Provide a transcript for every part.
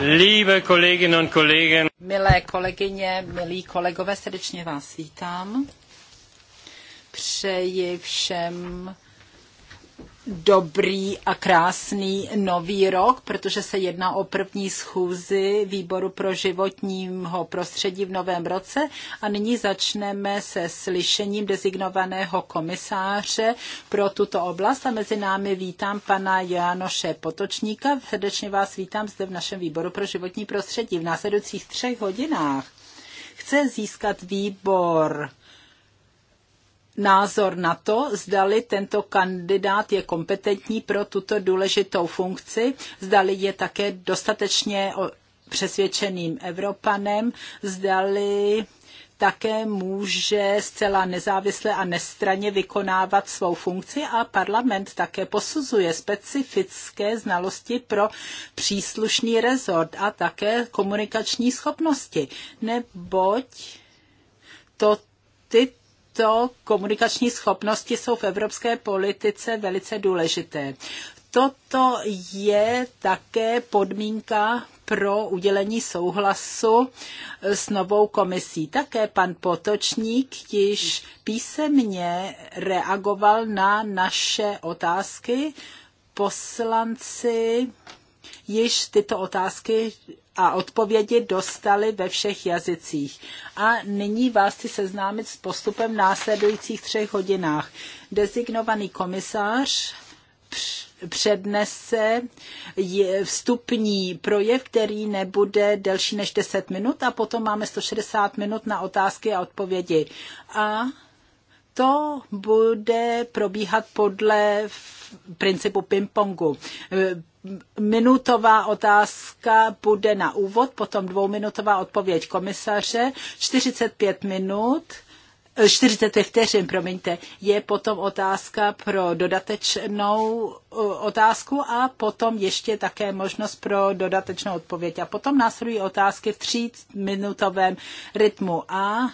Liebe Kolleginnen und Kollegen. Milé kolegyně, milí kolegové, srdečně vás vítám. Přeji všem dobrý a krásný nový rok, protože se jedná o první schůzi výboru pro životního prostředí v novém roce a nyní začneme se slyšením designovaného komisáře pro tuto oblast a mezi námi vítám pana Janoše Potočníka. Srdečně vás vítám zde v našem výboru pro životní prostředí. V následujících třech hodinách chce získat výbor názor na to, zdali tento kandidát je kompetentní pro tuto důležitou funkci, zdali je také dostatečně přesvědčeným Evropanem, zdali také může zcela nezávisle a nestraně vykonávat svou funkci a parlament také posuzuje specifické znalosti pro příslušný rezort a také komunikační schopnosti, neboť to, ty, tyto komunikační schopnosti jsou v evropské politice velice důležité. Toto je také podmínka pro udělení souhlasu s novou komisí. Také pan Potočník již písemně reagoval na naše otázky. Poslanci již tyto otázky a odpovědi dostali ve všech jazycích. A nyní vás chci seznámit s postupem v následujících třech hodinách. Dezignovaný komisář přednese vstupní projev, který nebude delší než 10 minut a potom máme 160 minut na otázky a odpovědi. A to bude probíhat podle principu ping-pongu. Minutová otázka bude na úvod, potom dvouminutová odpověď komisaře, 45 minut. 45 vteřin, promiňte, je potom otázka pro dodatečnou eh, otázku a potom ještě také možnost pro dodatečnou odpověď. A potom následují otázky v tříminutovém rytmu. A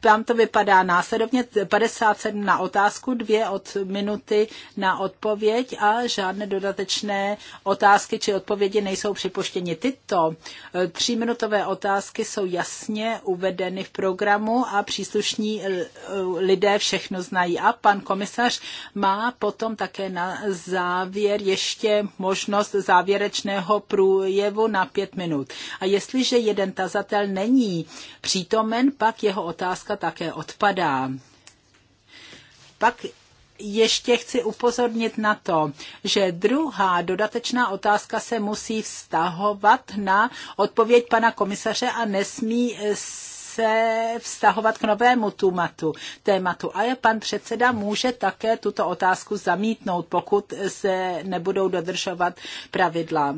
tam to vypadá následovně 57 na otázku, dvě od minuty na odpověď a žádné dodatečné otázky či odpovědi nejsou připoštěni. Tyto eh, tříminutové otázky jsou jasně uvedeny v programu a příslušní eh, lidé všechno znají. A pan komisař má potom také na závěr ještě možnost závěrečného průjevu na pět minut. A jestliže jeden tazatel není přítomen, pak jeho otázka otázka také odpadá. Pak ještě chci upozornit na to, že druhá dodatečná otázka se musí vztahovat na odpověď pana komisaře a nesmí eh, se vztahovat k novému tématu. tématu. A je pan předseda může také tuto otázku zamítnout, pokud se nebudou dodržovat pravidla.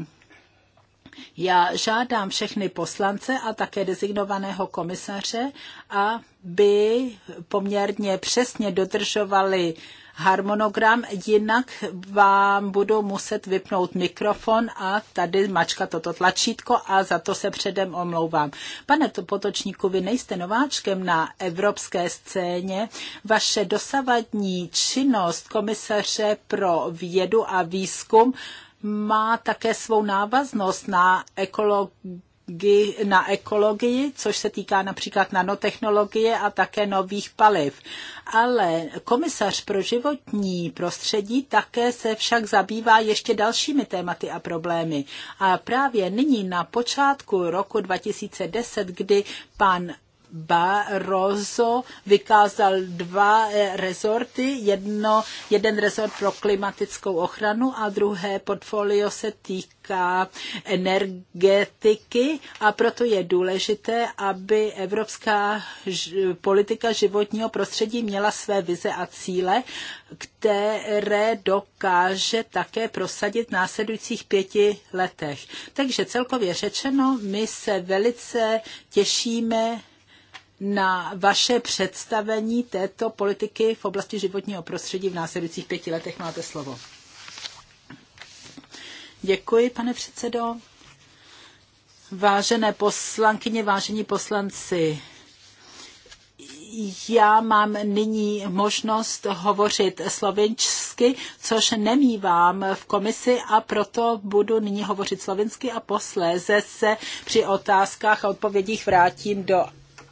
Já žádám všechny poslance a také designovaného komisaře, aby poměrně přesně dodržovali harmonogram, jinak vám budu muset vypnout mikrofon a tady mačka toto tlačítko a za to se předem omlouvám. Pane Potočníku, vy nejste nováčkem na evropské scéně. Vaše dosavadní činnost komisaře pro vědu a výzkum má také svou návaznost na ekologii na ekologii, což se týká například nanotechnologie a také nových paliv. Ale komisař pro životní prostředí také se však zabývá ještě dalšími tématy a problémy. A právě nyní na počátku roku 2010, kdy pan Barroso vykázal dva eh, rezorty, jedno, jeden rezort pro klimatickou ochranu a druhé portfolio se týká energetiky a proto je důležité, aby evropská politika životního prostředí měla své vize a cíle, které dokáže také prosadit v následujících pěti letech. Takže celkově řečeno, my se velice těšíme na vaše představení této politiky v oblasti životního prostředí v následujících pěti letech. Máte slovo. Děkuji, pane předsedo. Vážené poslankyně, vážení poslanci, já mám nyní možnost hovořit slovinsky, což nemývám v komisi a proto budu nyní hovořit slovinsky a posléze se při otázkách a odpovědích vrátím do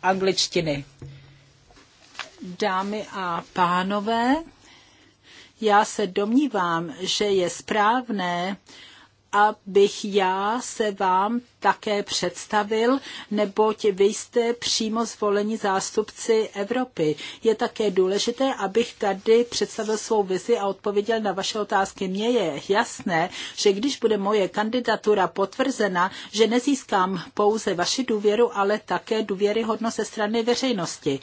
angličtiny. Dámy a pánové, já se domnívám, že je správné, abych já se vám také představil, neboť vy jste přímo zvoleni zástupci Evropy. Je také důležité, abych tady představil svou vizi a odpověděl na vaše otázky. Mně je jasné, že když bude moje kandidatura potvrzena, že nezískám pouze vaši důvěru, ale také důvěryhodnost ze strany veřejnosti.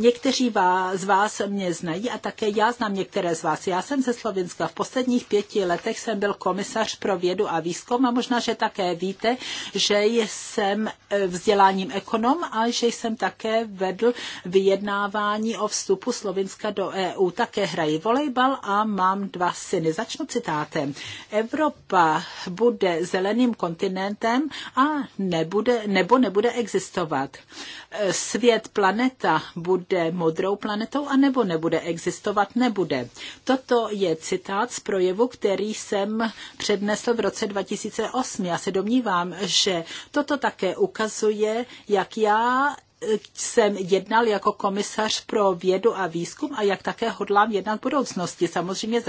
Někteří z vás mě znají a také já znám některé z vás. Já jsem ze Slovenska. V posledních pěti letech jsem byl komisař pro vědu a výzkum a možná, že také víte, že jsem e, vzděláním ekonom a že jsem také vedl vyjednávání o vstupu Slovenska do EU. Také hraji volejbal a mám dva syny. Začnu citátem. Evropa bude zeleným kontinentem a nebude, nebo nebude existovat. E, svět, planeta bude bude modrou planetou, anebo nebude existovat, nebude. Toto je citát z projevu, který jsem přednesl v roce 2008. Já se domnívám, že toto také ukazuje, jak já eh, jsem jednal jako komisař pro vědu a výzkum a jak také hodlám jednat v budoucnosti. Samozřejmě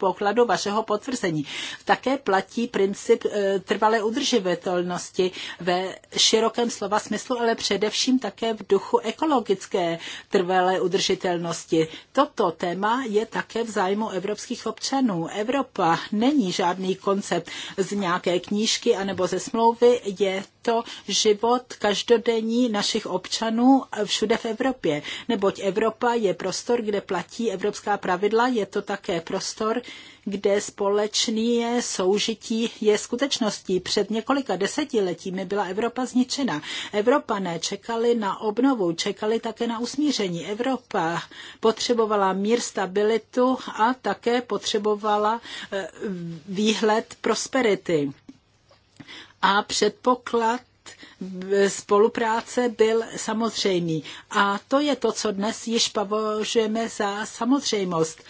pokladu vašeho potvrzení. Také platí princip eh, trvalé udržitelnosti ve širokém slova smyslu, ale především také v duchu ekologické trvalé udržitelnosti. Toto téma je také v zájmu evropských občanů. Evropa není žádný koncept z nějaké knížky anebo ze smlouvy, je to život každodenní našich občanů všude v Evropě, neboť Evropa je prostor, kde platí evropská pravidla, je to také prostor, kde společné soužití je skutečností. Před několika desetiletími byla Evropa zničena. Evropané čekali na obnovu, čekali také na usmíření. Evropa potřebovala mír, stabilitu a také potřebovala eh, výhled prosperity. A předpoklad spolupráce byl samozřejmý. A to je to, co dnes již považujeme za samozřejmost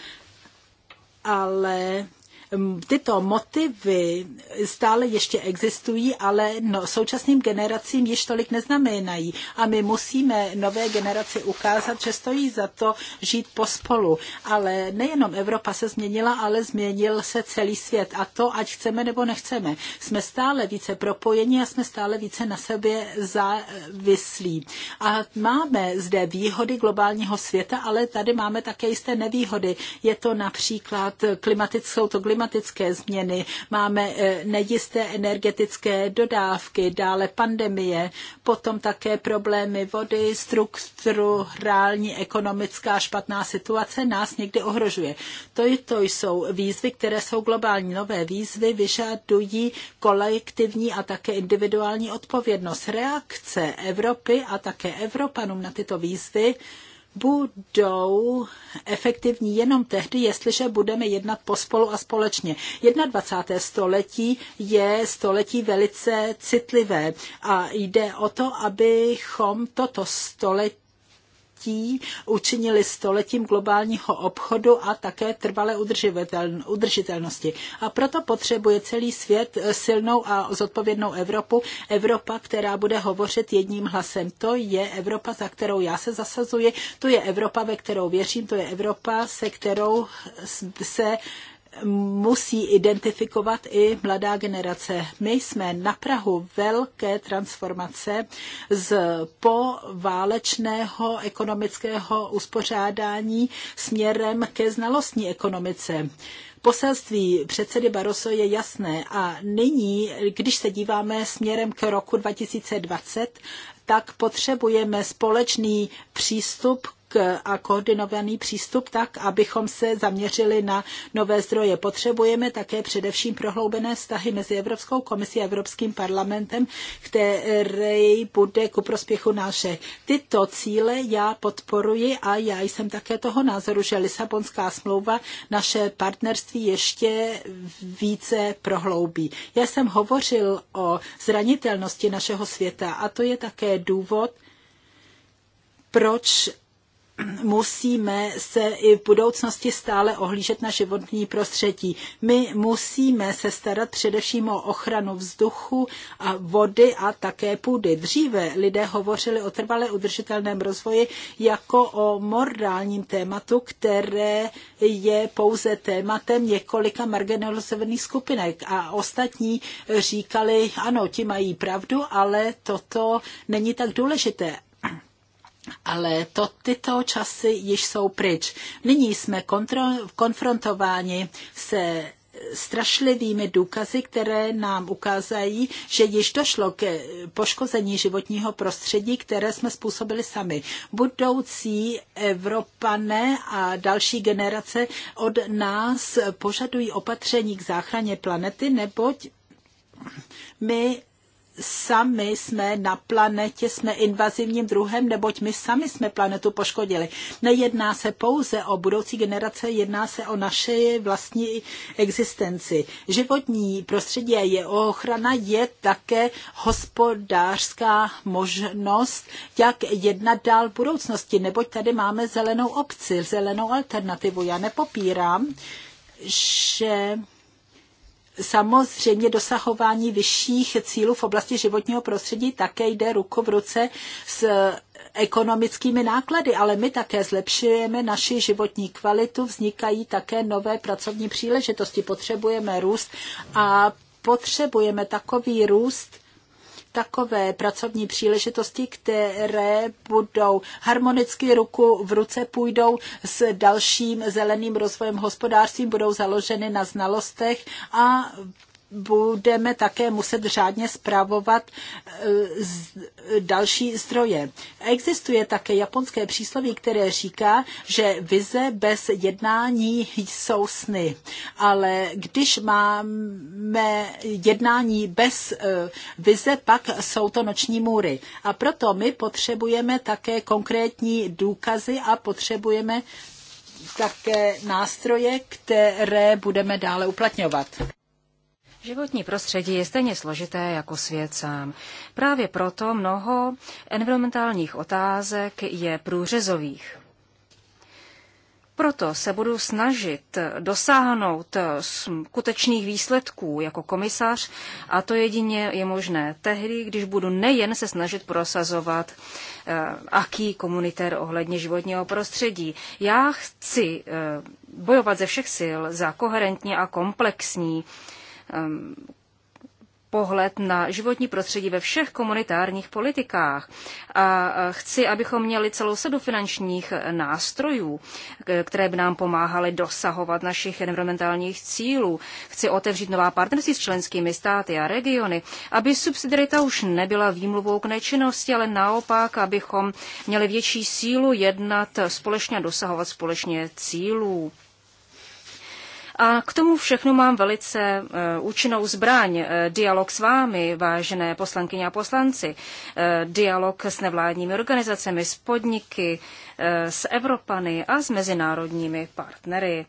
ale Ehm, tyto motivy stále ještě existují, ale no, současným generacím již tolik neznamenají. A my musíme nové generaci ukázat, že stojí za to žít pospolu. Ale nejenom Evropa se změnila, ale změnil se celý svět. A to, ať chceme nebo nechceme. Jsme stále více propojeni a jsme stále více na sebe závislí. A máme zde výhody globálního světa, ale tady máme také jisté nevýhody. Je to například klimatickou, to klimatickou klimatické změny, máme e, nejisté energetické dodávky, dále pandemie, potom také problémy vody, strukturální, ekonomická špatná situace nás někdy ohrožuje. To, to jsou výzvy, které jsou globální. Nové výzvy vyžadují kolektivní a také individuální odpovědnost. Reakce Evropy a také Evropanům na tyto výzvy budou efektivní jenom tehdy, jestliže budeme jednat pospolu a společně. 21. století je století velice citlivé a jde o to, abychom toto století století učinili stoletím globálního obchodu a také trvalé udržitelnosti. A proto potřebuje celý svět eh, silnou a zodpovědnou Evropu. Evropa, která bude hovořit jedním hlasem. To je Evropa, za kterou já se zasazuji. To je Evropa, ve kterou věřím. To je Evropa, se kterou se musí identifikovat i mladá generace. My jsme na Prahu velké transformace z poválečného ekonomického uspořádání směrem ke znalostní ekonomice. Poselství předsedy Baroso je jasné a nyní, když se díváme směrem k roku 2020, tak potřebujeme společný přístup a koordinovaný přístup tak, abychom se zaměřili na nové zdroje. Potřebujeme také především prohloubené vztahy mezi Evropskou komisí a Evropským parlamentem, který bude ku prospěchu naše. Tyto cíle já podporuji a já jsem také toho názoru, že Lisabonská smlouva naše partnerství ještě více prohloubí. Já jsem hovořil o zranitelnosti našeho světa a to je také důvod, proč musíme se i v budoucnosti stále ohlížet na životní prostředí. My musíme se starat především o ochranu vzduchu a vody a také půdy. Dříve lidé hovořili o trvalé udržitelném rozvoji jako o morálním tématu, které je pouze tématem několika marginalizovaných skupinek a ostatní říkali, ano, ti mají pravdu, ale toto není tak důležité. Ale to, tyto časy již jsou pryč. Nyní jsme kontro, konfrontováni se strašlivými důkazy, které nám ukázají, že již došlo k poškození životního prostředí, které jsme způsobili sami. Budoucí Evropané a další generace od nás požadují opatření k záchraně planety, neboť my sami jsme na planetě, jsme invazivním druhem, neboť my sami jsme planetu poškodili. Nejedná se pouze o budoucí generace, jedná se o naše vlastní existenci. Životní prostředí a je ochrana je také hospodářská možnost, jak jednat dál v budoucnosti, neboť tady máme zelenou obci, zelenou alternativu. Já nepopírám, že samozřejmě dosahování vyšších cílů v oblasti životního prostředí také jde ruku v ruce s eh, ekonomickými náklady, ale my také zlepšujeme naši životní kvalitu, vznikají také nové pracovní příležitosti, potřebujeme růst a potřebujeme takový růst, takové pracovní příležitosti, které budou harmonicky ruku v ruce půjdou s dalším zeleným rozvojem hospodářství, budou založeny na znalostech a budeme také muset řádně zpravovat eh, další zdroje. Existuje také japonské přísloví, které říká, že vize bez jednání jsou sny. Ale když máme jednání bez eh, vize, pak jsou to noční můry. A proto my potřebujeme také konkrétní důkazy a potřebujeme také nástroje, které budeme dále uplatňovat. Životní prostředí je stejně složité jako svět sám. Právě proto mnoho environmentálních otázek je průřezových. Proto se budu snažit dosáhnout skutečných výsledků jako komisař a to jedině je možné tehdy, když budu nejen se snažit prosazovat eh, aký komunitér ohledně životního prostředí. Já chci eh, bojovat ze všech sil za koherentní a komplexní Um, pohled na životní prostředí ve všech komunitárních politikách. A chci, abychom měli celou sedu finančních eh, nástrojů, které by nám pomáhaly dosahovat našich environmentálních cílů. Chci otevřít nová partnerství s členskými státy a regiony, aby subsidiarita už nebyla výmluvou k nečinnosti, ale naopak, abychom měli větší sílu jednat společně a dosahovat společně cílů. A k tomu všechno mám velice e, účinnou zbraň. E, dialog s vámi, vážené poslankyně a poslanci, e, dialog s nevládními organizacemi, s podniky, s Evropany a s mezinárodními partnery.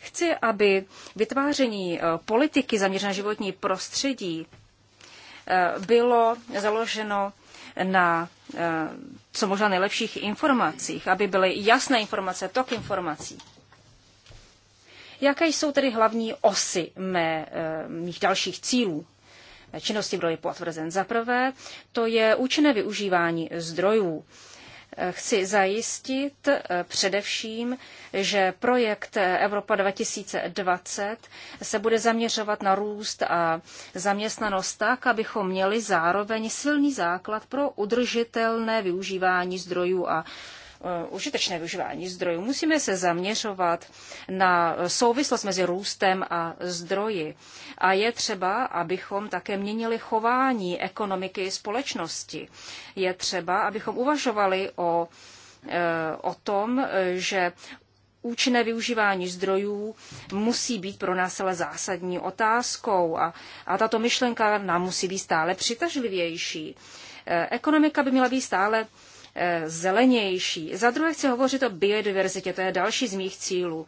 Chci, aby vytváření politiky zaměřené životní prostředí bylo založeno na co možná nejlepších informacích, aby byly jasné informace, tok informací. Jaké jsou tedy hlavní osy mé, eh, mých dalších cílů? Činnosti byly potvrzen. Za prvé, to je účinné využívání zdrojů. Eh, chci zajistit eh, především, že projekt Evropa 2020 se bude zaměřovat na růst a zaměstnanost tak, abychom měli zároveň silný základ pro udržitelné využívání zdrojů a Eh, užitečné využívání zdrojů, musíme se zaměřovat na souvislost mezi růstem a zdroji. A je třeba, abychom také měnili chování ekonomiky společnosti. Je třeba, abychom uvažovali o, eh, o tom, že účinné využívání zdrojů musí být pro nás ale zásadní otázkou a, a tato myšlenka nám musí být stále přitažlivější. Eh, ekonomika by měla být stále Eh, zelenější. Za druhé chci hovořit o biodiverzitě, to je další z mých cílů.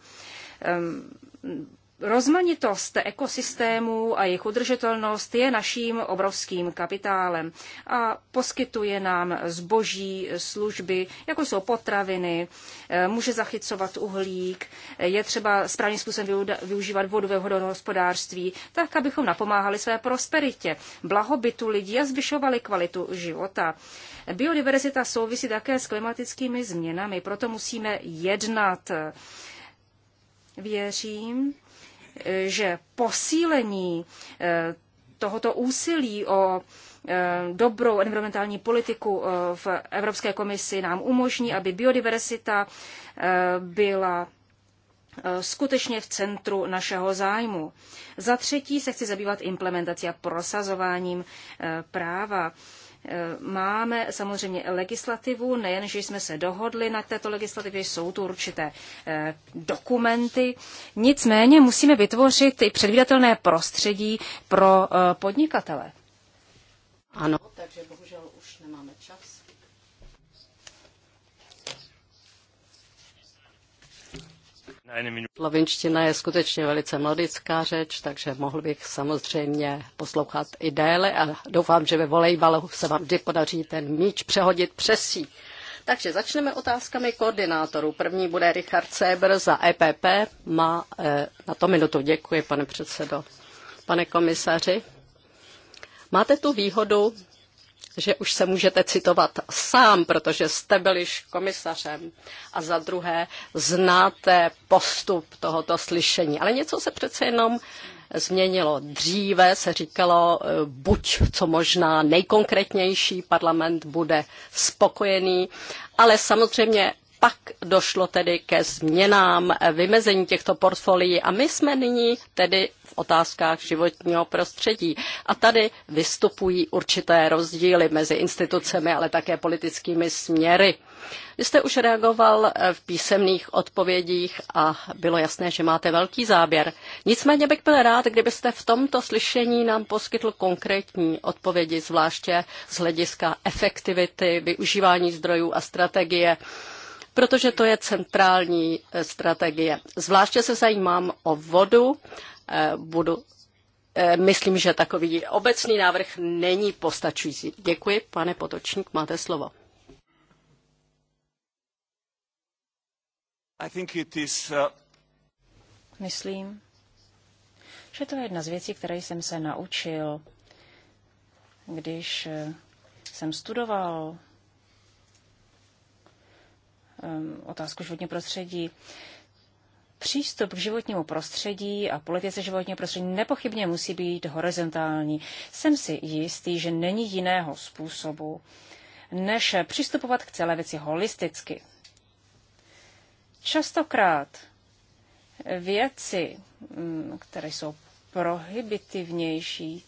Rozmanitost ekosystémů a jejich udržitelnost je naším obrovským kapitálem a poskytuje nám zboží, služby, jako jsou potraviny, eh, může zachycovat uhlík, eh, je třeba správným způsobem využívat vodu ve hospodářství, tak abychom napomáhali své prosperitě, blahobytu lidí a zvyšovali kvalitu života. Biodiverzita souvisí také s klimatickými změnami, proto musíme jednat. Věřím, že posílení eh, tohoto úsilí o eh, dobrou environmentální politiku eh, v Evropské komisi nám umožní, aby biodiverzita byla skutečně v centru našeho zájmu. Za třetí se chci zabývat implementací a prosazováním práva. Máme samozřejmě legislativu, nejen, že jsme se dohodli na této legislativě, jsou tu určité eh, dokumenty. Nicméně musíme vytvořit i předvídatelné prostředí pro eh, podnikatele. Ano, takže bohužel Slovinština je skutečně velice mladická řeč, takže mohl bych samozřejmě poslouchat i déle a doufám, že ve volejbalu se vám vždy podaří ten míč přehodit přes Takže začneme otázkami koordinátorů. První bude Richard Seber za EPP. Má eh, na to minutu. Děkuji, pane předsedo. Pane komisaři, máte tu výhodu, že už se můžete citovat sám, protože jste byl již komisařem. A za druhé, znáte postup tohoto slyšení. Ale něco se přece jenom změnilo. Dříve se říkalo, eh, buď co možná nejkonkrétnější parlament bude spokojený, ale samozřejmě pak došlo tedy ke změnám vymezení těchto portfolií a my jsme nyní tedy v otázkách životního prostředí. A tady vystupují určité rozdíly mezi institucemi, ale také politickými směry. Vy jste už reagoval v písemných odpovědích a bylo jasné, že máte velký záběr. Nicméně bych byl rád, kdybyste v tomto slyšení nám poskytl konkrétní odpovědi, zvláště z hlediska efektivity, využívání zdrojů a strategie protože to je centrální eh, strategie. Zvláště se zajímám o vodu, eh, budu eh, Myslím, že takový obecný návrh není postačující. Děkuji, pane Potočník, máte slovo. Uh, myslím, že to je jedna z věcí, které jsem se naučil, když jsem studoval Um, otázku životního prostředí. Přístup k životnímu prostředí a politice životního prostředí nepochybně musí být horizontální. Jsem si jistý, že není jiného způsobu, než přistupovat k celé věci holisticky. Častokrát věci, mm, které jsou prohibitivnější,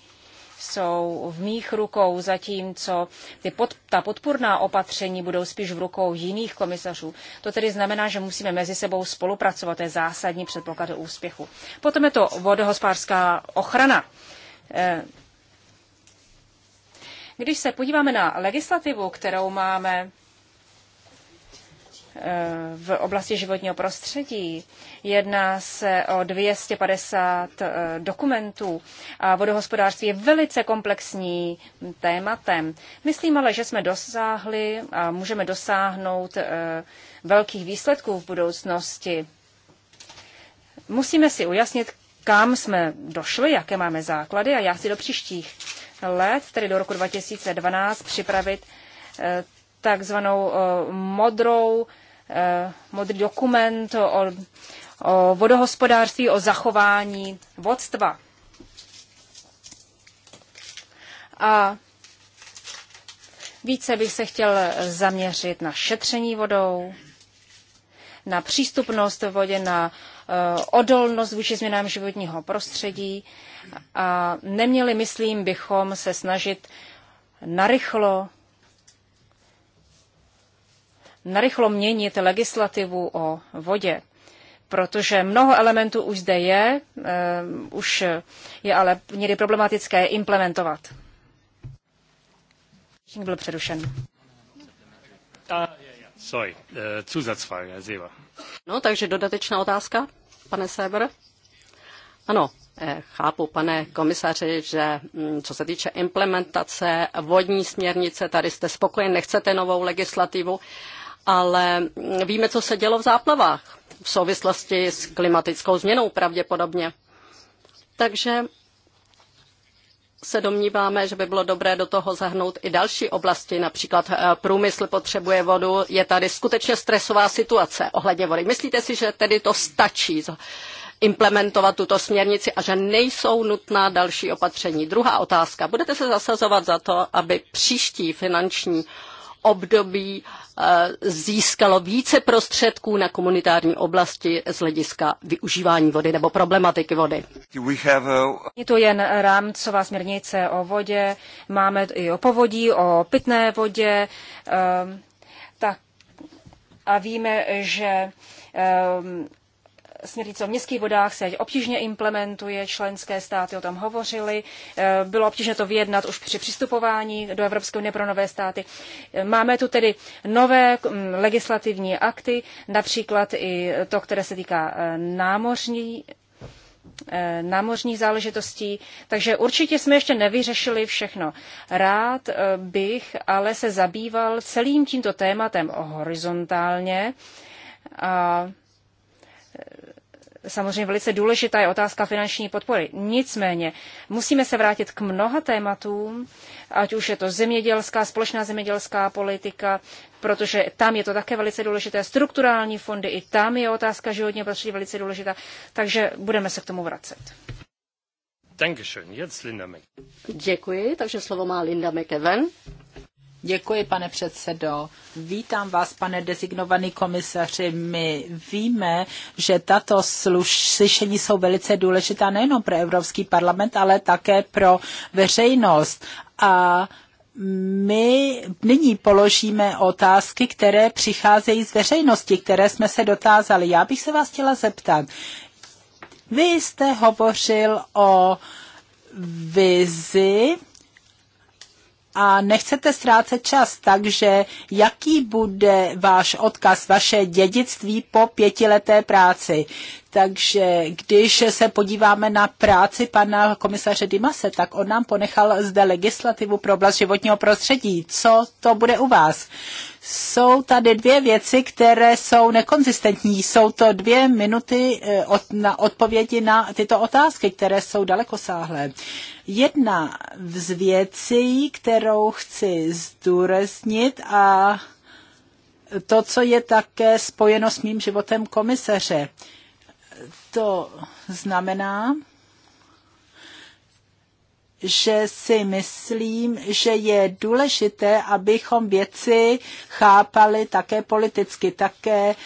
jsou v mých rukou, zatímco ty pod, ta podpůrná opatření budou spíš v rukou jiných komisařů. To tedy znamená, že musíme mezi sebou spolupracovat, to je zásadní předpoklad úspěchu. Potom je to vodohospodářská ochrana. Eh, když se podíváme na legislativu, kterou máme, v oblasti životního prostředí. Jedná se o 250 eh, dokumentů a vodohospodářství je velice komplexní tématem. Myslím ale, že jsme dosáhli a můžeme dosáhnout eh, velkých výsledků v budoucnosti. Musíme si ujasnit, kam jsme došli, jaké máme základy a já si do příštích let, tedy do roku 2012, připravit eh, takzvanou modrou Eh, modrý dokument o, o vodohospodářství, o zachování vodstva. A více bych se chtěl zaměřit na šetření vodou, na přístupnost vodě, na eh, odolnost vůči změnám životního prostředí. A neměli, myslím, bychom se snažit narychlo narychlo měnit legislativu o vodě, protože mnoho elementů už zde je, eh, už je ale někdy problematické implementovat. Byl přerušen. Ah, Sorry, eh, Zusatzfrage, Seber. No, takže dodatečná otázka, pane Seber. Ano, eh, Chápu, pane komisaři, že mm, co se týče implementace vodní směrnice, tady jste spokojen, nechcete novou legislativu, ale víme, co se dělo v záplavách v souvislosti s klimatickou změnou pravděpodobně. Takže se domníváme, že by bylo dobré do toho zahrnout i další oblasti, například eh, průmysl potřebuje vodu, je tady skutečně stresová situace ohledně vody. Myslíte si, že tedy to stačí implementovat tuto směrnici a že nejsou nutná další opatření? Druhá otázka. Budete se zasazovat za to, aby příští finanční období eh, získalo více prostředků na komunitární oblasti z hlediska využívání vody nebo problematiky vody. Eh, Je to jen rámcová směrnice o vodě, máme i o povodí, o pitné vodě, ehm, tak a víme, že ehm, Směrnice o městských vodách se obtížně implementuje, členské státy o tom hovořily, eh, bylo obtížné to vyjednat už při přistupování do Evropské unie pro nové státy. Eh, máme tu tedy nové mm, legislativní akty, například i to, které se týká eh, námořní, námořních záležitostí, takže určitě jsme ještě nevyřešili všechno. Rád bych ale se zabýval celým tímto tématem horizontálně a Samozřejmě velice důležitá je otázka finanční podpory. Nicméně musíme se vrátit k mnoha tématům, ať už je to zemědělská, společná zemědělská politika, protože tam je to také velice důležité, strukturální fondy, i tam je otázka životního prostředí velice důležitá, takže budeme se k tomu vracet. Děkuji, takže slovo má Linda McEwen. Děkuji, pane předsedo. Vítám vás, pane designovaný komisaři. My víme, že tato slyšení jsou velice důležitá nejenom pro Evropský parlament, ale také pro veřejnost. A my nyní položíme otázky, které přicházejí z veřejnosti, které jsme se dotázali. Já bych se vás chtěla zeptat. Vy jste hovořil o vizi, a nechcete ztrácet čas, takže jaký bude váš odkaz, vaše dědictví po pětileté práci? Takže když se podíváme na práci pana komisaře Dimase, tak on nám ponechal zde legislativu pro oblast životního prostředí. Co to bude u vás? Jsou tady dvě věci, které jsou nekonzistentní. Jsou to dvě minuty eh, od, na odpovědi na tyto otázky, které jsou dalekosáhlé. Jedna z věcí, kterou chci zdůraznit a to, co je také spojeno s mým životem komisaře, to znamená, že si myslím, že je důležité, abychom věci chápali také politicky, také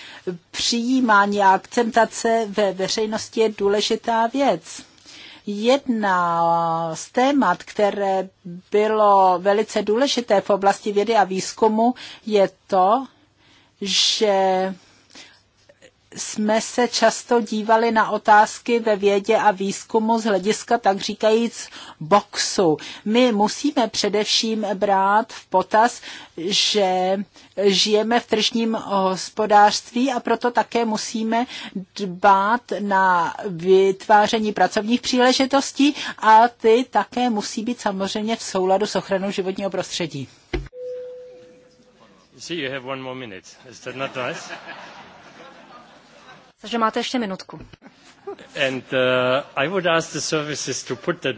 přijímání a akceptace ve veřejnosti je důležitá věc. Jedna z témat, které bylo velice důležité v oblasti vědy a výzkumu, je to, že jsme se často dívali na otázky ve vědě a výzkumu z hlediska, tak říkajíc, boxu. My musíme především brát v potaz, že žijeme v tržním hospodářství a proto také musíme dbát na vytváření pracovních příležitostí a ty také musí být samozřejmě v souladu s ochranou životního prostředí. See, you have one more minute. Is that not nice? Takže máte ještě minutku. And, uh, I would ask the to put that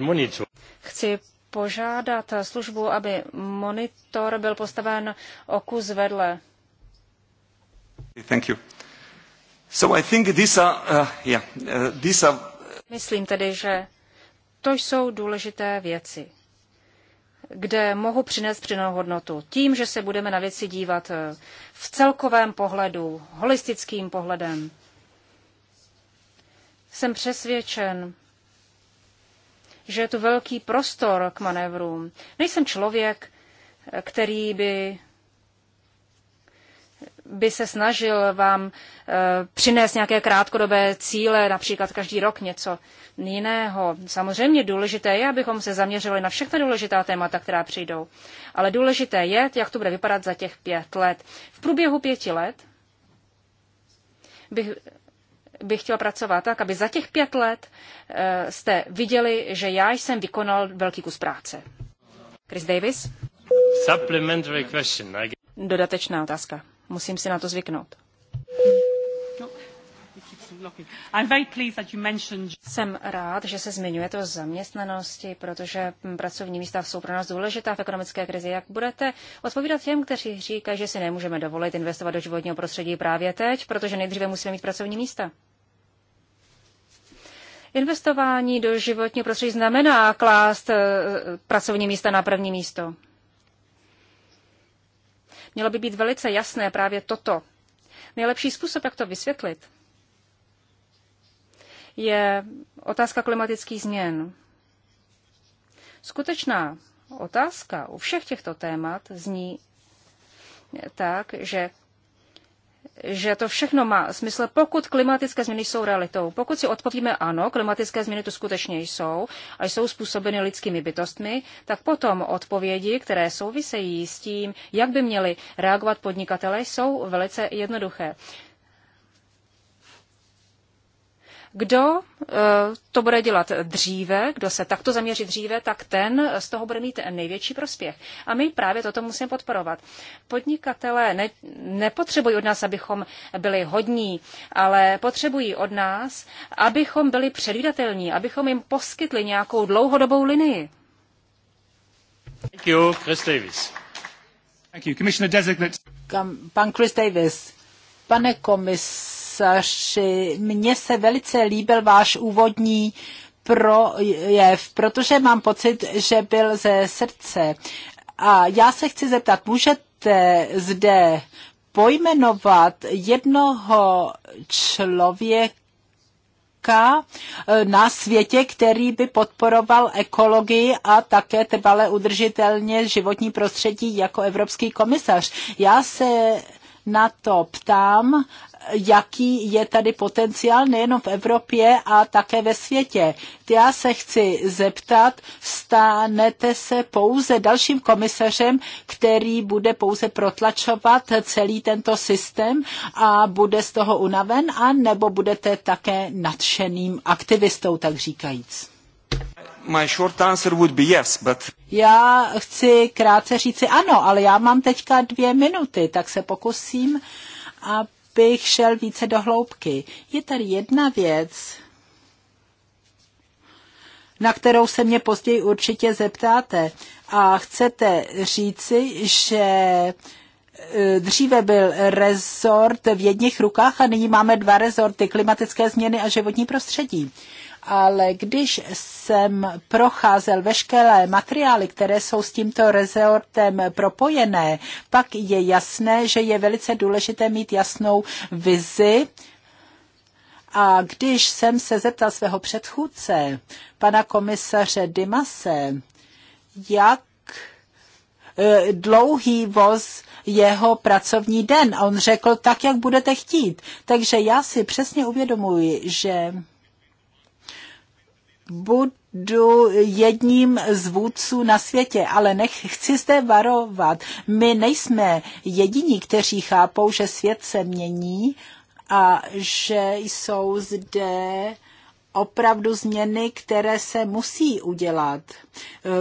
Chci požádat službu, aby monitor byl postaven o kus vedle. Thank you. So I think these are, uh, yeah, uh, these are... Myslím tedy, že to jsou důležité věci, kde mohu přinést přinou hodnotu. Tím, že se budeme na věci dívat uh, v celkovém pohledu, holistickým pohledem. Jsem přesvědčen, že je tu velký prostor k manévrům. Nejsem člověk, který by by se snažil vám e, přinést nějaké krátkodobé cíle, například každý rok něco jiného. Samozřejmě důležité je, abychom se zaměřili na všechna důležitá témata, která přijdou. Ale důležité je, jak to bude vypadat za těch pět let. V průběhu pěti let bych bych chtěl pracovat tak, aby za těch pět let eh, jste viděli, že já jsem vykonal velký kus práce. Chris Davis? Supplementary question. Dodatečná otázka. Musím si na to zvyknout. No, jsem rád, že se zmiňuje to zaměstnanosti, protože pracovní místa jsou pro nás důležitá v ekonomické krizi. Jak budete odpovídat těm, kteří říkají, že si nemůžeme dovolit investovat do životního prostředí právě teď, protože nejdříve musíme mít pracovní místa? Investování do životního prostředí znamená klást e, pracovní místa na první místo. Mělo by být velice jasné právě toto. Nejlepší způsob, jak to vysvětlit, je otázka klimatických změn. Skutečná otázka u všech těchto témat zní tak, že že to všechno má smysl, pokud klimatické změny jsou realitou. Pokud si odpovíme ano, klimatické změny tu skutečně jsou a jsou způsobeny lidskými bytostmi, tak potom odpovědi, které souvisejí s tím, jak by měli reagovat podnikatele, jsou velice jednoduché. Kdo eh, to bude dělat dříve, kdo se takto zaměří dříve, tak ten z toho bude mít největší prospěch. A my právě toto musíme podporovat. Podnikatelé ne, nepotřebují od nás, abychom byli hodní, ale potřebují od nás, abychom byli předvídatelní, abychom jim poskytli nějakou dlouhodobou linii. Thank you, Chris Davis. Thank you. Commissioner Designate. Pan Chris Davis, pane komis komisaři, mně se velice líbil váš úvodní projev, protože mám pocit, že byl ze srdce. A já se chci zeptat, můžete zde pojmenovat jednoho člověka eh, na světě, který by podporoval ekologii a také trvale udržitelně životní prostředí jako evropský komisař. Já se na to ptám jaký je tady potenciál nejenom v Evropě a také ve světě. Já se chci zeptat, stanete se pouze dalším komisařem, který bude pouze protlačovat celý tento systém a bude z toho unaven, a nebo budete také nadšeným aktivistou, tak říkajíc? My short answer would be yes, but... Já chci krátce říci ano, ale já mám teďka dvě minuty, tak se pokusím, aby bych šel více do hloubky. Je tady jedna věc, na kterou se mě později určitě zeptáte. A chcete říci, že e, dříve byl rezort v jedných rukách a nyní máme dva rezorty, klimatické změny a životní prostředí ale když jsem procházel veškeré materiály, které jsou s tímto rezortem propojené, pak je jasné, že je velice důležité mít jasnou vizi, a když jsem se zeptal svého předchůdce, pana komisaře Dimase, jak e, dlouhý voz jeho pracovní den. A on řekl, tak, jak budete chtít. Takže já si přesně uvědomuji, že budu jedním z vůdců na světě, ale nechci zde varovat. My nejsme jediní, kteří chápou, že svět se mění a že jsou zde opravdu změny, které se musí udělat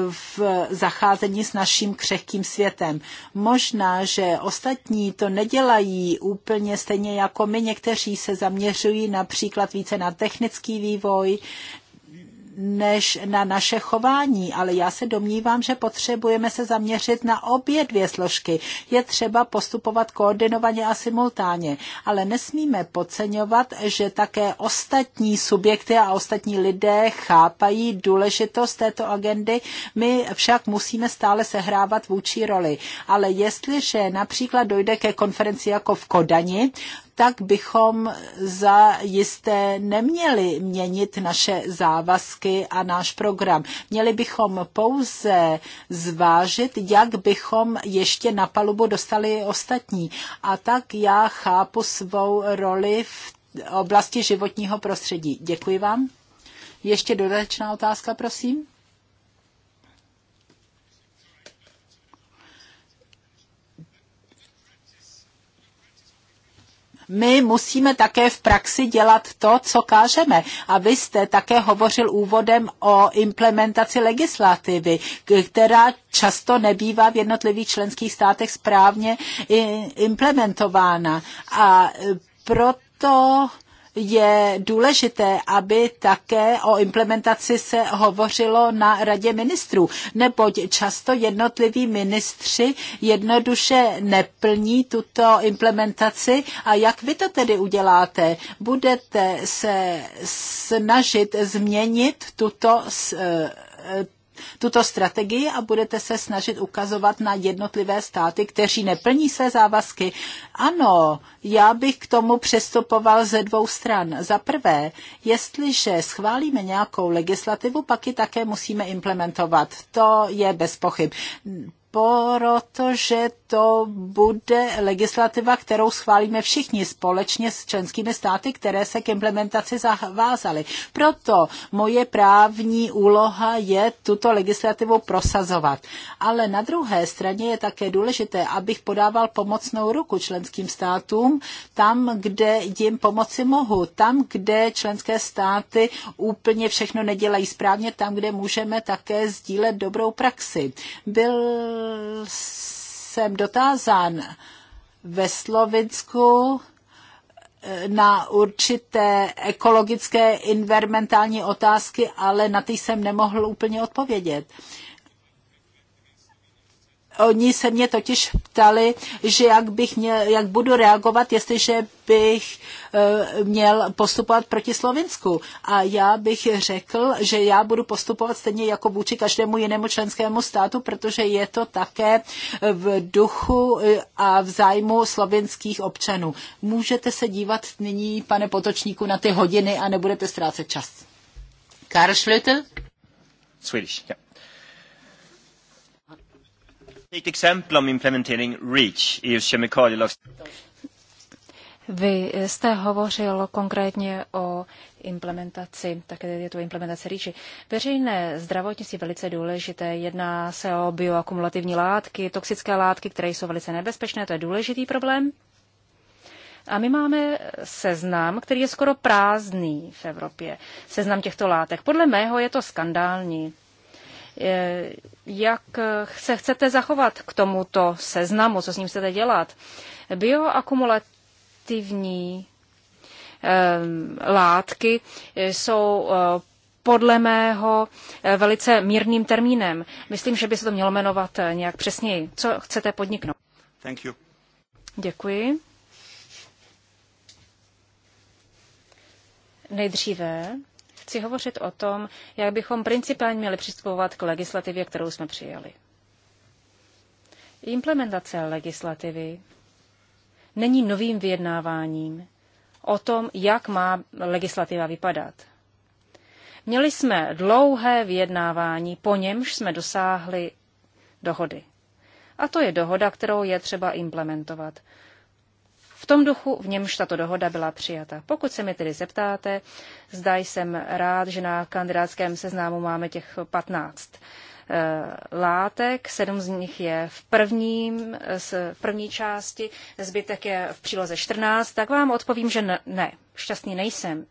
v zacházení s naším křehkým světem. Možná, že ostatní to nedělají úplně stejně jako my. Někteří se zaměřují například více na technický vývoj, než na naše chování, ale já se domnívám, že potřebujeme se zaměřit na obě dvě složky. Je třeba postupovat koordinovaně a simultánně, ale nesmíme podceňovat, že také ostatní subjekty a ostatní lidé chápají důležitost této agendy. My však musíme stále sehrávat vůči roli. Ale jestliže například dojde ke konferenci jako v Kodani, tak bychom za jisté neměli měnit naše závazky a náš program. Měli bychom pouze zvážit, jak bychom ještě na palubu dostali ostatní. A tak já chápu svou roli v oblasti životního prostředí. Děkuji vám. Ještě dodatečná otázka, prosím. my musíme také v praxi dělat to, co kážeme. A vy jste také hovořil úvodem o implementaci legislativy, která často nebývá v jednotlivých členských státech správně implementována. A e, proto je důležité, aby také o implementaci se hovořilo na radě ministrů, neboť často jednotliví ministři jednoduše neplní tuto implementaci. A jak vy to tedy uděláte? Budete se snažit změnit tuto tuto strategii a budete se snažit ukazovat na jednotlivé státy, kteří neplní své závazky. Ano, já bych k tomu přistupoval ze dvou stran. Za prvé, jestliže schválíme nějakou legislativu, pak ji také musíme implementovat. To je bez pochyb protože to bude legislativa, kterou schválíme všichni společně s členskými státy, které se k implementaci zavázaly. Proto moje právní úloha je tuto legislativu prosazovat. Ale na druhé straně je také důležité, abych podával pomocnou ruku členským státům tam, kde jim pomoci mohu, tam, kde členské státy úplně všechno nedělají správně, tam, kde můžeme také sdílet dobrou praxi. Byl jsem dotázán ve Slovensku eh, na určité ekologické, environmentální otázky, ale na ty jsem nemohl úplně odpovědět. Oni se mě totiž ptali, že jak, bych měl, jak budu reagovat, jestliže bych eh, měl postupovat proti Slovinsku. A já bych řekl, že já budu postupovat stejně jako vůči každému jinému členskému státu, protože je to také v duchu eh, a v zájmu slovinských občanů. Můžete se dívat nyní, pane Potočníku, na ty hodiny a nebudete ztrácet čas. Karl Schlüter? Swedish, yeah. Ett exempel om implementering REACH, EUs Vy jste hovořil konkrétně o implementaci, také je to implementace REACHy. Veřejné zdravotnictví je velice důležité. Jedná se o bioakumulativní látky, toxické látky, které jsou velice nebezpečné. To je důležitý problém. A my máme seznam, který je skoro prázdný v Evropě. Seznam těchto látek. Podle mého je to skandální. Eh, jak se chcete zachovat k tomuto seznamu, co s ním chcete dělat. Bioakumulativní eh, látky jsou eh, podle mého velice mírným termínem. Myslím, že by se to mělo jmenovat nějak přesněji. Co chcete podniknout? Thank you. Děkuji. Nejdříve chci hovořit o tom, jak bychom principálně měli přistupovat k legislativě, kterou jsme přijali. Implementace legislativy není novým vyjednáváním o tom, jak má legislativa vypadat. Měli jsme dlouhé vyjednávání, po němž jsme dosáhli dohody. A to je dohoda, kterou je třeba implementovat tom duchu, v němž tato dohoda byla přijata. Pokud se mi tedy zeptáte, zda jsem rád, že na kandidátském seznamu máme těch 15 eh, látek, sedm z nich je v, prvním, eh, v první části, zbytek je v příloze 14, tak vám odpovím, že ne, šťastný nejsem.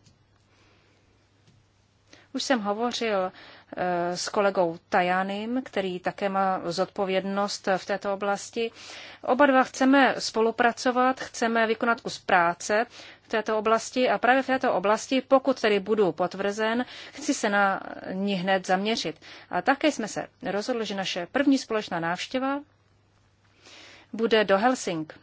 Už jsem hovořil s kolegou Tajanem, který také má zodpovědnost v této oblasti. Oba dva chceme spolupracovat, chceme vykonat kus práce v této oblasti a právě v této oblasti, pokud tedy budu potvrzen, chci se na ní hned zaměřit. A také jsme se rozhodli, že naše první společná návštěva bude do Helsing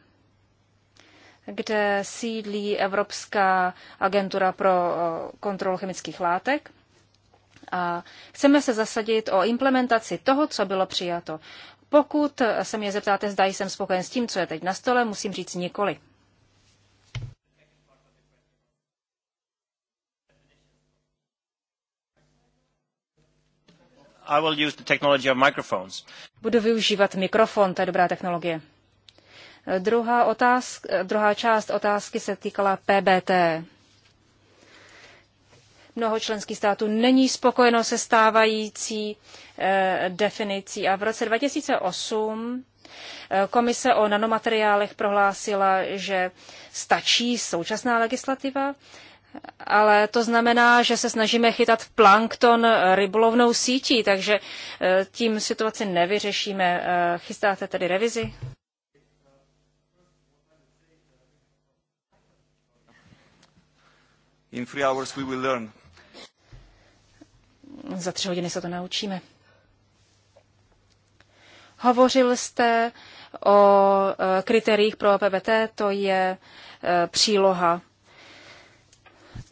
kde sídlí Evropská agentura pro eh, kontrolu chemických látek a chceme se zasadit o implementaci toho, co bylo přijato. Pokud se mě zeptáte, zda jsem spokojen s tím, co je teď na stole, musím říct nikoli. I will use the technology of microphones. Budu využívat mikrofon, to je dobrá technologie. Druhá, otázka, druhá část otázky se týkala PBT. Mnoho členských států není spokojeno se stávající eh, definicí. A v roce 2008 eh, Komise o nanomateriálech prohlásila, že stačí současná legislativa, ale to znamená, že se snažíme chytat plankton rybolovnou sítí, takže eh, tím situaci nevyřešíme. Eh, chystáte tedy revizi? In three hours we will learn za tři hodiny se to naučíme. Hovořil jste o e, kritériích pro PVT, to je e, příloha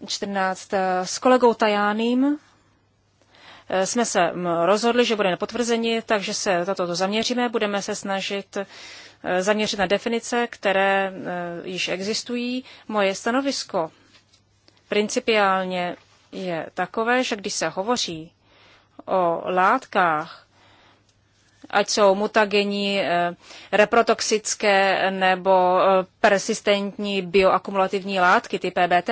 14. E, s kolegou Tajánem jsme se rozhodli, že bude nepotvrzení, takže se na toto zaměříme. Budeme se snažit zaměřit na definice, které již existují. Moje stanovisko principiálně je takové, že když se hovoří o látkách, ať jsou mutagení, eh, reprotoxické nebo eh, persistentní bioakumulativní látky, ty PBT,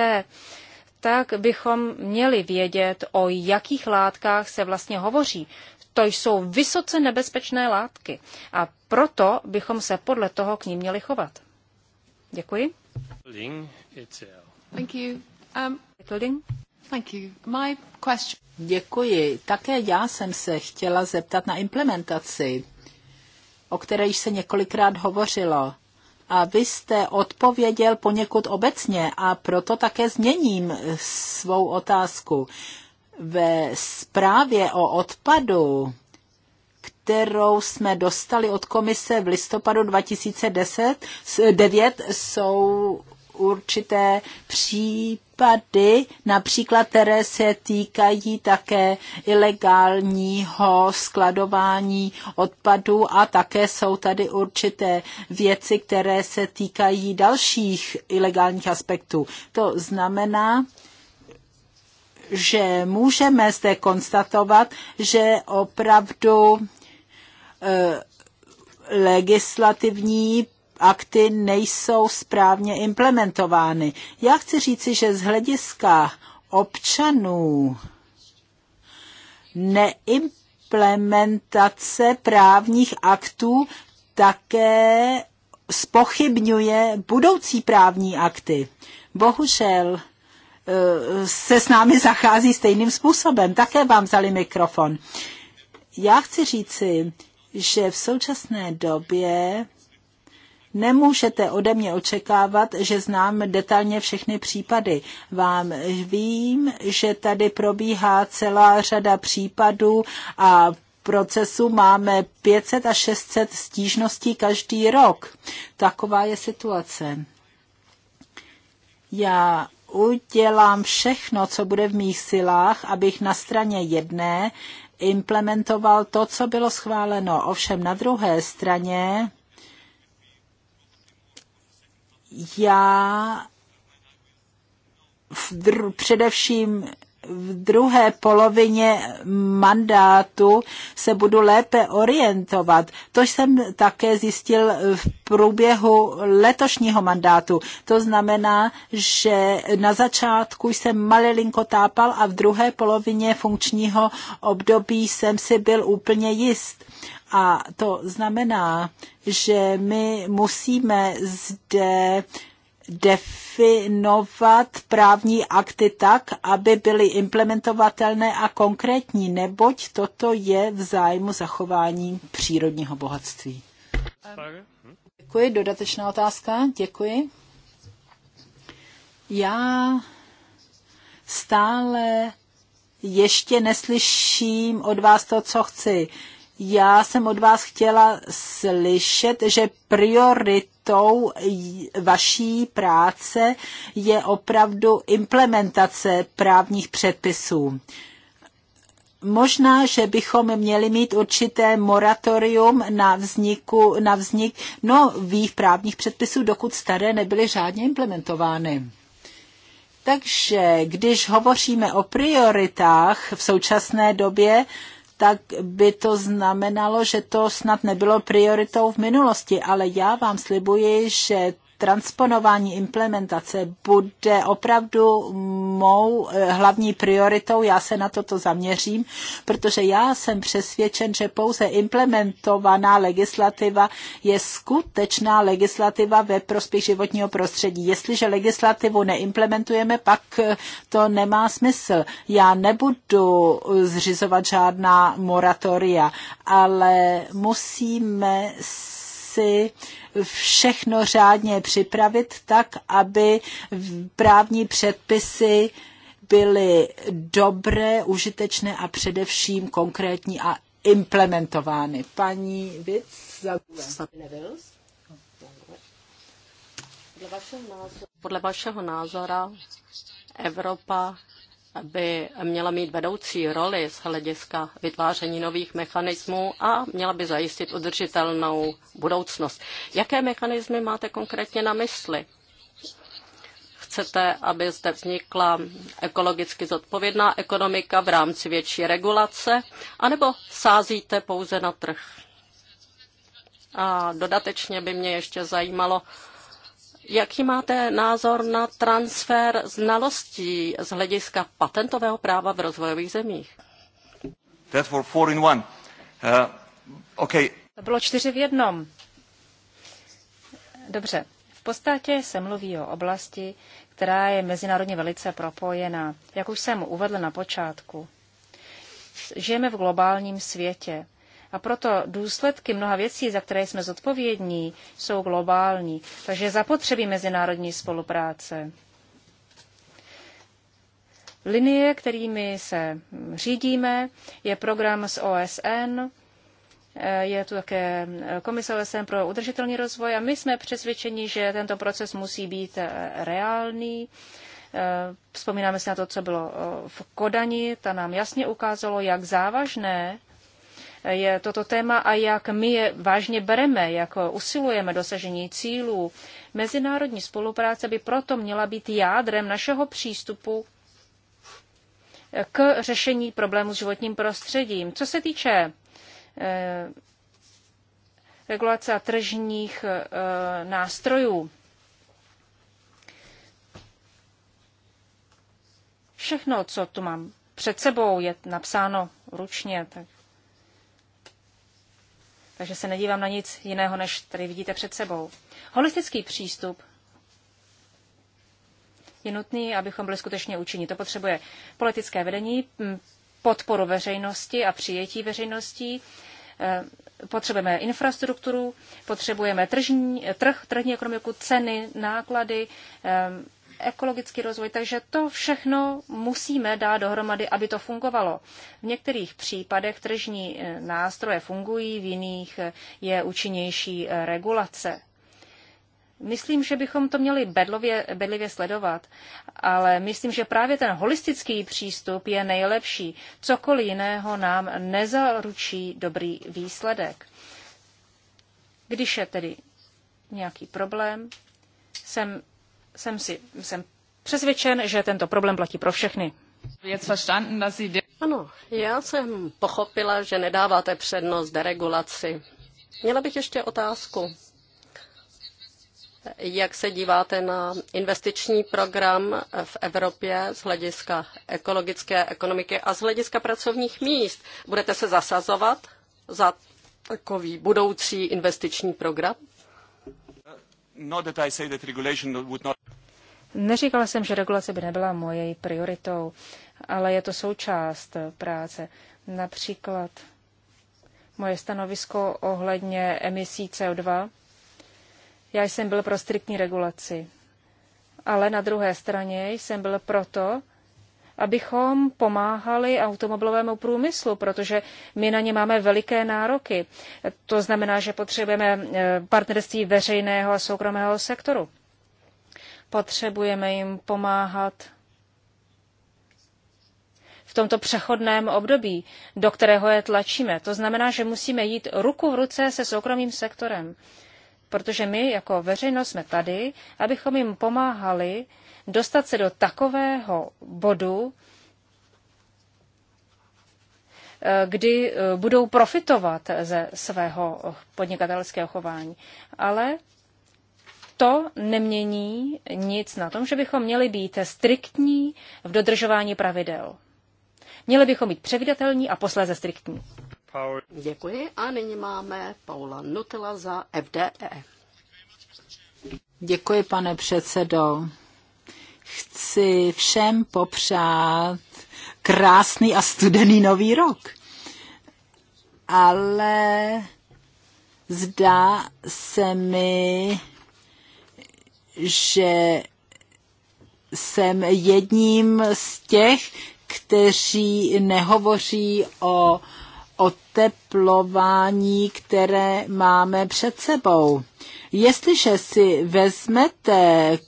tak bychom měli vědět, o jakých látkách se vlastně hovoří. To jsou vysoce nebezpečné látky a proto bychom se podle toho k ním měli chovat. Děkuji. Thank you. Um... Děkuji. Také já jsem se chtěla zeptat na implementaci, o které již se několikrát hovořilo. A vy jste odpověděl poněkud obecně a proto také změním svou otázku. Ve zprávě o odpadu, kterou jsme dostali od komise v listopadu 2010, 9 jsou určité případy Případy například, které se týkají také ilegálního skladování odpadů a také jsou tady určité věci, které se týkají dalších ilegálních aspektů. To znamená, že můžeme zde konstatovat, že opravdu eh, legislativní akty nejsou správně implementovány. Já chci říci, že z hlediska občanů neimplementace právních aktů také spochybňuje budoucí právní akty. Bohužel eh, se s námi zachází stejným způsobem. Také vám vzali mikrofon. Já chci říci, že v současné době Nemůžete ode mě očekávat, že znám detailně všechny případy. Vám vím, že tady probíhá celá řada případů a procesu máme 500 až 600 stížností každý rok. Taková je situace. Já udělám všechno, co bude v mých silách, abych na straně jedné implementoval to, co bylo schváleno. Ovšem na druhé straně já v dru, především v druhé polovině mandátu se budu lépe orientovat. To jsem také zjistil v průběhu letošního mandátu. To znamená, že na začátku jsem malilinko tápal a v druhé polovině funkčního období jsem si byl úplně jist. A to znamená, že my musíme zde definovat právní akty tak, aby byly implementovatelné a konkrétní, neboť toto je v zájmu zachování přírodního bohatství. Děkuji. Dodatečná otázka. Děkuji. Já stále ještě neslyším od vás to, co chci. Já jsem od vás chtěla slyšet, že priority tou vaší práce je opravdu implementace právních předpisů. Možná, že bychom měli mít určité moratorium na, vzniku, na vznik nových právních předpisů, dokud staré nebyly řádně implementovány. Takže když hovoříme o prioritách v současné době, tak by to znamenalo, že to snad nebylo prioritou v minulosti, ale já vám slibuji, že transponování implementace bude opravdu mou eh, hlavní prioritou. Já se na toto zaměřím, protože já jsem přesvědčen, že pouze implementovaná legislativa je skutečná legislativa ve prospěch životního prostředí. Jestliže legislativu neimplementujeme, pak eh, to nemá smysl. Já nebudu eh, zřizovat žádná moratoria, ale musíme si si všechno řádně připravit tak, aby právní předpisy byly dobré, užitečné a především konkrétní a implementovány. Paní Vic za Podle vašeho názora Evropa by měla mít vedoucí roli z hlediska vytváření nových mechanismů a měla by zajistit udržitelnou budoucnost. Jaké mechanismy máte konkrétně na mysli? Chcete, aby zde vznikla ekologicky zodpovědná ekonomika v rámci větší regulace, anebo sázíte pouze na trh? A dodatečně by mě ještě zajímalo, Jaký máte názor na transfer znalostí z hlediska patentového práva v rozvojových zemích? four in one. Uh, okay. To bylo čtyři v jednom. Dobře. V podstatě se mluví o oblasti, která je mezinárodně velice propojená. Jak už jsem uvedl na počátku, žijeme v globálním světě. A proto důsledky mnoha věcí, za které jsme zodpovědní, jsou globální. Takže zapotřebí mezinárodní spolupráce. Linie, kterými se řídíme, je program z OSN, je tu také komise OSN pro udržitelný rozvoj a my jsme přesvědčeni, že tento proces musí být reálný. Vzpomínáme si na to, co bylo v Kodani, ta nám jasně ukázalo, jak závažné je toto téma a jak my je vážně bereme, jak usilujeme dosažení cílů. Mezinárodní spolupráce by proto měla být jádrem našeho přístupu k řešení problému s životním prostředím. Co se týče eh, regulace tržních eh, nástrojů, všechno, co tu mám před sebou, je napsáno ručně, tak takže se nedívám na nic jiného, než tady vidíte před sebou. Holistický přístup je nutný, abychom byli skutečně účinní. To potřebuje politické vedení, podporu veřejnosti a přijetí veřejností. E, potřebujeme infrastrukturu, potřebujeme tržní, trh, trhní ekonomiku, ceny, náklady, ekologický rozvoj. Takže to všechno musíme dát dohromady, aby to fungovalo. V některých případech tržní eh, nástroje fungují, v jiných eh, je účinnější eh, regulace. Myslím, že bychom to měli bedlově, bedlivě sledovat, ale myslím, že právě ten holistický přístup je nejlepší. Cokoliv jiného nám nezaručí dobrý výsledek. Když je tedy nějaký problém, jsem jsem, si, jsem přesvědčen, že tento problém platí pro všechny. Ano, já jsem pochopila, že nedáváte přednost deregulaci. Měla bych ještě otázku. Jak se díváte na investiční program v Evropě z hlediska ekologické ekonomiky a z hlediska pracovních míst? Budete se zasazovat za takový budoucí investiční program? Neříkala jsem, že regulace by nebyla mojej prioritou, ale je to součást práce. Například moje stanovisko ohledně emisí CO2. Já jsem byl pro striktní regulaci, ale na druhé straně jsem byl proto, abychom pomáhali automobilovému průmyslu, protože my na ně máme veliké nároky. To znamená, že potřebujeme eh, partnerství veřejného a soukromého sektoru. Potřebujeme jim pomáhat v tomto přechodném období, do kterého je tlačíme. To znamená, že musíme jít ruku v ruce se soukromým sektorem, protože my jako veřejnost jsme tady, abychom jim pomáhali dostat se do takového bodu, eh, kdy eh, budou profitovat ze svého podnikatelského chování. Ale to nemění nic na tom, že bychom měli být striktní v dodržování pravidel. Měli bychom být předvídatelní a posléze striktní. Děkuji a nyní máme Paula Nutila za FDE. Děkuji, pane předsedo chci všem popřát krásný a studený nový rok. Ale zdá se mi, že jsem jedním z těch, kteří nehovoří o oteplování, které máme před sebou. Jestliže si vezmete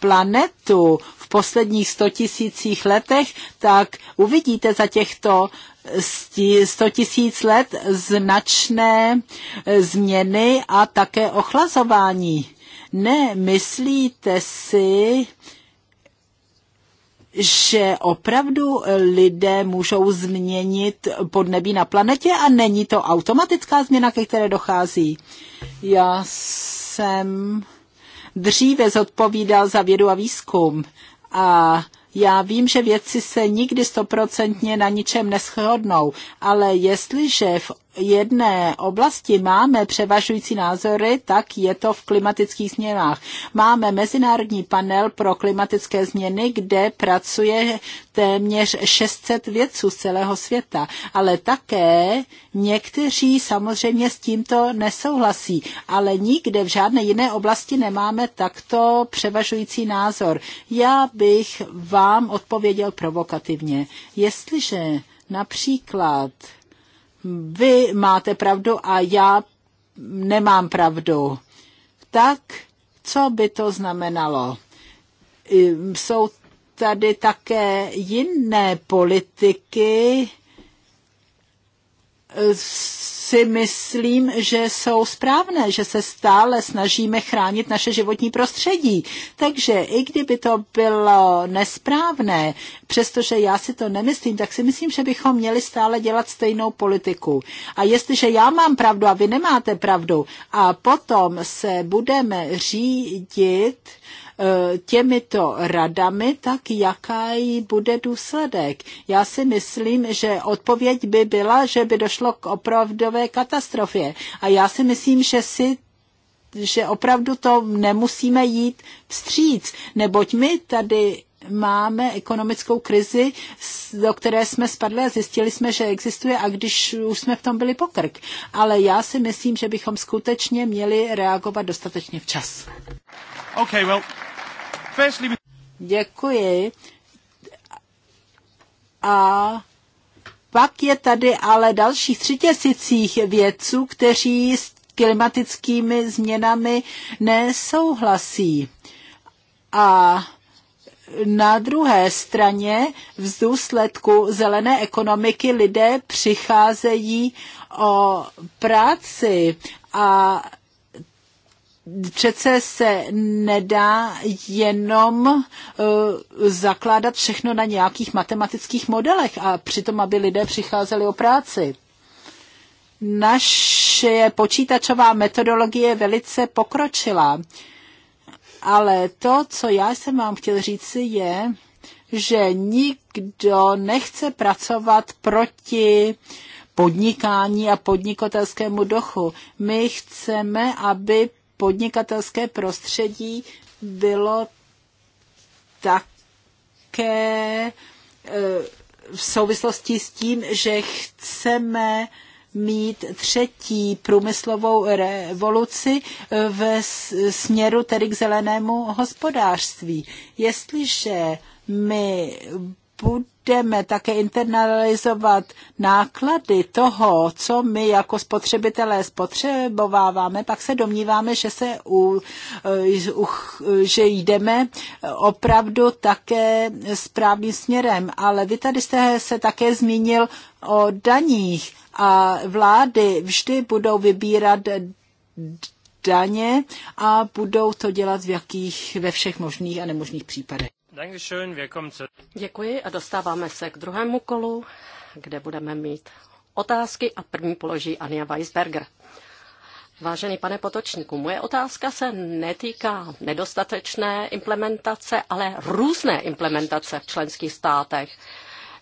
planetu v posledních 100 tisících letech, tak uvidíte za těchto 100 tisíc let značné eh, změny a také ochlazování. Ne, myslíte si, že opravdu lidé můžou změnit podnebí na planetě a není to automatická změna, ke které dochází. Já jsem dříve zodpovídal za vědu a výzkum a já vím, že vědci se nikdy stoprocentně na ničem neschodnou, ale jestliže v jedné oblasti máme převažující názory, tak je to v klimatických změnách. Máme Mezinárodní panel pro klimatické změny, kde pracuje téměř 600 vědců z celého světa, ale také někteří samozřejmě s tímto nesouhlasí, ale nikde v žádné jiné oblasti nemáme takto převažující názor. Já bych vám odpověděl provokativně. Jestliže například vy máte pravdu a já nemám pravdu. Tak co by to znamenalo? Jsou tady také jiné politiky, si myslím, že jsou správné, že se stále snažíme chránit naše životní prostředí. Takže i kdyby to bylo nesprávné, přestože já si to nemyslím, tak si myslím, že bychom měli stále dělat stejnou politiku. A jestliže já mám pravdu a vy nemáte pravdu, a potom se budeme řídit E, těmito radami, tak jaká jí bude důsledek. Já si myslím, že odpověď by byla, že by došlo k opravdové katastrofě. A já si myslím, že si že opravdu to nemusíme jít vstříc, neboť my tady máme ekonomickou krizi, do které jsme spadli a zjistili jsme, že existuje a když už jsme v tom byli pokrk. Ale já si myslím, že bychom skutečně měli reagovat dostatečně včas. Okay, well, Děkuji. A pak je tady ale dalších tři tisících vědců, kteří s klimatickými změnami nesouhlasí. A na druhé straně v důsledku zelené ekonomiky lidé přicházejí o práci a přece se nedá jenom uh, zakládat všechno na nějakých matematických modelech a přitom, aby lidé přicházeli o práci. Naše počítačová metodologie je velice pokročila, ale to, co já jsem vám chtěl říci, je, že nikdo nechce pracovat proti podnikání a podnikatelskému duchu. My chceme, aby podnikatelské prostředí bylo také eh, v souvislosti s tím, že chceme mít třetí průmyslovou revoluci eh, ve směru tedy k zelenému hospodářství. Jestliže my budeme budeme také internalizovat náklady toho, co my jako spotřebitelé spotřebováváme, pak se domníváme, že, se u, u, že jdeme opravdu také správným směrem. Ale vy tady jste se také zmínil o daních a vlády vždy budou vybírat daně a budou to dělat v jakých, ve všech možných a nemožných případech. Děkuji a dostáváme se k druhému kolu, kde budeme mít otázky a první položí Ania Weisberger. Vážený pane Potočníku, moje otázka se netýká nedostatečné implementace, ale různé implementace v členských státech.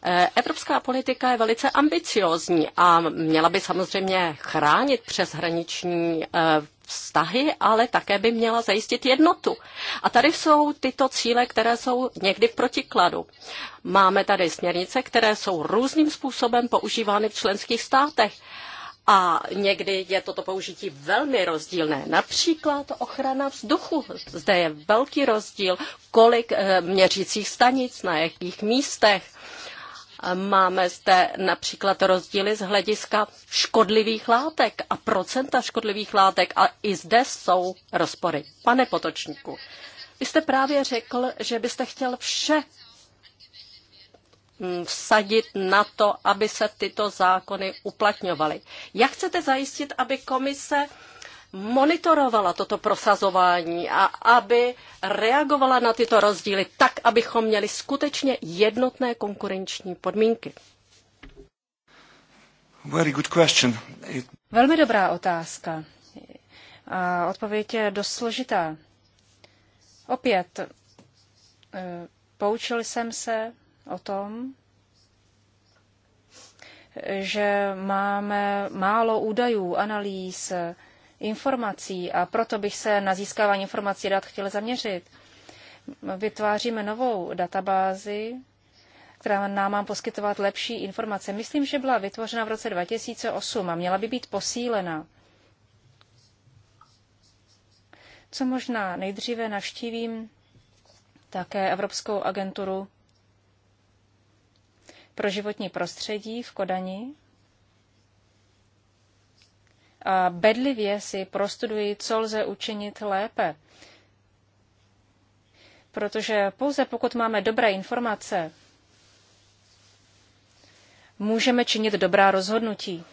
E, evropská politika je velice ambiciózní a měla by samozřejmě chránit přeshraniční e, vztahy, ale také by měla zajistit jednotu. A tady jsou tyto cíle, které jsou někdy v protikladu. Máme tady směrnice, které jsou různým způsobem používány v členských státech. A někdy je toto použití velmi rozdílné. Například ochrana vzduchu. Zde je velký rozdíl, kolik eh, měřících stanic, na jakých místech. Máme zde například rozdíly z hlediska škodlivých látek a procenta škodlivých látek a i zde jsou rozpory. Pane Potočníku, vy jste právě řekl, že byste chtěl vše mm, vsadit na to, aby se tyto zákony uplatňovaly. Jak chcete zajistit, aby komise monitorovala toto prosazování a aby reagovala na tyto rozdíly tak, abychom měli skutečně jednotné konkurenční podmínky? Very good question. It... Velmi dobrá otázka. A odpověď je dost složitá. Opět, eh, poučil jsem se o tom, že máme málo údajů, analýz, informací a proto bych se na získávání informací dat chtěl zaměřit. Vytváříme novou databázi, která nám má poskytovat lepší informace. Myslím, že byla vytvořena v roce 2008 a měla by být posílena. Co možná nejdříve navštívím také Evropskou agenturu pro životní prostředí v Kodani a bedlivě si prostudují, co lze učinit lépe. Protože pouze pokud máme dobré informace, můžeme činit dobrá rozhodnutí.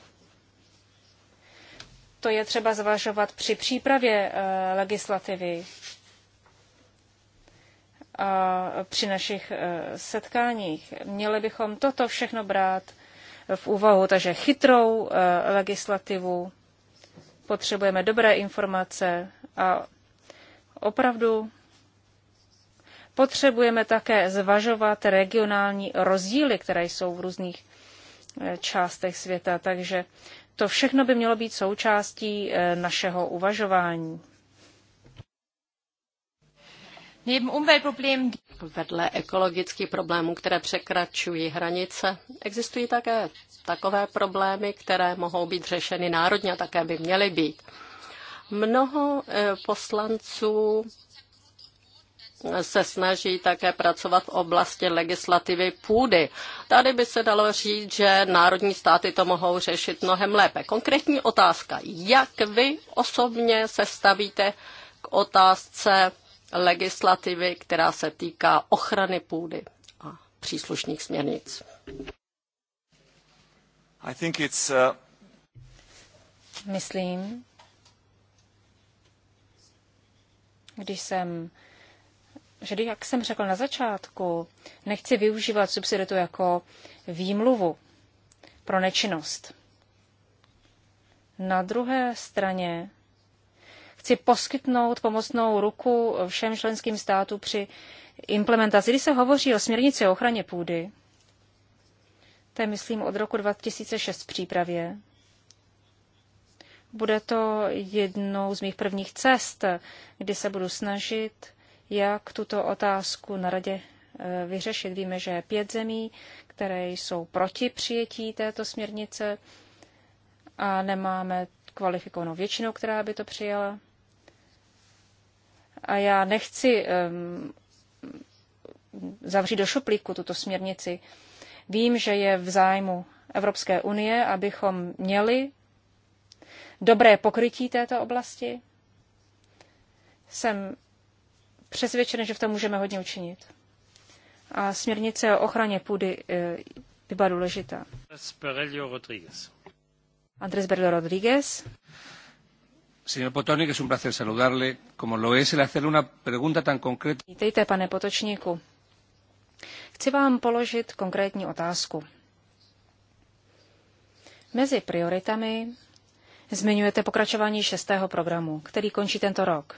To je třeba zvažovat při přípravě eh, legislativy a při našich eh, setkáních. Měli bychom toto všechno brát v úvahu, takže chytrou eh, legislativu, Potřebujeme dobré informace a opravdu potřebujeme také zvažovat regionální rozdíly, které jsou v různých eh, částech světa. Takže to všechno by mělo být součástí eh, našeho uvažování. Vedle ekologických problémů, které překračují hranice, existují také takové problémy, které mohou být řešeny národně a také by měly být. Mnoho eh, poslanců se snaží také pracovat v oblasti legislativy půdy. Tady by se dalo říct, že národní státy to mohou řešit mnohem lépe. Konkrétní otázka. Jak vy osobně se stavíte k otázce legislativy, která se týká ochrany půdy a příslušných směrnic. I think it's, uh... Myslím, když jsem že jak jsem řekl na začátku, nechci využívat subsiditu jako výmluvu pro nečinnost. Na druhé straně chci poskytnout pomocnou ruku všem členským státům při implementaci. Když se hovoří o směrnici o ochraně půdy, to je, myslím, od roku 2006 v přípravě. Bude to jednou z mých prvních cest, kdy se budu snažit, jak tuto otázku na radě e, vyřešit. Víme, že je pět zemí, které jsou proti přijetí této směrnice a nemáme kvalifikovanou většinu, která by to přijala. A já nechci um, zavřít do šuplíku tuto směrnici. Vím, že je v zájmu Evropské unie, abychom měli dobré pokrytí této oblasti. Jsem přesvědčen, že v tom můžeme hodně učinit. A směrnice o ochraně půdy e, by byla důležitá. Andres Berlio Rodriguez. Señor Potonik, es un placer saludarle, como lo es el hacerle una pregunta tan concreta. Vítejte, pane Potočníku. Chci vám položit konkrétní otázku. Mezi prioritami zmiňujete pokračování šestého programu, který končí tento rok.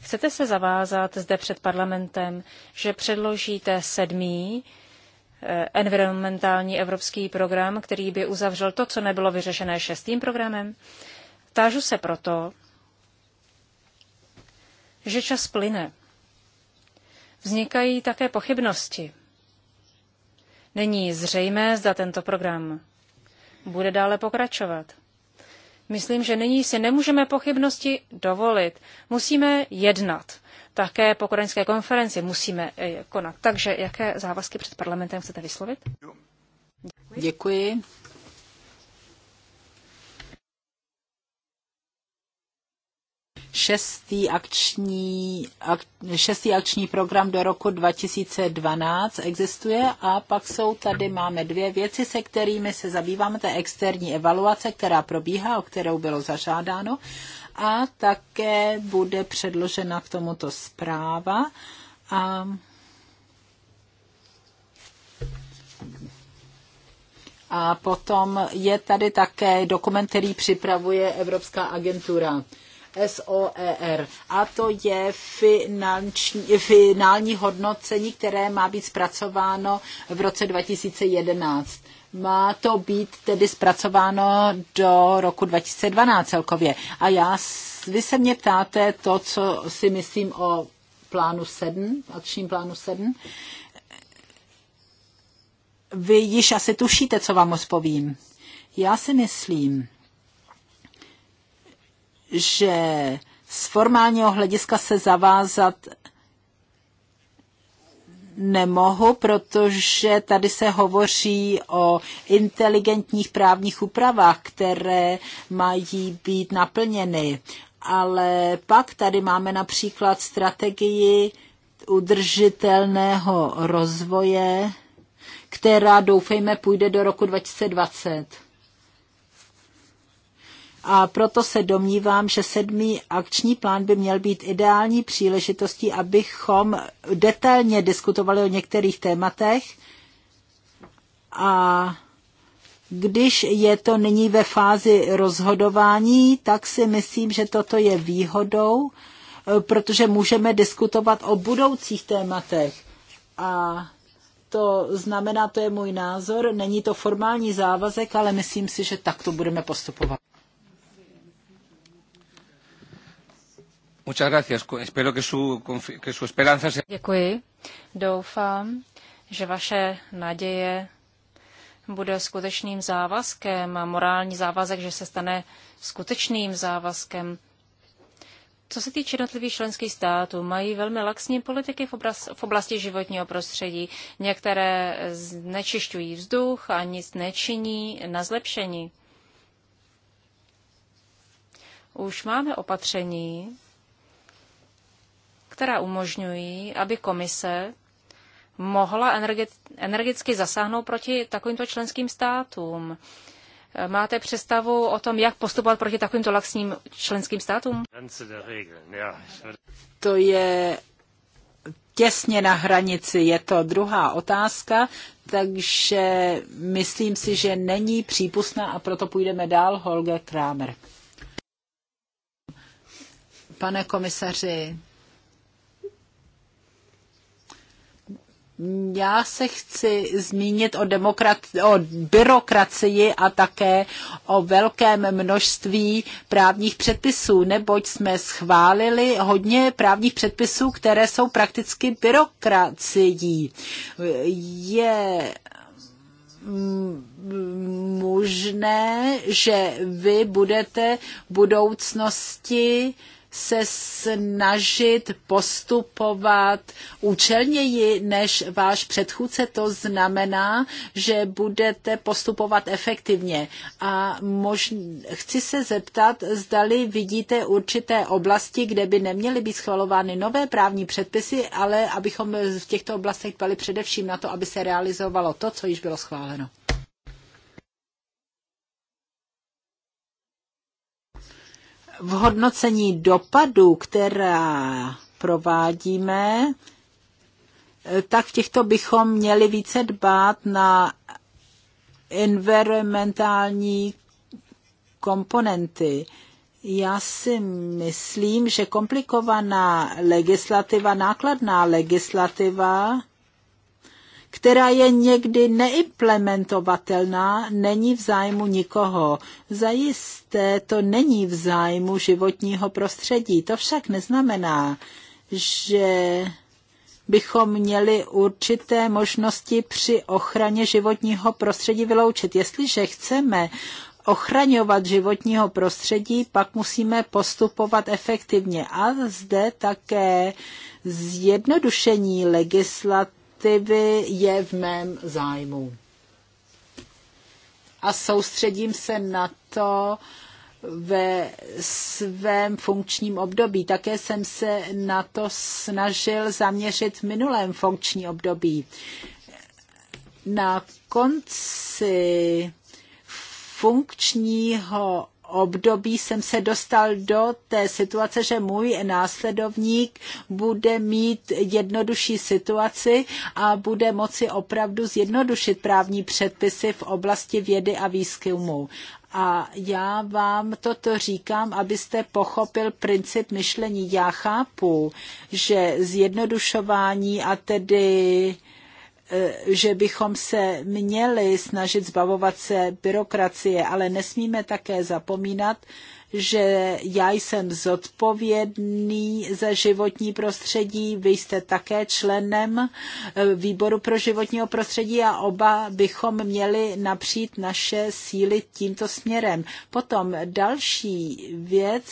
Chcete se zavázat zde před parlamentem, že předložíte sedmý eh, environmentální evropský program, který by uzavřel to, co nebylo vyřešené šestým programem? Tážu se proto, že čas plyne. Vznikají také pochybnosti. Není zřejmé, zda tento program bude dále pokračovat. Myslím, že nyní si nemůžeme pochybnosti dovolit. Musíme jednat. Také po koreňské konferenci musíme eh, konat. Takže jaké závazky před parlamentem chcete vyslovit? Děkuji. šestý akční, ak, šestý akční program do roku 2012 existuje a pak jsou tady, máme dvě věci, se kterými se zabýváme, to je externí evaluace, která probíhá, o kterou bylo zažádáno a také bude předložena k tomuto zpráva. A A potom je tady také dokument, který připravuje Evropská agentura SOER. A to je finanční, finální hodnocení, které má být zpracováno v roce 2011 má to být tedy zpracováno do roku 2012 celkově. A já, vy se mě ptáte to, co si myslím o plánu 7, akčním plánu 7. Vy již asi tušíte, co vám odpovím. Já si myslím, že z formálního hlediska se zavázat nemohu, protože tady se hovoří o inteligentních právních úpravách, které mají být naplněny. Ale pak tady máme například strategii udržitelného rozvoje, která doufejme půjde do roku 2020 a proto se domnívám, že sedmý akční plán by měl být ideální příležitostí, abychom detailně diskutovali o některých tématech a když je to nyní ve fázi rozhodování, tak si myslím, že toto je výhodou, protože můžeme diskutovat o budoucích tématech. A to znamená, to je můj názor, není to formální závazek, ale myslím si, že takto budeme postupovat. Děkuji. Doufám, že vaše naděje bude skutečným závazkem a morální závazek, že se stane skutečným závazkem. Co se týče jednotlivých členských států, mají velmi laxní politiky v, obraz, v oblasti životního prostředí. Některé znečišťují vzduch a nic nečiní na zlepšení. Už máme opatření, která umožňují, aby komise mohla energeticky zasáhnout proti takovýmto členským státům. Máte představu o tom, jak postupovat proti takovýmto laxním členským státům? To je těsně na hranici, je to druhá otázka, takže myslím si, že není přípustná a proto půjdeme dál. Holger Kramer. Pane komisaři, Já se chci zmínit o, demokrat, o byrokracii a také o velkém množství právních předpisů, neboť jsme schválili hodně právních předpisů, které jsou prakticky byrokracií. Je mm, možné, že vy budete v budoucnosti uh, se snažit postupovat účelněji než váš předchůdce. To znamená, že budete postupovat efektivně. A mož... chci se zeptat, zdali vidíte určité oblasti, kde by neměly být schvalovány nové právní předpisy, ale abychom v těchto oblastech dbali především na to, aby se realizovalo to, co již bylo schváleno. v hodnocení dopadů, která provádíme, tak v těchto bychom měli více dbát na environmentální komponenty. Já si myslím, že komplikovaná legislativa, nákladná legislativa která je někdy neimplementovatelná, není v zájmu nikoho. Zajisté to není v zájmu životního prostředí. To však neznamená, že bychom měli určité možnosti při ochraně životního prostředí vyloučit. Jestliže chceme ochraňovat životního prostředí, pak musíme postupovat efektivně. A zde také zjednodušení legislativy legislativy je v mém zájmu. A soustředím se na to ve svém funkčním období. Také jsem se na to snažil zaměřit v minulém funkčním období. Na konci funkčního období jsem se dostal do té situace, že můj následovník bude mít jednodušší situaci a bude moci opravdu zjednodušit právní předpisy v oblasti vědy a výzkumu. A já vám toto říkám, abyste pochopil princip myšlení. Já chápu, že zjednodušování a tedy Eh, že bychom se měli snažit zbavovat se byrokracie, ale nesmíme také zapomínat, že já jsem zodpovědný za životní prostředí, vy jste také členem eh, výboru pro životního prostředí a oba bychom měli napřít naše síly tímto směrem. Potom další věc,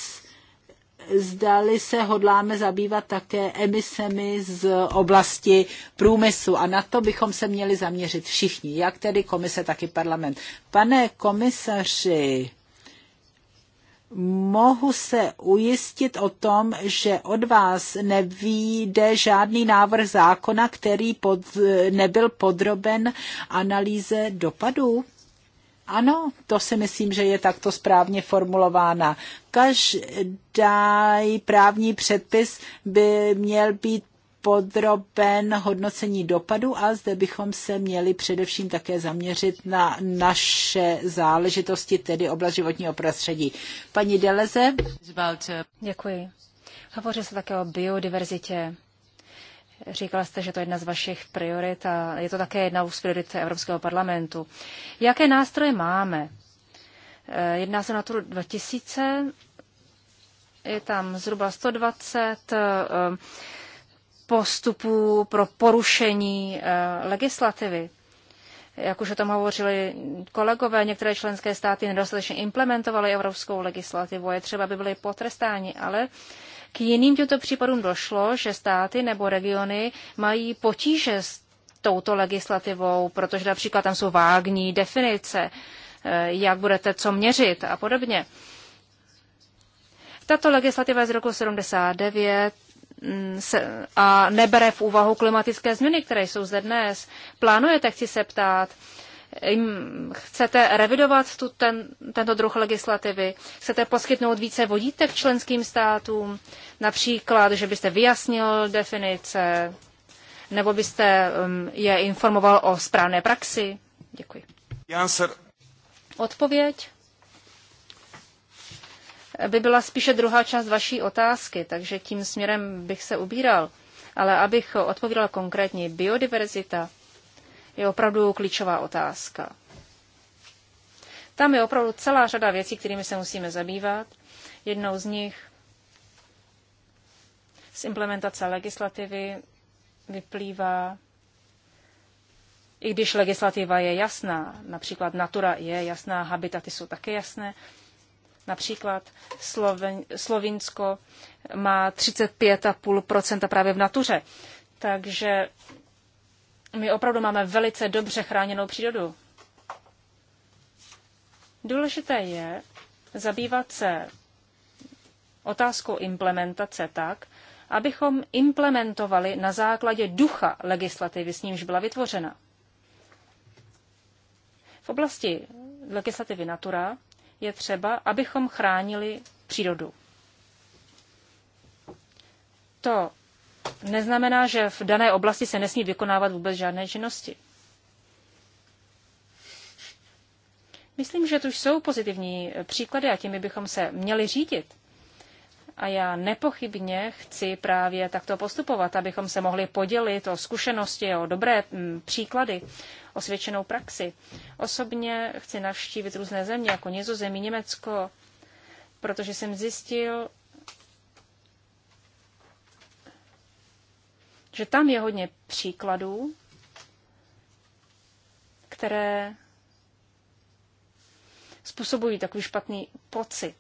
zdali se hodláme zabývat také emisemi z oblasti průmyslu. A na to bychom se měli zaměřit všichni, jak tedy komise, tak i parlament. Pane komisaři, mohu se ujistit o tom, že od vás nevíde žádný návrh zákona, který pod, nebyl podroben analýze dopadů? Ano, to si myslím, že je takto správně formulována. Každý právní předpis by měl být podroben hodnocení dopadu a zde bychom se měli především také zaměřit na naše záležitosti, tedy oblast životního prostředí. Paní Deleze. Děkuji. Hovoří se také o biodiverzitě Říkala jste, že to je jedna z vašich priorit a je to také jedna z priorit Evropského parlamentu. Jaké nástroje máme? Eh, jedná se na tu 2000, je tam zhruba 120 eh, postupů pro porušení eh, legislativy. Jak už o tom hovořili kolegové, některé členské státy nedostatečně implementovaly evropskou legislativu. Je třeba, aby byly potrestáni, ale k jiným těmto případům došlo, že státy nebo regiony mají potíže s touto legislativou, protože například tam jsou vágní definice, eh, jak budete co měřit a podobně. Tato legislativa je z roku 79 mm, a nebere v úvahu klimatické změny, které jsou zde dnes. Plánujete, chci se ptát, Chcete revidovat tu, ten, tento druh legislativy? Chcete poskytnout více vodítek členským státům? Například, že byste vyjasnil definice? Nebo byste um, je informoval o správné praxi? Děkuji. Odpověď by byla spíše druhá část vaší otázky, takže tím směrem bych se ubíral. Ale abych odpovídala konkrétně, biodiverzita je opravdu klíčová otázka. Tam je opravdu celá řada věcí, kterými se musíme zabývat. Jednou z nich z implementace legislativy vyplývá, i když legislativa je jasná, například natura je jasná, habitaty jsou také jasné, Například Sloven, Slovinsko má 35,5% právě v natuře. Takže my opravdu máme velice dobře chráněnou přírodu. Důležité je zabývat se otázkou implementace tak, abychom implementovali na základě ducha legislativy, s nímž byla vytvořena. V oblasti legislativy Natura je třeba, abychom chránili přírodu. To neznamená, že v dané oblasti se nesmí vykonávat vůbec žádné činnosti. Myslím, že tu jsou pozitivní příklady a těmi bychom se měli řídit. A já nepochybně chci právě takto postupovat, abychom se mohli podělit o zkušenosti, o dobré mm, příklady, o svědčenou praxi. Osobně chci navštívit různé země, jako Nizozemí, Německo, protože jsem zjistil, že tam je hodně příkladů, které způsobují takový špatný pocit.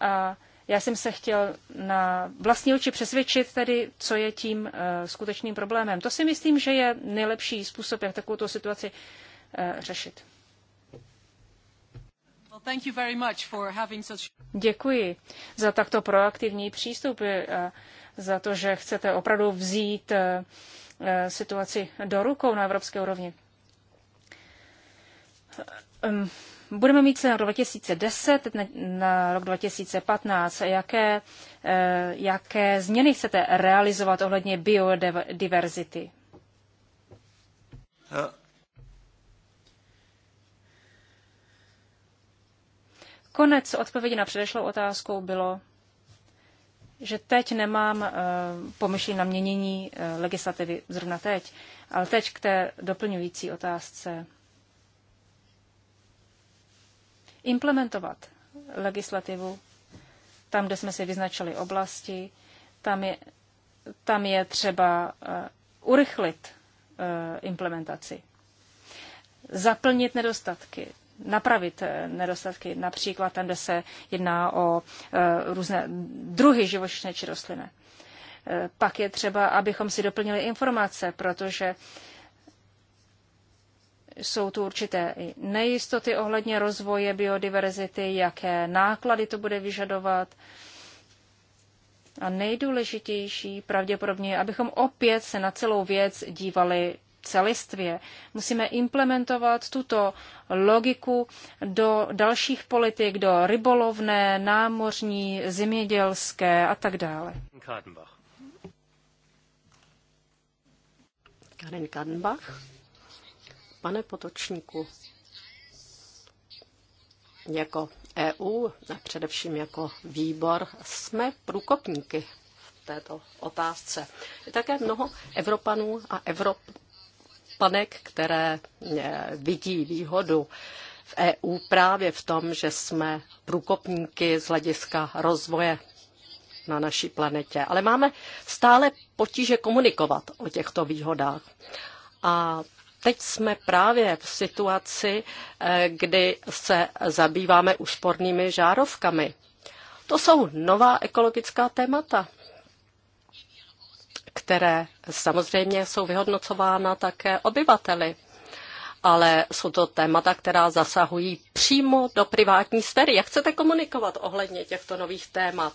A já jsem se chtěl na vlastní oči přesvědčit tedy, co je tím uh, skutečným problémem. To si myslím, že je nejlepší způsob, jak takovou situaci uh, řešit. Děkuji za takto proaktivní přístup. Eh, za to, že chcete opravdu vzít eh, eh, situaci do rukou na evropské úrovni. Ehm, budeme mít se na rok 2010, na rok 2015. Jaké, eh, jaké změny chcete realizovat ohledně biodiverzity? Konec odpovědi na předešlou otázku bylo že teď nemám eh, pomyšlí na měnění eh, legislativy zrovna teď, ale teď k té doplňující otázce. Implementovat legislativu tam, kde jsme si vyznačili oblasti, tam je, tam je třeba eh, urychlit implementaci, zaplnit nedostatky, napravit eh, nedostatky, například tam, kde se jedná o eh, různé druhy živočišné či rostliny. Eh, pak je třeba, abychom si doplnili informace, protože jsou tu určité nejistoty ohledně rozvoje biodiverzity, jaké náklady to bude vyžadovat. A nejdůležitější pravděpodobně je, abychom opět se na celou věc dívali celistvě. Musíme implementovat tuto logiku do dalších politik, do rybolovné, námořní, zemědělské a tak dále. Kadenbach. Karen Kadenbach. Pane Potočníku, jako EU a především jako výbor jsme průkopníky v této otázce. Je také mnoho Evropanů a Evrop, panek, které eh, vidí výhodu v EU právě v tom, že jsme průkopníky z hlediska rozvoje na naší planetě. Ale máme stále potíže komunikovat o těchto výhodách. A teď jsme právě v situaci, eh, kdy se zabýváme úspornými žárovkami. To jsou nová ekologická témata které samozřejmě jsou vyhodnocována také obyvateli. Ale jsou to témata, která zasahují přímo do privátní sféry. Jak chcete komunikovat ohledně těchto nových témat,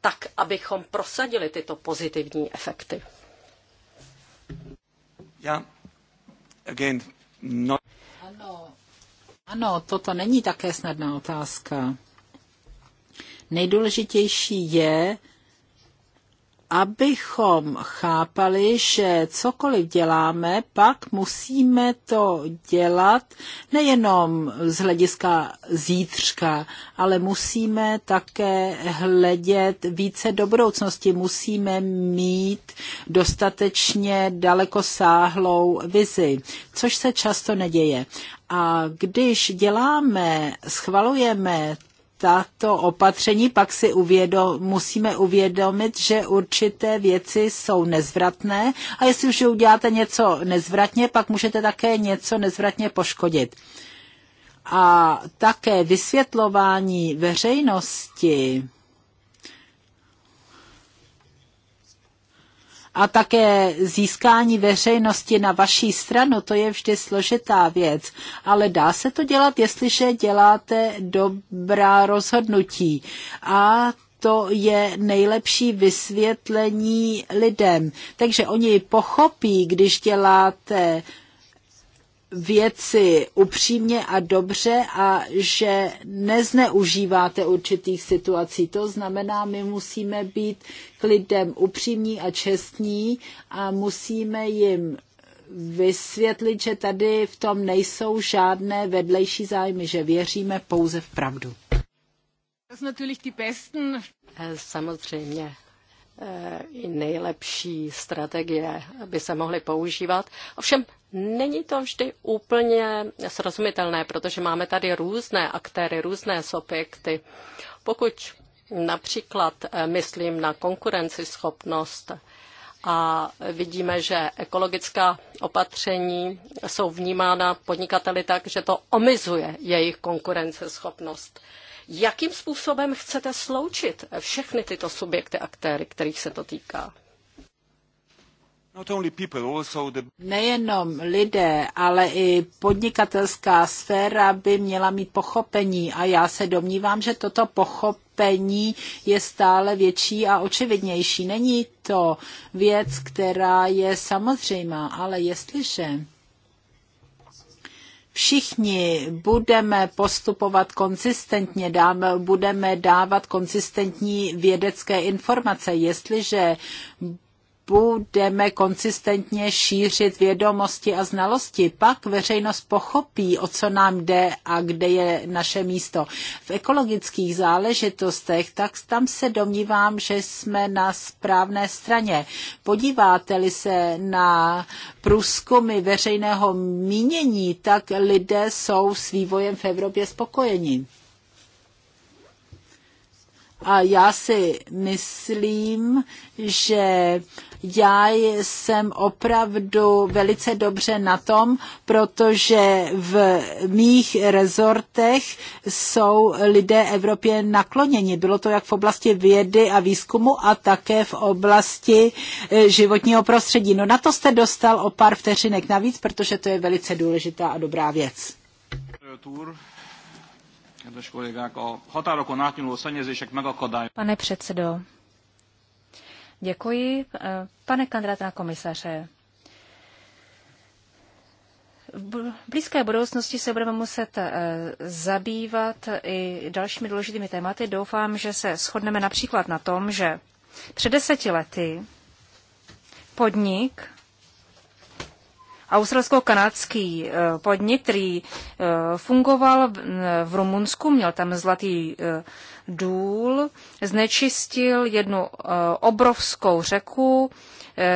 tak abychom prosadili tyto pozitivní efekty? Já, again, no... ano, ano, toto není také snadná otázka. Nejdůležitější je, abychom chápali, že cokoliv děláme, pak musíme to dělat nejenom z hlediska zítřka, ale musíme také hledět více do budoucnosti. Musíme mít dostatečně dalekosáhlou vizi, což se často neděje. A když děláme, schvalujeme tato opatření, pak si uvědom, musíme uvědomit, že určité věci jsou nezvratné a jestli už uděláte něco nezvratně, pak můžete také něco nezvratně poškodit. A také vysvětlování veřejnosti a také získání veřejnosti na vaší stranu, to je vždy složitá věc, ale dá se to dělat, jestliže děláte dobrá rozhodnutí. A to je nejlepší vysvětlení lidem. Takže oni pochopí, když děláte věci upřímně a dobře a že nezneužíváte určitých situací. To znamená, my musíme být k lidem upřímní a čestní a musíme jim vysvětlit, že tady v tom nejsou žádné vedlejší zájmy, že věříme pouze v pravdu. Samozřejmě Eh, i nejlepší strategie by se mohly používat. Ovšem není to vždy úplně srozumitelné, protože máme tady různé aktéry, různé subjekty. Pokud například eh, myslím na konkurenceschopnost a vidíme, že ekologická opatření jsou vnímána podnikateli tak, že to omizuje jejich konkurenceschopnost. Jakým způsobem chcete sloučit všechny tyto subjekty aktéry, kterých se to týká? Nejenom lidé, ale i podnikatelská sféra by měla mít pochopení a já se domnívám, že toto pochopení je stále větší a očividnější. Není to věc, která je samozřejmá, ale jestliže všichni budeme postupovat konzistentně, dáme, budeme dávat konzistentní vědecké informace. Jestliže budeme konsistentně šířit vědomosti a znalosti, pak veřejnost pochopí, o co nám jde a kde je naše místo. V ekologických záležitostech, tak tam se domnívám, že jsme na správné straně. Podíváte-li se na průzkumy veřejného mínění, tak lidé jsou s vývojem v Evropě spokojeni. A já si myslím, že já jsem opravdu velice dobře na tom, protože v mých rezortech jsou lidé Evropě nakloněni. Bylo to jak v oblasti vědy a výzkumu a také v oblasti eh, životního prostředí. No na to jste dostal o pár vteřinek navíc, protože to je velice důležitá a dobrá věc. Tour. Pane předsedo, děkuji. Pane kandidát na komisaře, v blízké budoucnosti se budeme muset eh, zabývat i dalšími důležitými tématy. Doufám, že se shodneme například na tom, že před deseti lety podnik australsko-kanadský eh, podnik, který eh, fungoval eh, v Rumunsku, měl tam zlatý důl, znečistil jednu obrovskou řeku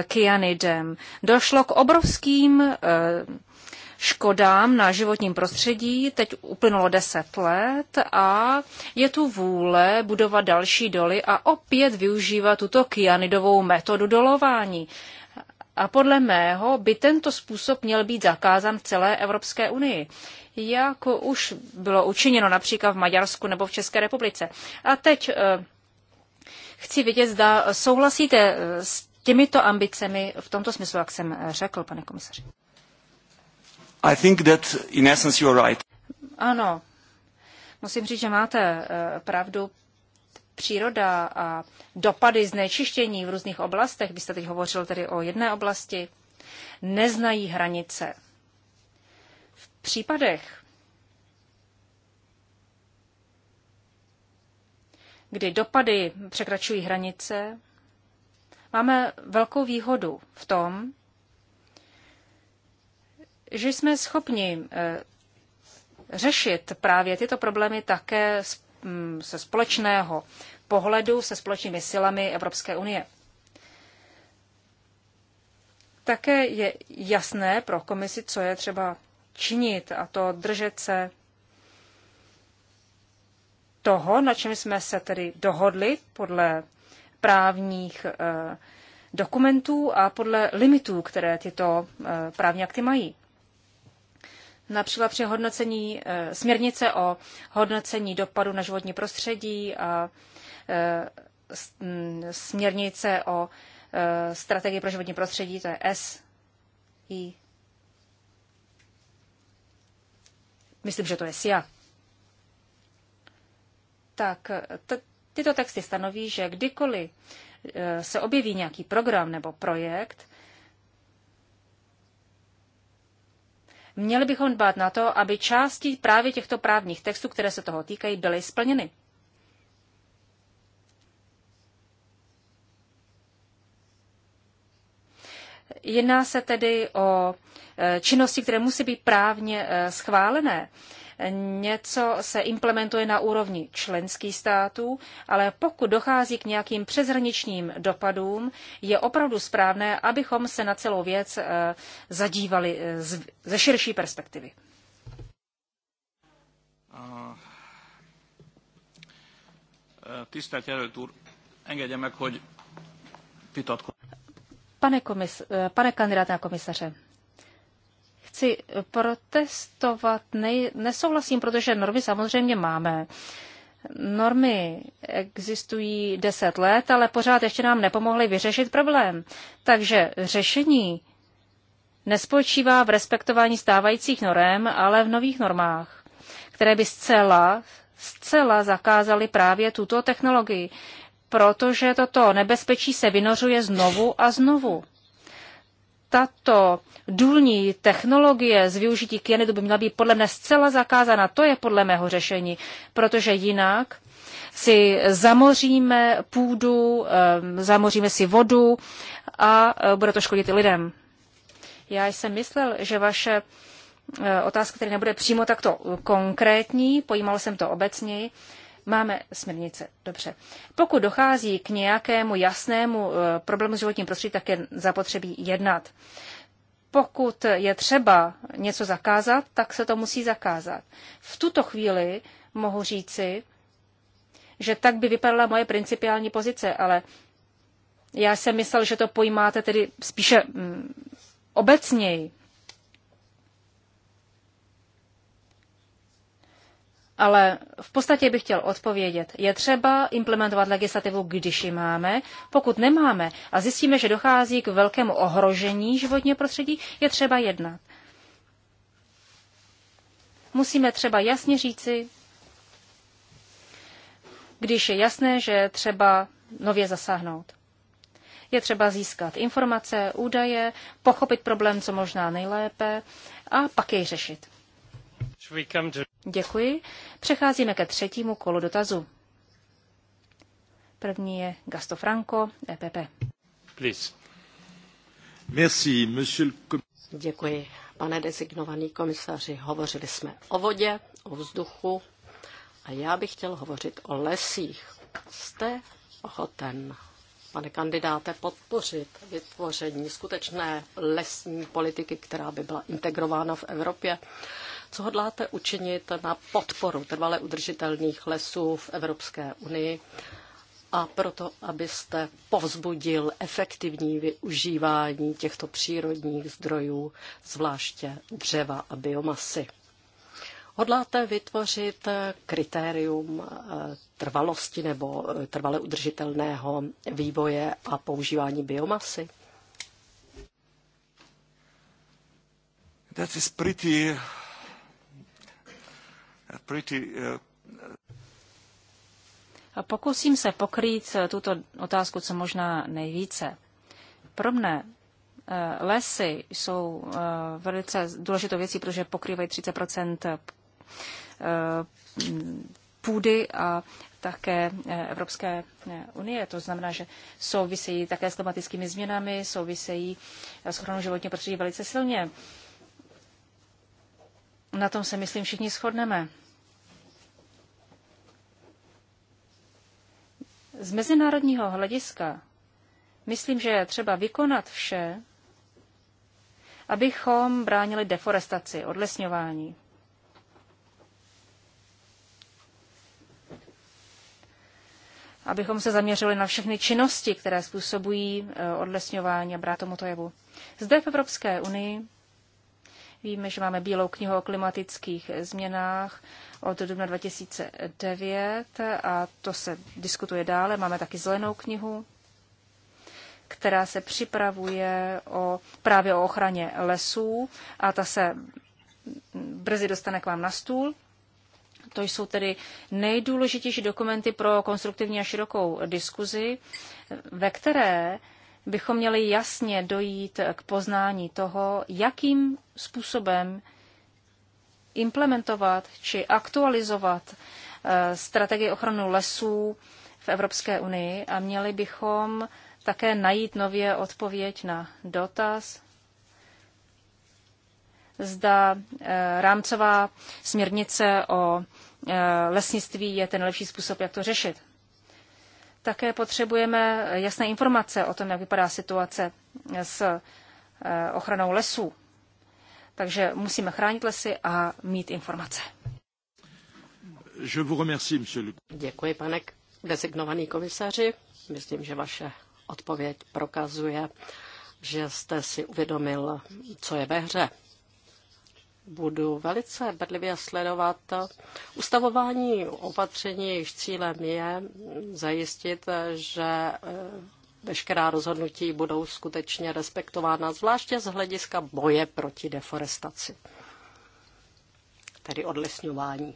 kyanidem. Došlo k obrovským škodám na životním prostředí. Teď uplynulo deset let a je tu vůle budovat další doly a opět využívat tuto kyanidovou metodu dolování. A podle mého by tento způsob měl být zakázán v celé Evropské unii, jak už bylo učiněno například v Maďarsku nebo v České republice. A teď eh, chci vidět, zda souhlasíte eh, s těmito ambicemi v tomto smyslu, jak jsem eh, řekl, pane komisaři. I think that in essence you are right. Ano, musím říct, že máte pravdu, příroda a dopady znečištění v různých oblastech, byste teď hovořil tedy o jedné oblasti, neznají hranice. V případech, kdy dopady překračují hranice, máme velkou výhodu v tom, že jsme schopni eh, řešit právě tyto problémy také se mm, společného pohledu, se společnými silami Evropské unie. Také je jasné pro komisi, co je třeba činit, a to držet se toho, na čem jsme se tedy dohodli podle právních eh, dokumentů a podle limitů, které tyto eh, právní akty mají například při hodnocení eh, směrnice o hodnocení dopadu na životní prostředí a eh, mm, směrnice o eh, strategii pro životní prostředí, to je S, I. Myslím, že to je SIA. Tak tyto texty stanoví, že kdykoliv se objeví nějaký program nebo projekt, Měli bychom dbát na to, aby části právě těchto právních textů, které se toho týkají, byly splněny. Jedná se tedy o e, činnosti, které musí být právně e, schválené něco se implementuje na úrovni členských států, ale pokud dochází k nějakým přeshraničním dopadům, je opravdu správné, abychom se na celou věc eh, zadívali eh, ze širší perspektivy. Eh, pane, komis, pane kandidát na komisaře, chci protestovat, ne, nesouhlasím, protože normy samozřejmě máme. Normy existují deset let, ale pořád ještě nám nepomohly vyřešit problém. Takže řešení nespočívá v respektování stávajících norem, ale v nových normách, které by zcela, zcela zakázaly právě tuto technologii, protože toto nebezpečí se vynořuje znovu a znovu tato důlní technologie z využití kyanidu by měla být podle mě zcela zakázána. To je podle mého řešení, protože jinak si zamoříme půdu, zamoříme si vodu a e, bude to škodit i lidem. Já jsem myslel, že vaše e, otázka která nebude přímo takto konkrétní, pojímal jsem to obecněji, Máme směrnice, dobře. Pokud dochází k nějakému jasnému eh, problému s životním prostředí, tak je zapotřebí jednat. Pokud je třeba něco zakázat, tak se to musí zakázat. V tuto chvíli mohu říci, že tak by vypadala moje principiální pozice, ale já jsem myslel, že to pojímáte tedy spíše mm, obecněji. Ale v podstatě bych chtěl odpovědět. Je třeba implementovat legislativu, když ji máme. Pokud nemáme a zjistíme, že dochází k velkému ohrožení životního prostředí, je třeba jednat. Musíme třeba jasně říci, když je jasné, že je třeba nově zasáhnout. Je třeba získat informace, údaje, pochopit problém co možná nejlépe a pak jej řešit. Děkuji. Přecházíme ke třetímu kolu dotazu. První je Gasto Franco, EPP. Please. Merci, monsieur Děkuji, pane designovaný komisaři. Hovořili jsme o vodě, o vzduchu a já bych chtěl hovořit o lesích. Jste ochoten, pane kandidáte, podpořit vytvoření skutečné lesní politiky, která by byla integrována v Evropě? Co hodláte učinit na podporu trvale udržitelných lesů v Evropské unii a proto, abyste povzbudil efektivní využívání těchto přírodních zdrojů, zvláště dřeva a biomasy? Hodláte vytvořit kritérium eh, trvalosti nebo eh, trvale udržitelného vývoje a používání biomasy? That is pretty Uh, pokusím se pokrýt eh, tuto otázku co možná nejvíce. Pro mne eh, lesy jsou eh, velice důležitou věcí, protože pokrývají 30 půdy a také Evropské unie. To znamená, že souvisejí také s klimatickými změnami, souvisejí s ochranou životního prostředí velice silně. Na tom se, myslím, všichni shodneme. Z mezinárodního hlediska myslím, že je třeba vykonat vše, abychom bránili deforestaci, odlesňování. abychom se zaměřili na všechny činnosti, které způsobují eh, odlesňování a brát tomuto jevu. Zde v Evropské unii Víme, že máme Bílou knihu o klimatických změnách od dubna 2009 a to se diskutuje dále. Máme taky Zelenou knihu, která se připravuje o, právě o ochraně lesů a ta se brzy dostane k vám na stůl. To jsou tedy nejdůležitější dokumenty pro konstruktivní a širokou diskuzi, ve které bychom měli jasně dojít k poznání toho, jakým způsobem implementovat či aktualizovat eh, strategii ochranu lesů v Evropské unii a měli bychom také najít nově odpověď na dotaz, zda eh, rámcová směrnice o eh, lesnictví je ten lepší způsob, jak to řešit. Také potřebujeme jasné informace o tom, jak vypadá situace s eh, ochranou lesů. Takže musíme chránit lesy a mít informace. Děkuji, pane designovaný komisaři. Myslím, že vaše odpověď prokazuje, že jste si uvědomil, co je ve hře budu velice bedlivě sledovat ustavování opatření, jejichž cílem je zajistit, že eh, veškerá rozhodnutí budou skutečně respektována, zvláště z hlediska boje proti deforestaci, tedy odlesňování.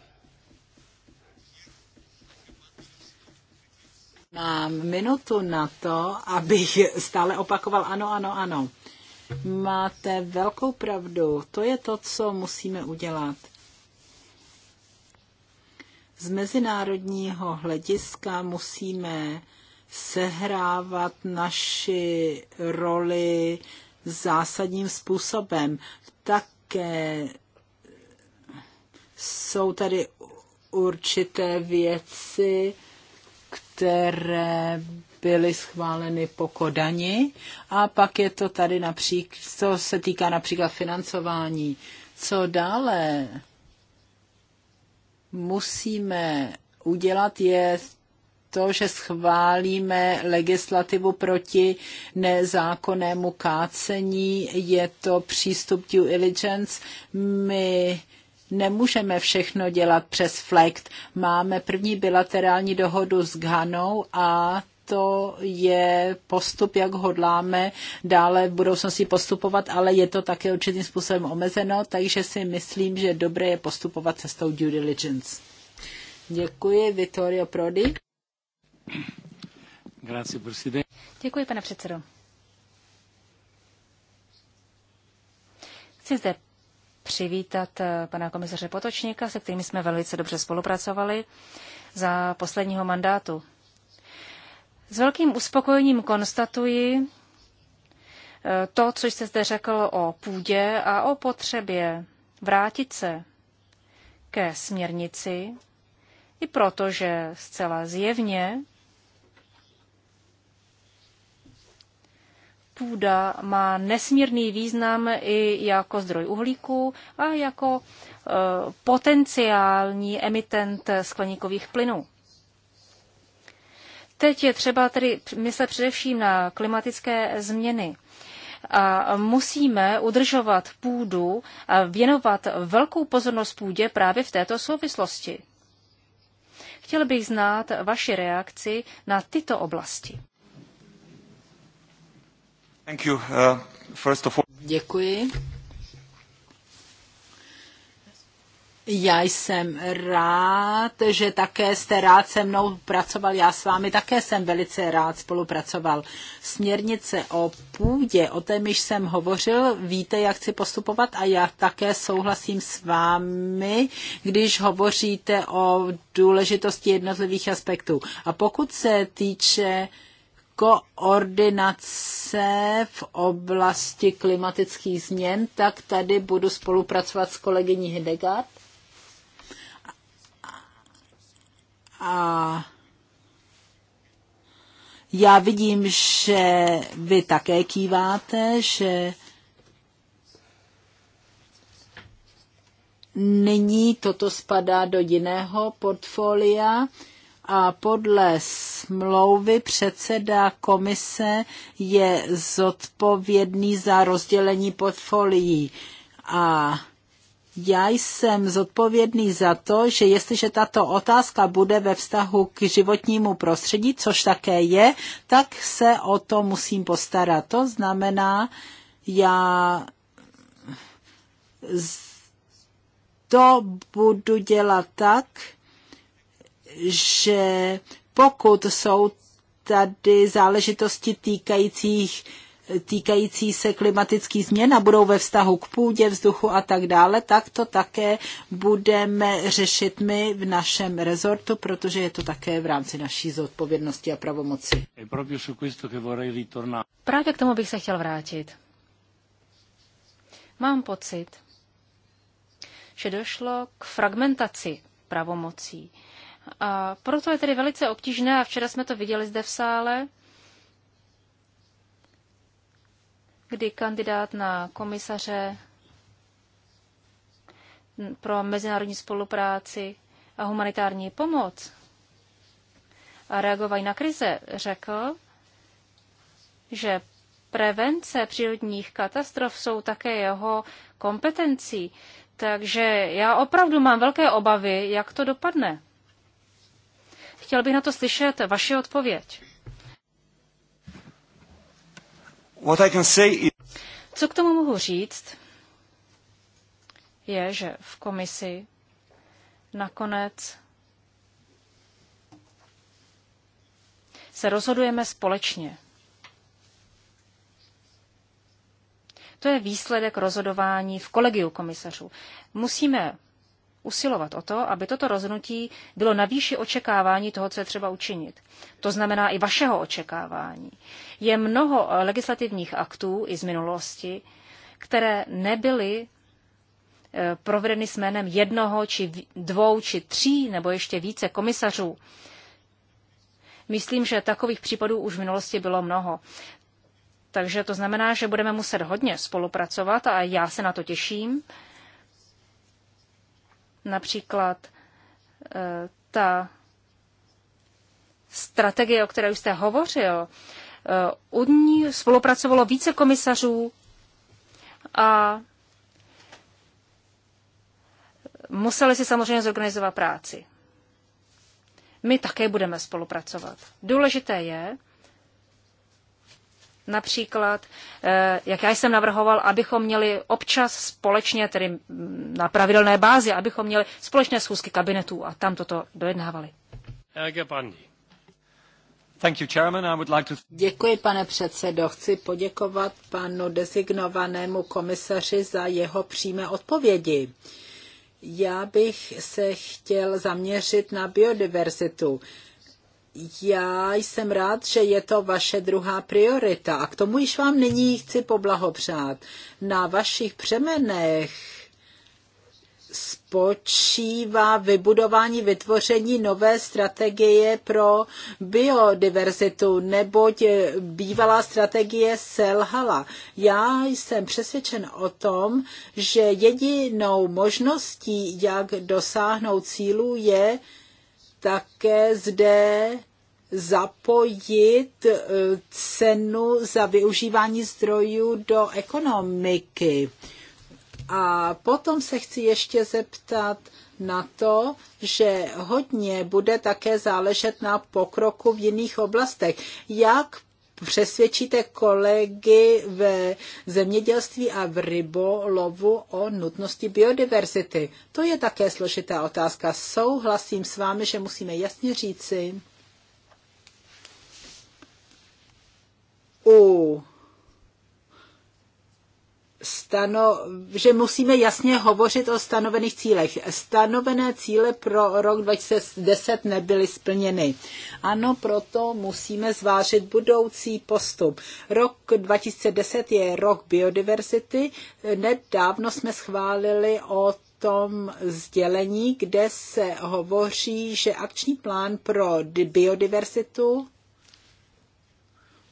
Mám minutu na to, abych stále opakoval ano, ano, ano. Máte velkou pravdu. To je to, co musíme udělat. Z mezinárodního hlediska musíme sehrávat naši roli zásadním způsobem. Také jsou tady určité věci, které byly schváleny po Kodani a pak je to tady například, co se týká například financování. Co dále musíme udělat je to, že schválíme legislativu proti nezákonnému kácení, je to přístup due diligence. My nemůžeme všechno dělat přes FLECT. Máme první bilaterální dohodu s Ghanou a to je postup, jak hodláme dále v budoucnosti postupovat, ale je to také určitým způsobem omezeno, takže si myslím, že dobré je postupovat cestou due diligence. Děkuji, Vittorio Prodi. Děkuji, pane předsedo. Chci zde přivítat eh, pana komisaře Potočníka, se kterým jsme velice dobře spolupracovali za posledního mandátu. S velkým uspokojením konstatuji eh, to, co jste zde řekl o půdě a o potřebě vrátit se ke směrnici, i protože zcela zjevně půda má nesmírný význam i jako zdroj uhlíku a jako e, potenciální emitent skleníkových plynů. Teď je třeba tedy myslet především na klimatické změny. A musíme udržovat půdu a věnovat velkou pozornost půdě právě v této souvislosti. Chtěl bych znát vaši reakci na tyto oblasti. Uh, Děkuji. Já jsem rád, že také jste rád se mnou pracoval. Já s vámi také jsem velice rád spolupracoval. Směrnice o půdě, o té již jsem hovořil, víte, jak chci postupovat a já také souhlasím s vámi, když hovoříte o důležitosti jednotlivých aspektů. A pokud se týče koordinace v oblasti klimatických změn, tak tady budu spolupracovat s kolegyní Hidegard. A já vidím, že vy také kýváte, že nyní toto spadá do jiného portfolia a podle smlouvy předseda komise je zodpovědný za rozdělení portfolií. A já jsem zodpovědný za to, že jestliže tato otázka bude ve vztahu k životnímu prostředí, což také je, tak se o to musím postarat. To znamená, já to budu dělat tak, že pokud jsou tady záležitosti týkajících týkající se klimatických změn a budou ve vztahu k půdě, vzduchu a tak dále, tak to také budeme řešit my v našem rezortu, protože je to také v rámci naší zodpovědnosti a pravomoci. Právě k tomu bych se chtěl vrátit. Mám pocit, že došlo k fragmentaci pravomocí. A proto je tedy velice obtížné, a včera jsme to viděli zde v sále, kdy kandidát na komisaře pro mezinárodní spolupráci a humanitární pomoc a reagování na krize řekl, že prevence přírodních katastrof jsou také jeho kompetencí. Takže já opravdu mám velké obavy, jak to dopadne. Chtěl bych na to slyšet vaši odpověď. What I can say is... Co k tomu mohu říct, je, že v komisi nakonec se rozhodujeme společně. To je výsledek rozhodování v kolegiu komisařů. Musíme usilovat o to, aby toto rozhodnutí bylo na výši očekávání toho, co je třeba učinit. To znamená i vašeho očekávání. Je mnoho legislativních aktů i z minulosti, které nebyly e, provedeny s jménem jednoho, či dvou, či tří, nebo ještě více komisařů. Myslím, že takových případů už v minulosti bylo mnoho. Takže to znamená, že budeme muset hodně spolupracovat a já se na to těším. Například eh, ta strategie, o které už jste hovořil, eh, u ní spolupracovalo více komisařů a museli si samozřejmě zorganizovat práci. My také budeme spolupracovat. Důležité je, Například, eh, jak já jsem navrhoval, abychom měli občas společně, tedy na pravidelné bázi, abychom měli společné schůzky kabinetů a tam toto dojednávali. Děkuji, pane předsedo. Chci poděkovat panu designovanému komisaři za jeho přímé odpovědi. Já bych se chtěl zaměřit na biodiverzitu já jsem rád, že je to vaše druhá priorita a k tomu již vám nyní chci poblahopřát. Na vašich přemenech spočívá vybudování, vytvoření nové strategie pro biodiverzitu, neboť bývalá strategie selhala. Já jsem přesvědčen o tom, že jedinou možností, jak dosáhnout cílu, je také zde zapojit eh, cenu za využívání zdrojů do ekonomiky. A potom se chci ještě zeptat na to, že hodně bude také záležet na pokroku v jiných oblastech. Jak přesvědčíte kolegy ve zemědělství a v rybolovu o nutnosti biodiverzity? To je také složitá otázka. Souhlasím s vámi, že musíme jasně říci, u stano, že musíme jasně hovořit o stanovených cílech. Stanovené cíle pro rok 2010 nebyly splněny. Ano, proto musíme zvážit budoucí postup. Rok 2010 je rok biodiverzity. Nedávno jsme schválili o tom sdělení, kde se hovoří, že akční plán pro biodiverzitu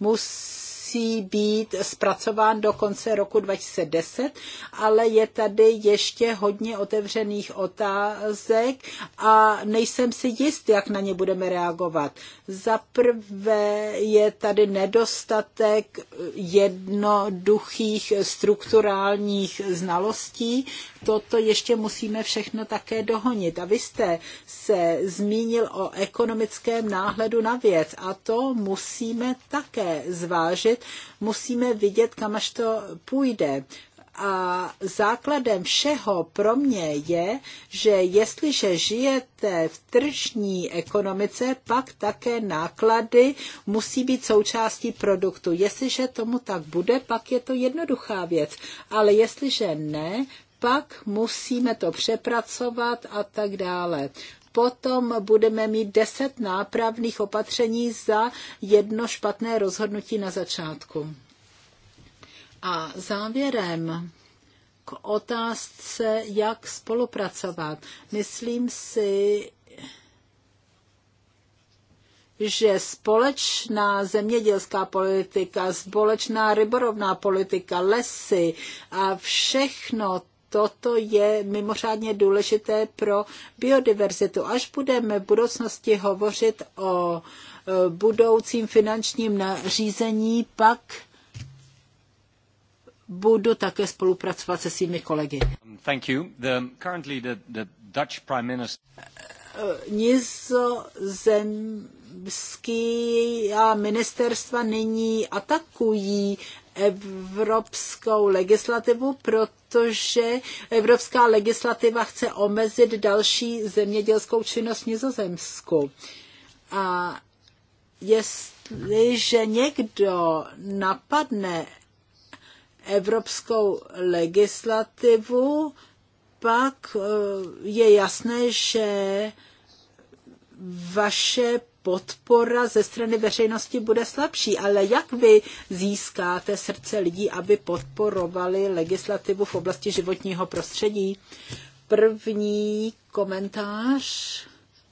musí musí být zpracován do konce roku 2010, ale je tady ještě hodně otevřených otázek a nejsem si jist, jak na ně budeme reagovat. Za prvé je tady nedostatek jednoduchých strukturálních znalostí. Toto ještě musíme všechno také dohonit. A vy jste se zmínil o ekonomickém náhledu na věc a to musíme také zvážit, rozpočet, musíme vidět, kam až to půjde. A základem všeho pro mě je, že jestliže žijete v tržní ekonomice, pak také náklady musí být součástí produktu. Jestliže tomu tak bude, pak je to jednoduchá věc. Ale jestliže ne, pak musíme to přepracovat a tak dále potom budeme mít deset nápravných opatření za jedno špatné rozhodnutí na začátku. A závěrem k otázce, jak spolupracovat. Myslím si, že společná zemědělská politika, společná ryborovná politika, lesy a všechno toto je mimořádně důležité pro biodiverzitu. Až budeme v budoucnosti hovořit o e, budoucím finančním nařízení, pak budu také spolupracovat se svými kolegy. Thank you. The, currently the, the Dutch Prime Minister... E, nizozemský ministerstva nyní atakují evropskou legislativu, protože evropská legislativa chce omezit další zemědělskou činnost v Nizozemsku. A jestliže někdo napadne evropskou legislativu, pak eh, je jasné, že vaše podpora ze strany veřejnosti bude slabší. Ale jak vy získáte srdce lidí, aby podporovali legislativu v oblasti životního prostředí? První komentář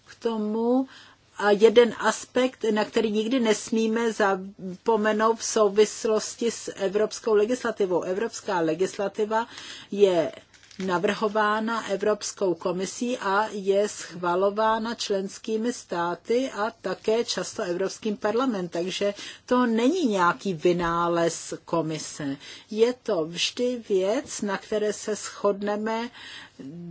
k tomu a jeden aspekt, na který nikdy nesmíme zapomenout v souvislosti s evropskou legislativou. Evropská legislativa je navrhována Evropskou komisí a je schvalována členskými státy a také často Evropským parlamentem. Takže to není nějaký vynález komise. Je to vždy věc, na které se shodneme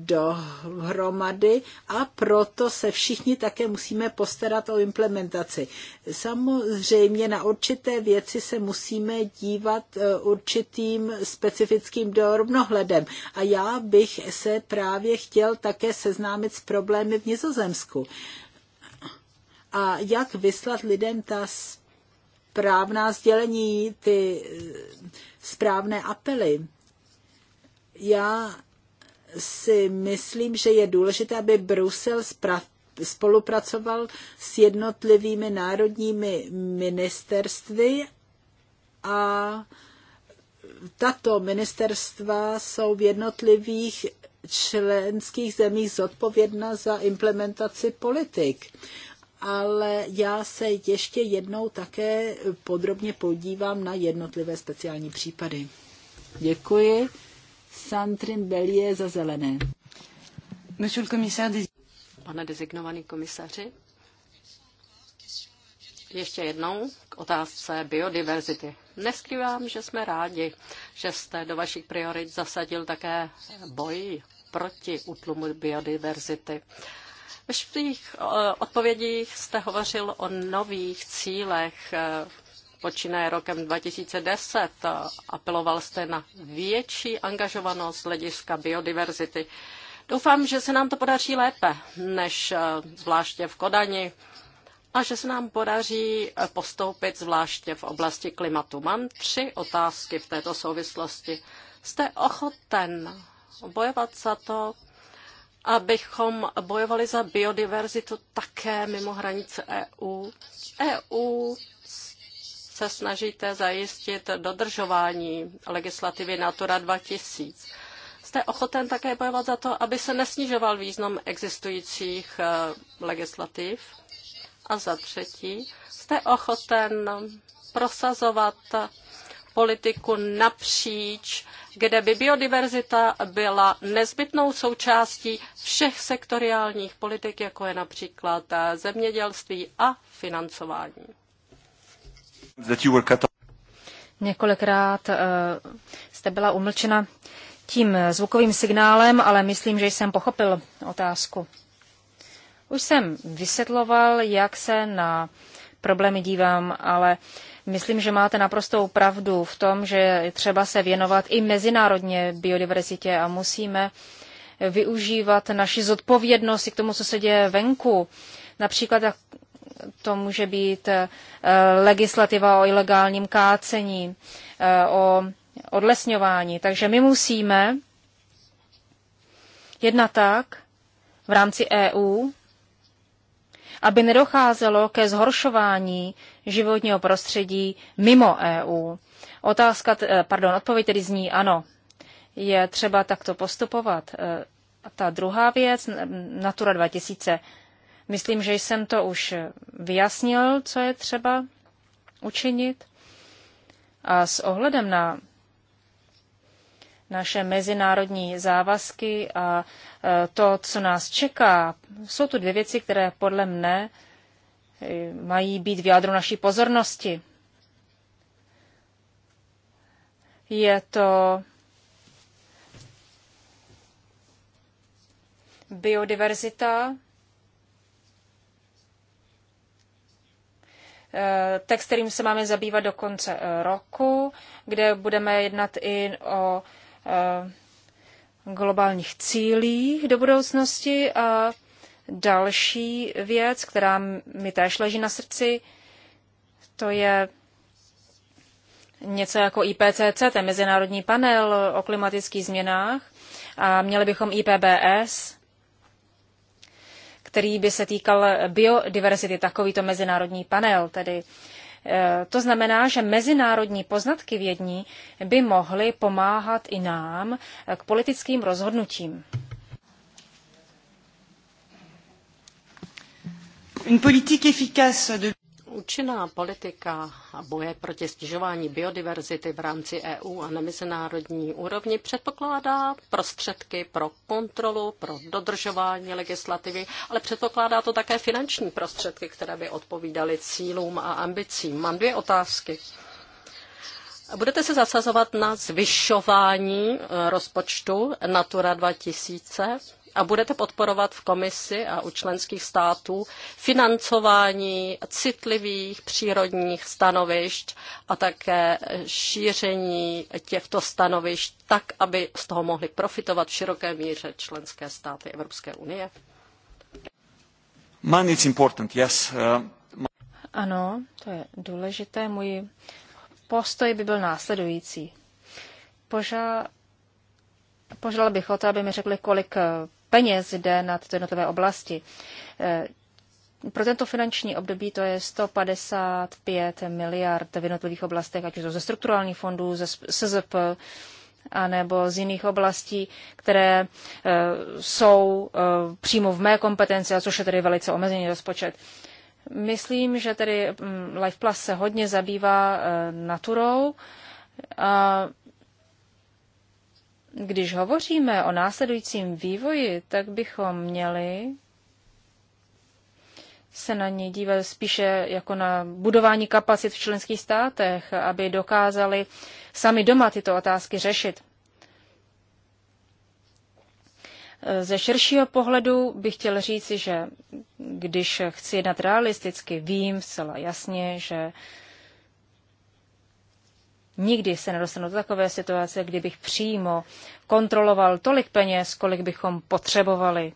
dohromady a proto se všichni také musíme postarat o implementaci. Samozřejmě na určité věci se musíme dívat eh, určitým specifickým dorovnohledem a já bych se právě chtěl také seznámit s problémy v Nizozemsku. A jak vyslat lidem ta správná sdělení, ty eh, správné apely. Já si myslím, že je důležité, aby Brusel spolupracoval s jednotlivými národními ministerstvy a tato ministerstva jsou v jednotlivých členských zemích zodpovědná za implementaci politik. Ale já se ještě jednou také podrobně podívám na jednotlivé speciální případy. Děkuji za zelené. Pane designovaný komisaři, ještě jednou k otázce biodiverzity. Neskrývám, že jsme rádi, že jste do vašich priorit zasadil také boj proti útlumu biodiverzity. Ve svých eh, odpovědích jste hovořil o nových cílech eh, počínaje rokem 2010. Apeloval jste na větší angažovanost hlediska biodiverzity. Doufám, že se nám to podaří lépe, než eh, zvláště v Kodani a že se nám podaří eh, postoupit zvláště v oblasti klimatu. Mám tři otázky v této souvislosti. Jste ochoten bojovat za to, abychom bojovali za biodiverzitu také mimo hranice EU? EU se snažíte zajistit dodržování legislativy Natura 2000. Jste ochoten také bojovat za to, aby se nesnižoval význam existujících eh, legislativ? A za třetí, jste ochoten prosazovat politiku napříč, kde by biodiverzita byla nezbytnou součástí všech sektoriálních politik, jako je například eh, zemědělství a financování. Několikrát eh, jste byla umlčena tím zvukovým signálem, ale myslím, že jsem pochopil otázku. Už jsem vysvětloval, jak se na problémy dívám, ale myslím, že máte naprostou pravdu v tom, že třeba se věnovat i mezinárodně biodiverzitě a musíme využívat naši zodpovědnost i k tomu, co se děje venku. Například to může být eh, legislativa o ilegálním kácení, eh, o odlesňování. Takže my musíme jedna tak v rámci EU, aby nedocházelo ke zhoršování životního prostředí mimo EU. Otázka, eh, pardon, odpověď tedy zní ano. Je třeba takto postupovat. A ta druhá věc, Natura 2000 Myslím, že jsem to už vyjasnil, co je třeba učinit. A s ohledem na naše mezinárodní závazky a e, to, co nás čeká, jsou tu dvě věci, které podle mne e, mají být v jádru naší pozornosti. Je to biodiverzita Eh, text, kterým se máme zabývat do konce eh, roku, kde budeme jednat i o eh, globálních cílích do budoucnosti a další věc, která mi též leží na srdci, to je něco jako IPCC, ten mezinárodní panel o klimatických změnách. A měli bychom IPBS, který by se týkal biodiverzity, takovýto mezinárodní panel. Tedy e, to znamená, že mezinárodní poznatky vědní by mohly pomáhat i nám k politickým rozhodnutím. Une politique efficace de Účinná politika boje proti stěžování biodiverzity v rámci EU a na mezinárodní úrovni předpokládá prostředky pro kontrolu, pro dodržování legislativy, ale předpokládá to také finanční prostředky, které by odpovídaly cílům a ambicím. Mám dvě otázky. Budete se zasazovat na zvyšování eh, rozpočtu Natura 2000? a budete podporovat v komisi a u členských států financování citlivých přírodních stanovišť a také šíření těchto stanovišť tak, aby z toho mohly profitovat v široké míře členské státy Evropské unie? Money is important, yes. Uh, ano, to je důležité. Můj postoj by byl následující. Požal, požal bych o to, aby mi řekli, kolik peněz jde na tyto jednotlivé oblasti. E, pro tento finanční období to je 155 miliard v jednotlivých oblastech, ať už to ze strukturálních fondů, ze SZP, anebo z jiných oblastí, které e, jsou e, přímo v mé kompetenci, a což je tedy velice omezený rozpočet. Myslím, že tedy mm, Life Plus se hodně zabývá naturou. A když hovoříme o následujícím vývoji, tak bychom měli se na ně dívat spíše jako na budování kapacit v členských státech, aby dokázali sami doma tyto otázky řešit. Ze širšího pohledu bych chtěl říci, že když chci jednat realisticky, vím zcela jasně, že Nikdy se nedostanu do takové situace, kdybych přímo kontroloval tolik peněz, kolik bychom potřebovali.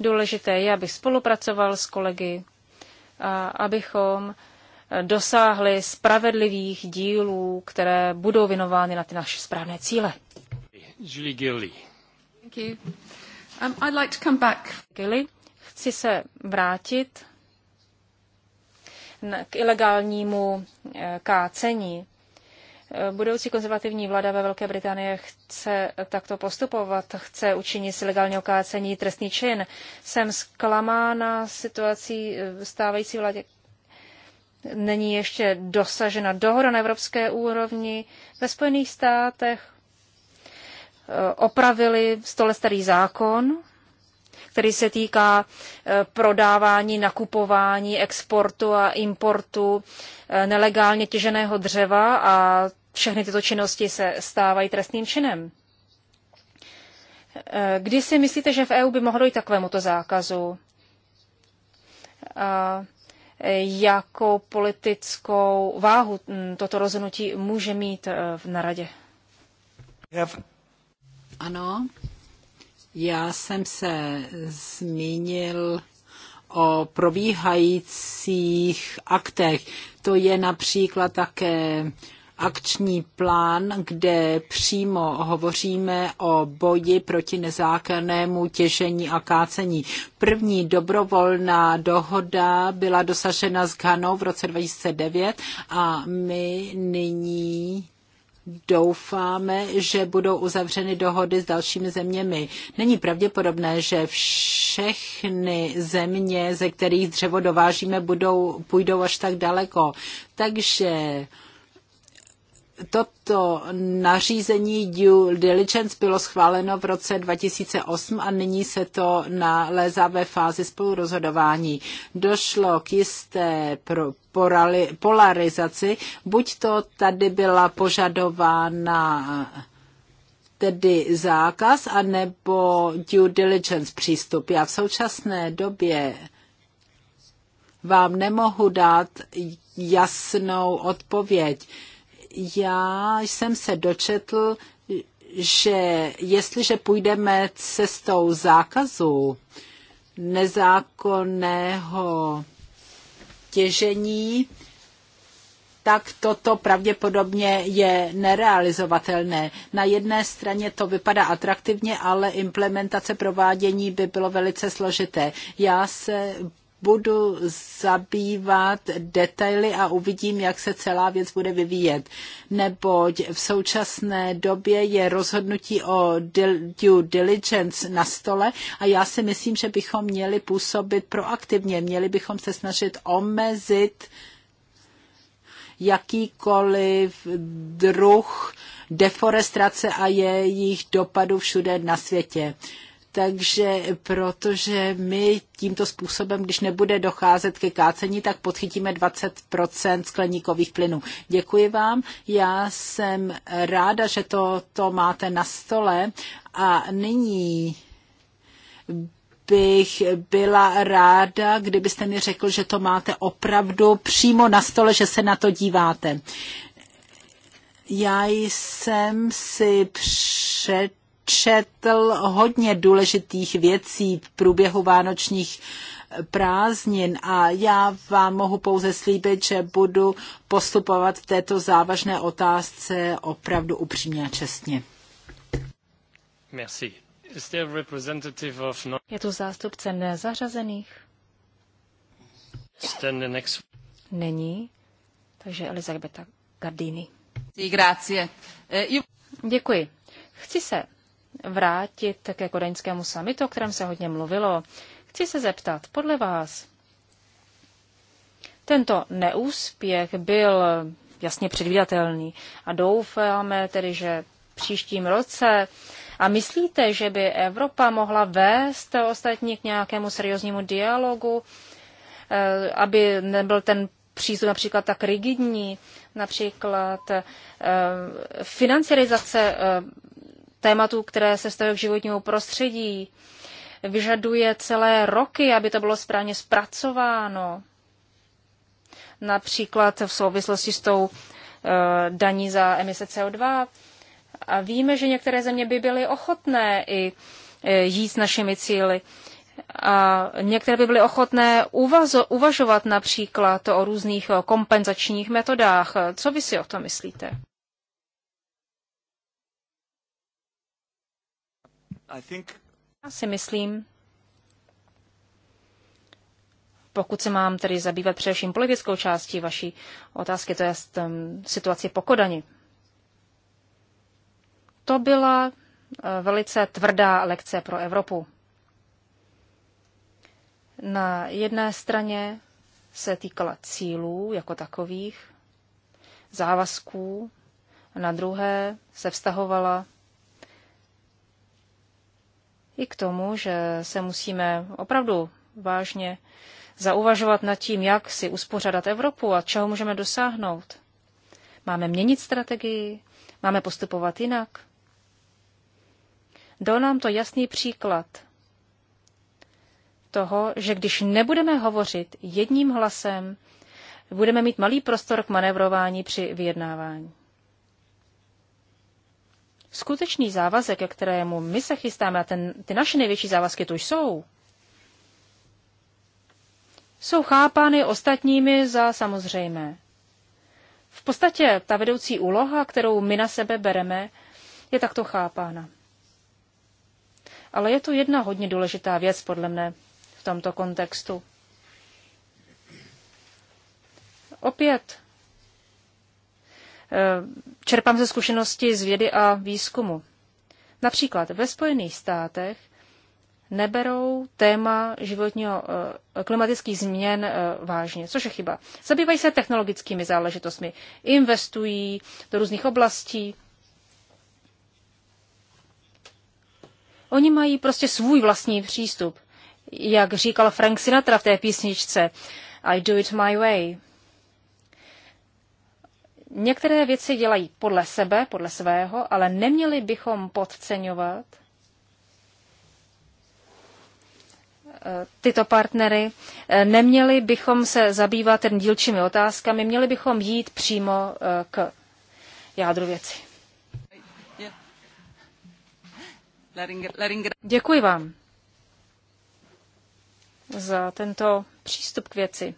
Důležité je, abych spolupracoval s kolegy a abychom dosáhli spravedlivých dílů, které budou vinovány na ty naše správné cíle. Julie Gilly. Thank you. Um, I'd like to come back. Gilly, chci se vrátit k ilegálnímu eh, kácení. Eh, budoucí konzervativní vláda ve Velké Británii chce takto postupovat, chce učinit si legálního okácení trestný čin. Jsem zklamána situací eh, stávající vládě. Není ještě dosažena dohoda na evropské úrovni. Ve Spojených státech eh, opravili stole starý zákon, který se týká prodávání, nakupování, exportu a importu nelegálně těženého dřeva a všechny tyto činnosti se stávají trestným činem. Eh, kdy si myslíte, že v EU by mohlo dojít takovémuto zákazu? A jakou politickou váhu hm, toto rozhodnutí může mít eh, na radě? Ano, já jsem se zmínil o probíhajících aktech. To je například také akční plán, kde přímo hovoříme o boji proti nezákonnému těžení a kácení. První dobrovolná dohoda byla dosažena s Ghanou v roce 2009 a my nyní doufáme, že budou uzavřeny dohody s dalšími zeměmi. Není pravděpodobné, že všechny země, ze kterých dřevo dovážíme, budou, půjdou až tak daleko. Takže toto nařízení due diligence bylo schváleno v roce 2008 a nyní se to nalézá ve fázi spolurozhodování. Došlo k jisté pro polarizaci, buď to tady byla požadována tedy zákaz, anebo due diligence přístup. Já v současné době vám nemohu dát jasnou odpověď já jsem se dočetl, že jestliže půjdeme cestou zákazu nezákonného těžení, tak toto pravděpodobně je nerealizovatelné. Na jedné straně to vypadá atraktivně, ale implementace provádění by bylo velice složité. Já se budu zabývat detaily a uvidím, jak se celá věc bude vyvíjet. Neboť v současné době je rozhodnutí o due diligence na stole a já si myslím, že bychom měli působit proaktivně. Měli bychom se snažit omezit jakýkoliv druh deforestace a jejich dopadu všude na světě. Takže protože my tímto způsobem, když nebude docházet ke kácení, tak podchytíme 20% skleníkových plynů. Děkuji vám. Já jsem ráda, že to, to máte na stole. A nyní bych byla ráda, kdybyste mi řekl, že to máte opravdu přímo na stole, že se na to díváte. Já jsem si před četl hodně důležitých věcí v průběhu vánočních prázdnin a já vám mohu pouze slíbit, že budu postupovat v této závažné otázce opravdu upřímně a čestně. Merci. Of... Je tu zástupce nezařazených? Next... Není, takže Elizabeta Gardini. Eh, Děkuji. Chci se vrátit ke kodaňskému samitu, o kterém se hodně mluvilo. Chci se zeptat, podle vás, tento neúspěch byl jasně předvídatelný a doufáme tedy, že příštím roce. A myslíte, že by Evropa mohla vést ostatní k nějakému serióznímu dialogu, eh, aby nebyl ten přístup například tak rigidní, například eh, financializace eh, tématů, které se staví k životnímu prostředí. Vyžaduje celé roky, aby to bylo správně zpracováno. Například v souvislosti s tou e, daní za emise CO2. A víme, že některé země by byly ochotné i e, jít s našimi cíly. A některé by byly ochotné uvazo- uvažovat například o různých e, kompenzačních metodách. Co vy si o to myslíte? Já si myslím, pokud se mám tedy zabývat především politickou částí vaší otázky, to je um, situaci po Kodani. To byla uh, velice tvrdá lekce pro Evropu. Na jedné straně se týkala cílů jako takových, závazků, na druhé se vztahovala i k tomu, že se musíme opravdu vážně zauvažovat nad tím, jak si uspořádat Evropu a čeho můžeme dosáhnout. Máme měnit strategii, máme postupovat jinak. Dal nám to jasný příklad toho, že když nebudeme hovořit jedním hlasem, budeme mít malý prostor k manévrování při vyjednávání skutečný závazek, ke kterému my se chystáme, a ten, ty naše největší závazky tu jsou, jsou chápány ostatními za samozřejmé. V podstatě ta vedoucí úloha, kterou my na sebe bereme, je takto chápána. Ale je to jedna hodně důležitá věc, podle mne, v tomto kontextu. Opět Eh, čerpám ze zkušenosti z vědy a výzkumu. Například ve Spojených státech neberou téma životního eh, klimatických změn eh, vážně, což je chyba. Zabývají se technologickými záležitostmi, investují do různých oblastí. Oni mají prostě svůj vlastní přístup, jak říkal Frank Sinatra v té písničce I do it my way. Některé věci dělají podle sebe, podle svého, ale neměli bychom podceňovat eh, tyto partnery. Eh, neměli bychom se zabývat jen dílčími otázkami, měli bychom jít přímo eh, k jádru věci. Děkuji vám za tento přístup k věci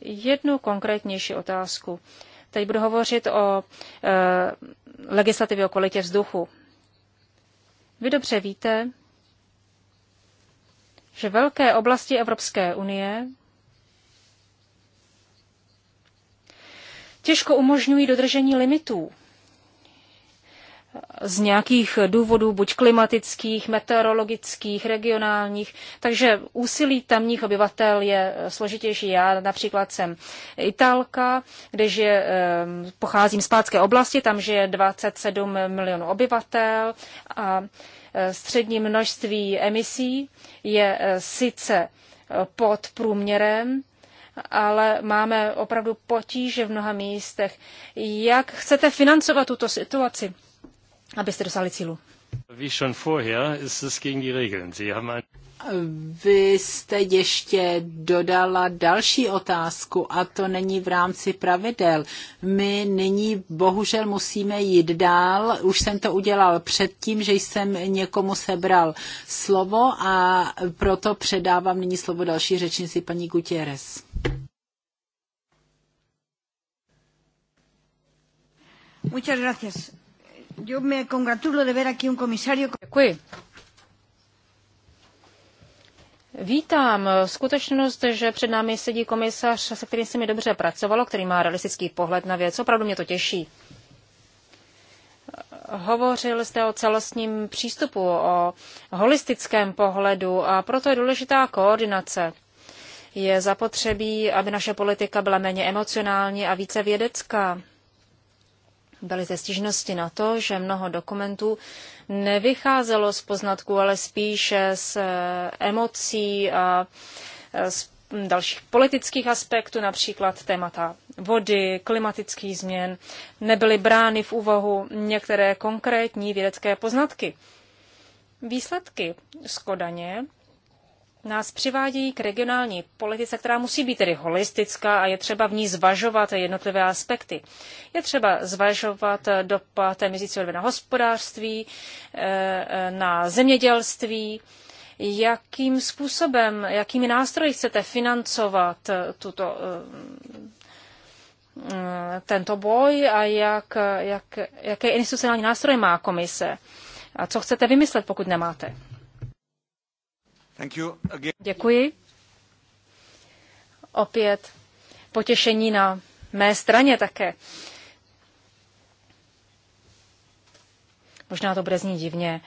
jednu konkrétnější otázku. Teď budu hovořit o e, legislativě o kvalitě vzduchu. Vy dobře víte, že velké oblasti Evropské unie těžko umožňují dodržení limitů z nějakých důvodů, buď klimatických, meteorologických, regionálních, takže úsilí tamních obyvatel je eh, složitější. Já například jsem Italka, kde žije, eh, pocházím z Pátské oblasti, tam žije 27 milionů obyvatel a eh, střední množství emisí je sice pod průměrem, ale máme opravdu potíže v mnoha místech. Jak chcete financovat tuto situaci? abyste dosáhli cílu. vy jste ještě dodala další otázku a to není v rámci pravidel. My nyní bohužel musíme jít dál. Už jsem to udělal předtím, že jsem někomu sebral slovo a proto předávám nyní slovo další řečnici paní Gutierrez. Muchas gracias. Yo me congratulo de ver aquí un comisario. Děkuji. Vítám skutečnost, že před námi sedí komisař, se kterým se mi dobře pracovalo, který má realistický pohled na věc. Opravdu mě to těší. Hovořil jste o celostním přístupu, o holistickém pohledu a proto je důležitá koordinace. Je zapotřebí, aby naše politika byla méně emocionální a více vědecká. Byly zde stížnosti na to, že mnoho dokumentů nevycházelo z poznatků, ale spíše z eh, emocí a eh, z dalších politických aspektů, například témata vody, klimatických změn, nebyly brány v úvahu některé konkrétní vědecké poznatky. Výsledky z Kodaně nás přivádí k regionální politice, která musí být tedy holistická a je třeba v ní zvažovat jednotlivé aspekty. Je třeba zvažovat dopad emisí CO2 na hospodářství, eh, eh, na zemědělství, jakým způsobem, jakými nástroji chcete financovat eh, tuto, tento boj a jak, jak, jaké institucionální nástroje má komise. A co chcete vymyslet, pokud nemáte? Děkuji. Opět potěšení na mé straně také. Možná to bude znít divně.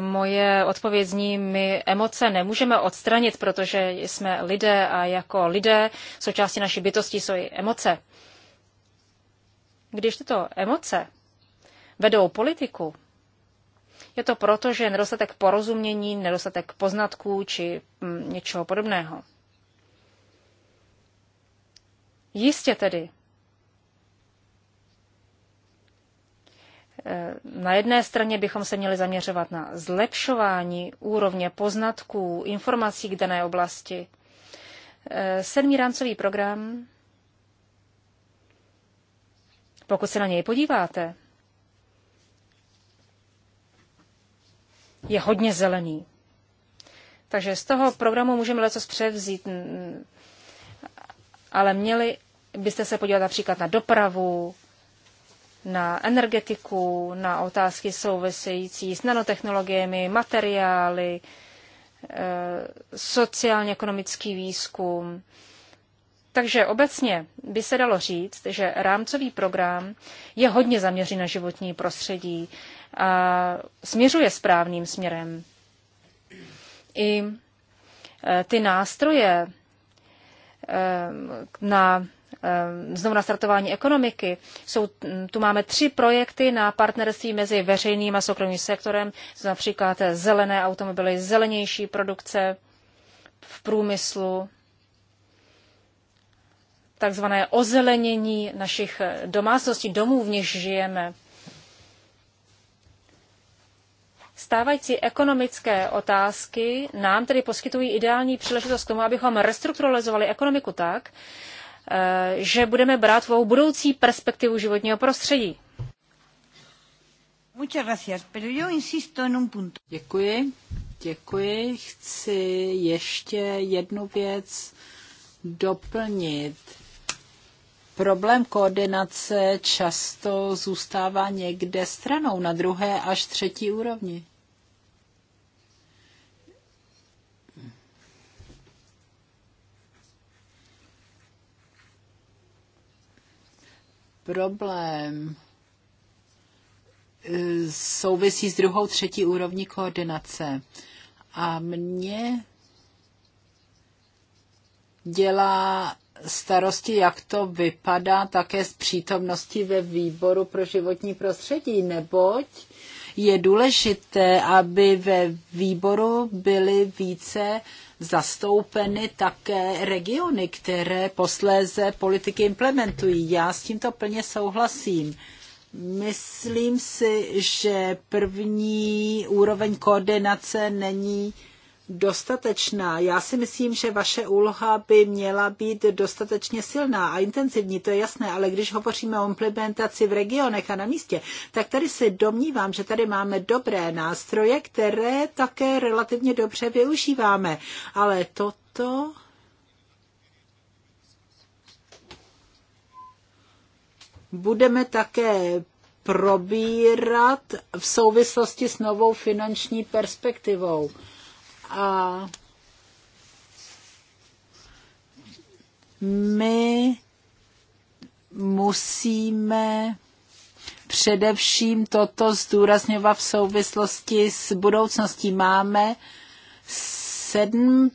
Moje odpověď zní, my emoce nemůžeme odstranit, protože jsme lidé a jako lidé součástí naší bytosti jsou i emoce. Když tyto emoce vedou politiku, je to proto, že je nedostatek porozumění, nedostatek poznatků či mm, něčeho podobného. Jistě tedy. Eh, na jedné straně bychom se měli zaměřovat na zlepšování úrovně poznatků, informací k dané oblasti. Eh, sedmý rámcový program, pokud se na něj podíváte, je hodně zelený. Takže z toho programu můžeme něco převzít, ale měli byste se podívat například na dopravu, na energetiku, na otázky související s nanotechnologiemi, materiály, e, sociálně-ekonomický výzkum. Takže obecně by se dalo říct, že rámcový program je hodně zaměřen na životní prostředí, a směřuje správným směrem. I e, ty nástroje e, na e, znovu nastartování ekonomiky. Jsou, tu máme tři projekty na partnerství mezi veřejným a soukromým sektorem, například zelené automobily, zelenější produkce v průmyslu, takzvané ozelenění našich domácností, domů, v nich žijeme. Stávající ekonomické otázky nám tedy poskytují ideální příležitost k tomu, abychom restrukturalizovali ekonomiku tak, eh, že budeme brát v budoucí perspektivu životního prostředí. Děkuji, děkuji. Chci ještě jednu věc doplnit Problém koordinace často zůstává někde stranou na druhé až třetí úrovni. Problém eh, souvisí s druhou, třetí úrovní koordinace. A mě dělá starosti, jak to vypadá také s přítomností ve výboru pro životní prostředí, neboť je důležité, aby ve výboru byly více zastoupeny také regiony, které posléze politiky implementují. Já s tímto plně souhlasím. Myslím si, že první úroveň koordinace není dostatečná. Já si myslím, že vaše úloha by měla být dostatečně silná a intenzivní, to je jasné, ale když hovoříme o implementaci v regionech a na místě, tak tady se domnívám, že tady máme dobré nástroje, které také relativně dobře využíváme. Ale toto budeme také probírat v souvislosti s novou finanční perspektivou. A my musíme především toto zdůrazňovat v souvislosti s budoucností. Máme sedm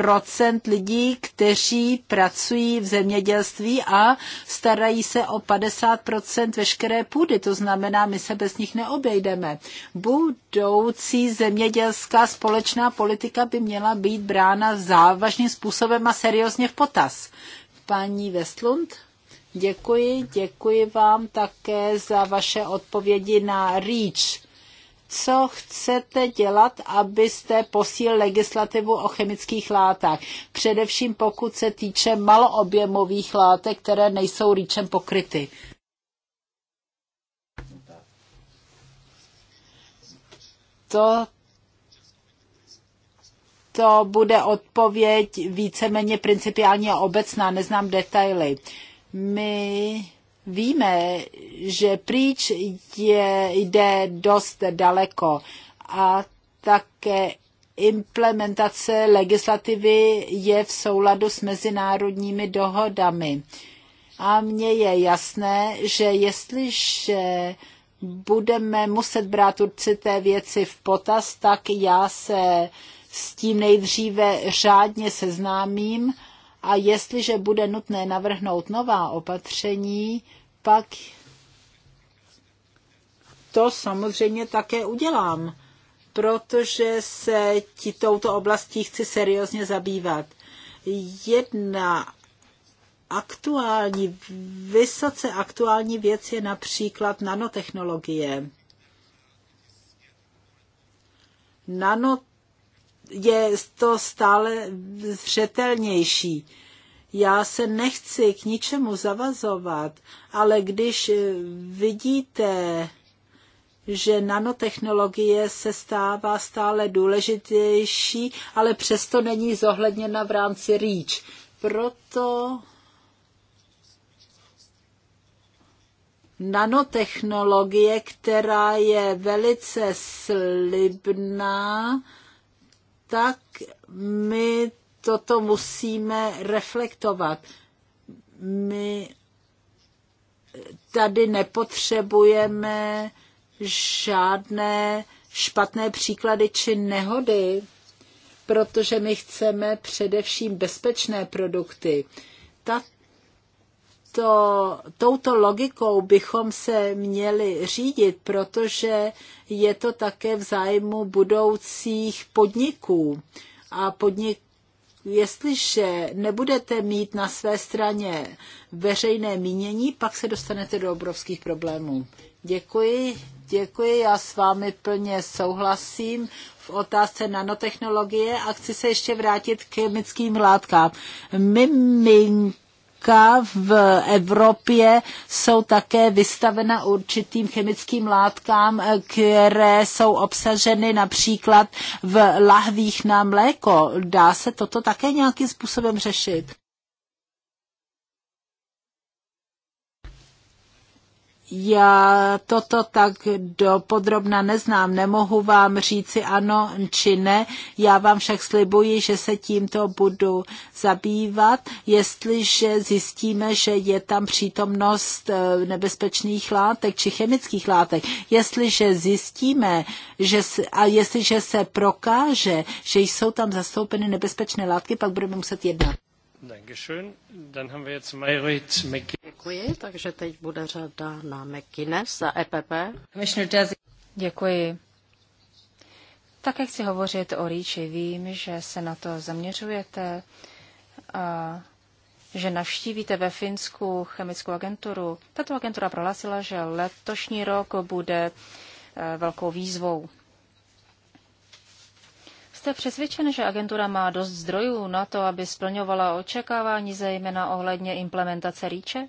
procent lidí, kteří pracují v zemědělství a starají se o 50% veškeré půdy. To znamená, my se bez nich neobejdeme. Budoucí zemědělská společná politika by měla být brána závažným způsobem a seriózně v potaz. Paní Westlund? Děkuji, děkuji vám také za vaše odpovědi na REACH co chcete dělat, abyste posílili legislativu o chemických látkách. Především pokud se týče maloobjemových látek, které nejsou rýčem pokryty. To, to bude odpověď víceméně principiálně obecná, neznám detaily. My Víme, že pryč je, jde dost daleko a také implementace legislativy je v souladu s mezinárodními dohodami. A mně je jasné, že jestliže budeme muset brát určité věci v potaz, tak já se s tím nejdříve řádně seznámím a jestliže bude nutné navrhnout nová opatření, pak to samozřejmě také udělám, protože se ti touto oblastí chci seriózně zabývat. Jedna aktuální, vysoce aktuální věc je například nanotechnologie. Nanotechnologie je to stále zřetelnější. Já se nechci k ničemu zavazovat, ale když eh, vidíte, že nanotechnologie se stává stále důležitější, ale přesto není zohledněna v rámci REACH. Proto nanotechnologie, která je velice slibná, tak my toto musíme reflektovat. My tady nepotřebujeme žádné špatné příklady či nehody, protože my chceme především bezpečné produkty. Tato to, touto logikou bychom se měli řídit, protože je to také v zájmu budoucích podniků. A podnik, jestliže nebudete mít na své straně veřejné mínění, pak se dostanete do obrovských problémů. Děkuji, děkuji, já s vámi plně souhlasím v otázce nanotechnologie a chci se ještě vrátit k chemickým látkám. miming jablka v Evropě jsou také vystavena určitým chemickým látkám, které jsou obsaženy například v lahvích na mléko. Dá se toto také nějakým způsobem řešit? Já toto tak do podrobna neznám, nemohu vám říci ano či ne. Já vám však slibuji, že se tímto budu zabývat, jestliže zjistíme, že je tam přítomnost eh, nebezpečných látek či chemických látek. Jestliže zjistíme že, a jestliže se prokáže, že jsou tam zastoupeny nebezpečné látky, pak budeme muset jednat. Děkuji, takže teď bude řada na McInnes za EPP. Děkuji. Také chci hovořit o Ríči. Vím, že se na to zaměřujete, a že navštívíte ve Finsku chemickou agenturu. Tato agentura prohlásila, že letošní rok bude eh, velkou výzvou Jste přesvědčen, že agentura má dost zdrojů na to, aby splňovala očekávání, zejména ohledně implementace REACHe?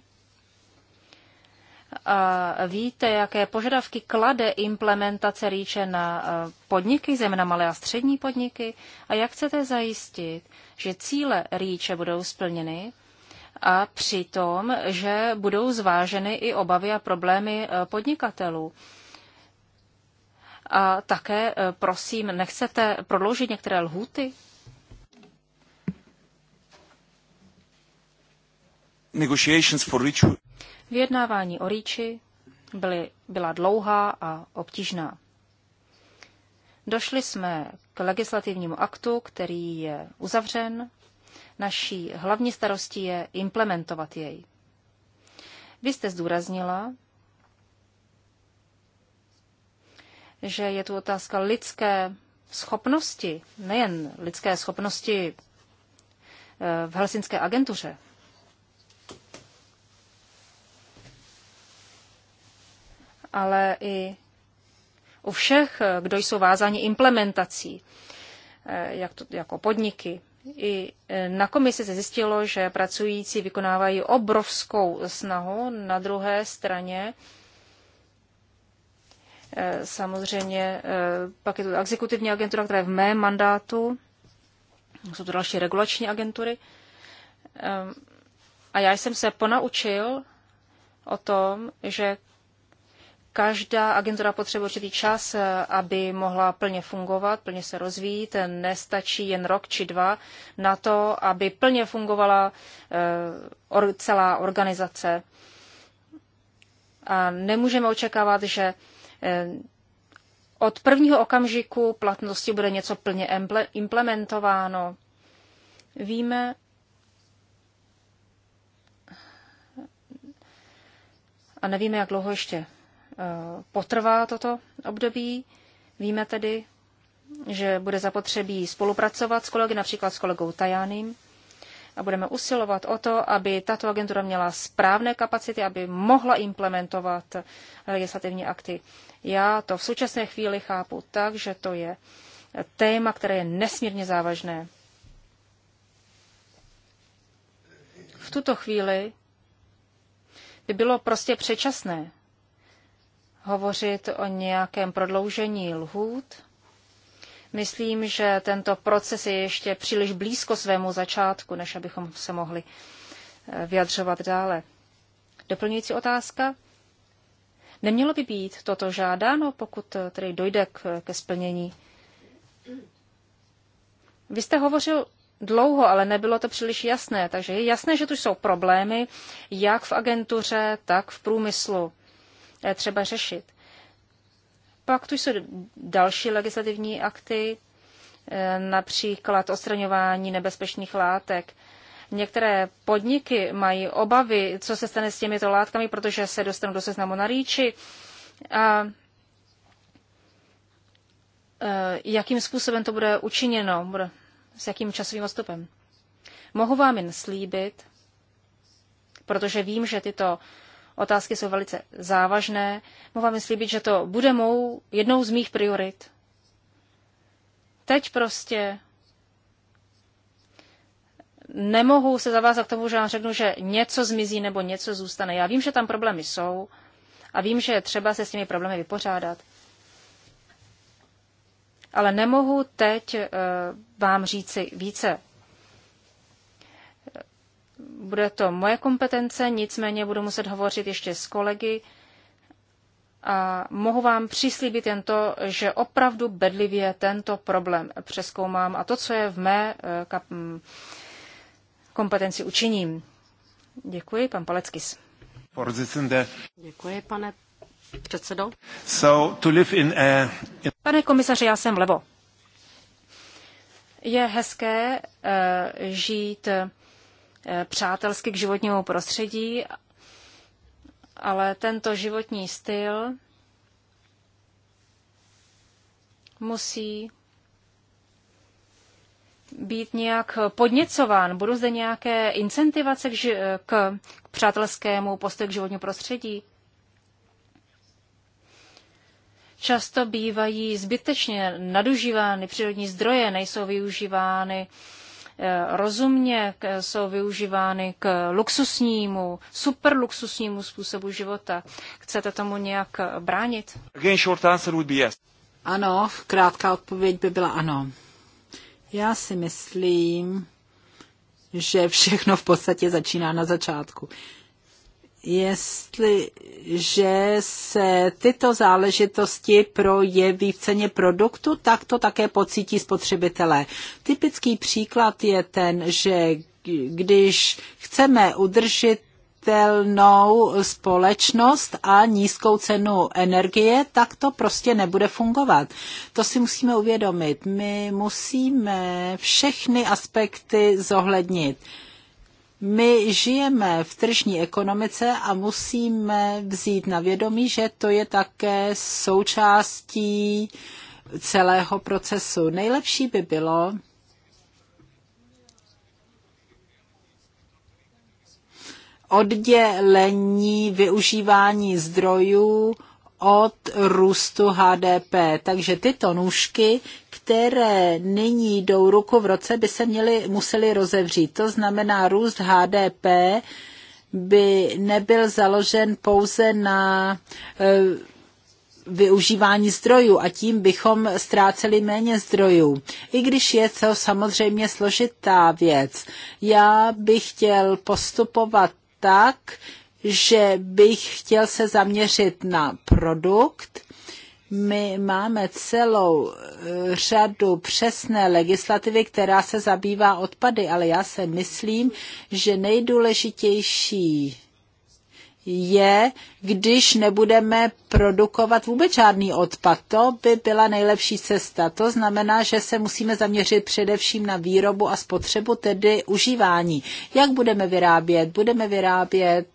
A víte, jaké požadavky klade implementace REACHe na eh, podniky, zejména malé a střední podniky? A jak chcete zajistit, že cíle REACHe budou splněny a přitom, že budou zváženy i obavy a problémy eh, podnikatelů? A také, eh, prosím, nechcete prodloužit některé lhůty? Negotiations for Vyjednávání o Riči byly, byla dlouhá a obtížná. Došli jsme k legislativnímu aktu, který je uzavřen. Naší hlavní starostí je implementovat jej. Vy jste zdůraznila, že je tu otázka lidské schopnosti, nejen lidské schopnosti eh, v Helsinské agentuře. ale i u všech, eh, kdo jsou vázáni implementací, eh, jak to, jako podniky. I na komisi se zjistilo, že pracující vykonávají obrovskou snahu. Na druhé straně Eh, samozřejmě eh, pak je tu exekutivní agentura, která je v mém mandátu. Jsou to další regulační agentury. Eh, a já jsem se ponaučil o tom, že každá agentura potřebuje určitý čas, aby mohla plně fungovat, plně se rozvíjet. Nestačí jen rok či dva na to, aby plně fungovala celá organizace. A nemůžeme očekávat, že Ehm, od prvního okamžiku platnosti bude něco plně implementováno. Víme, a nevíme, jak dlouho ještě eh, potrvá toto období. Víme tedy, že bude zapotřebí spolupracovat s kolegy, například s kolegou Tajaným. a budeme usilovat o to, aby tato agentura měla správné kapacity, aby mohla implementovat legislativní akty. Já to v současné chvíli chápu tak, že to je téma, které je nesmírně závažné. V tuto chvíli by bylo prostě předčasné hovořit o nějakém prodloužení lhůt. Myslím, že tento proces je ještě příliš blízko svému začátku, než abychom se mohli eh, vyjadřovat dále. Doplňující otázka? Nemělo by být toto žádáno, pokud eh, tedy dojde k, ke splnění. Vy jste hovořil dlouho, ale nebylo to příliš jasné, takže je jasné, že tu jsou problémy, jak v agentuře, tak v průmyslu eh, třeba řešit. Pak tu jsou další legislativní akty, eh, například odstraňování nebezpečných látek. Některé podniky mají obavy, co se stane s těmito látkami, protože se dostanou do seznamu na rýči. A e, jakým způsobem to bude učiněno, bude, s jakým časovým odstupem. Mohu vám jen slíbit, protože vím, že tyto otázky jsou velice závažné, mohu vám jen slíbit, že to bude mou, jednou z mých priorit. Teď prostě nemohu se zavázat k tomu, že vám řeknu, že něco zmizí nebo něco zůstane. Já vím, že tam problémy jsou a vím, že je třeba se s těmi problémy vypořádat. Ale nemohu teď eh, vám říci více. Bude to moje kompetence, nicméně budu muset hovořit ještě s kolegy a mohu vám přislíbit jen to, že opravdu bedlivě tento problém přeskoumám a to, co je v mé eh, kap- kompetenci učiním. Děkuji, pan Paleckis. Děkuji, pane předsedo. So, to live in a... Pane komisaři, já jsem vlevo. Je hezké uh, žít uh, přátelsky k životnímu prostředí, ale tento životní styl musí být nějak podněcován? Budou zde nějaké incentivace k, k, k přátelskému postoji k životnímu prostředí? Často bývají zbytečně nadužívány přírodní zdroje, nejsou využívány eh, rozumně, jsou využívány k luxusnímu, superluxusnímu způsobu života. Chcete tomu nějak bránit? Ano, krátká odpověď by byla ano. Já si myslím, že všechno v podstatě začíná na začátku. Jestliže se tyto záležitosti projeví v ceně produktu, tak to také pocítí spotřebitelé. Typický příklad je ten, že když chceme udržet udržitelnou společnost a nízkou cenu energie, tak to prostě nebude fungovat. To si musíme uvědomit. My musíme všechny aspekty zohlednit. My žijeme v tržní ekonomice a musíme vzít na vědomí, že to je také součástí celého procesu. Nejlepší by bylo, oddělení využívání zdrojů od růstu HDP. Takže tyto nůžky, které nyní jdou ruku v roce, by se měly, musely rozevřít. To znamená, růst HDP by nebyl založen pouze na e, využívání zdrojů a tím bychom ztráceli méně zdrojů. I když je to samozřejmě složitá věc, já bych chtěl postupovat tak, že bych chtěl se zaměřit na produkt. My máme celou eh, řadu přesné legislativy, která se zabývá odpady, ale já se myslím, že nejdůležitější je, když nebudeme produkovat vůbec žádný odpad. To by byla nejlepší cesta. To znamená, že se musíme zaměřit především na výrobu a spotřebu, tedy užívání. Jak budeme vyrábět? Budeme vyrábět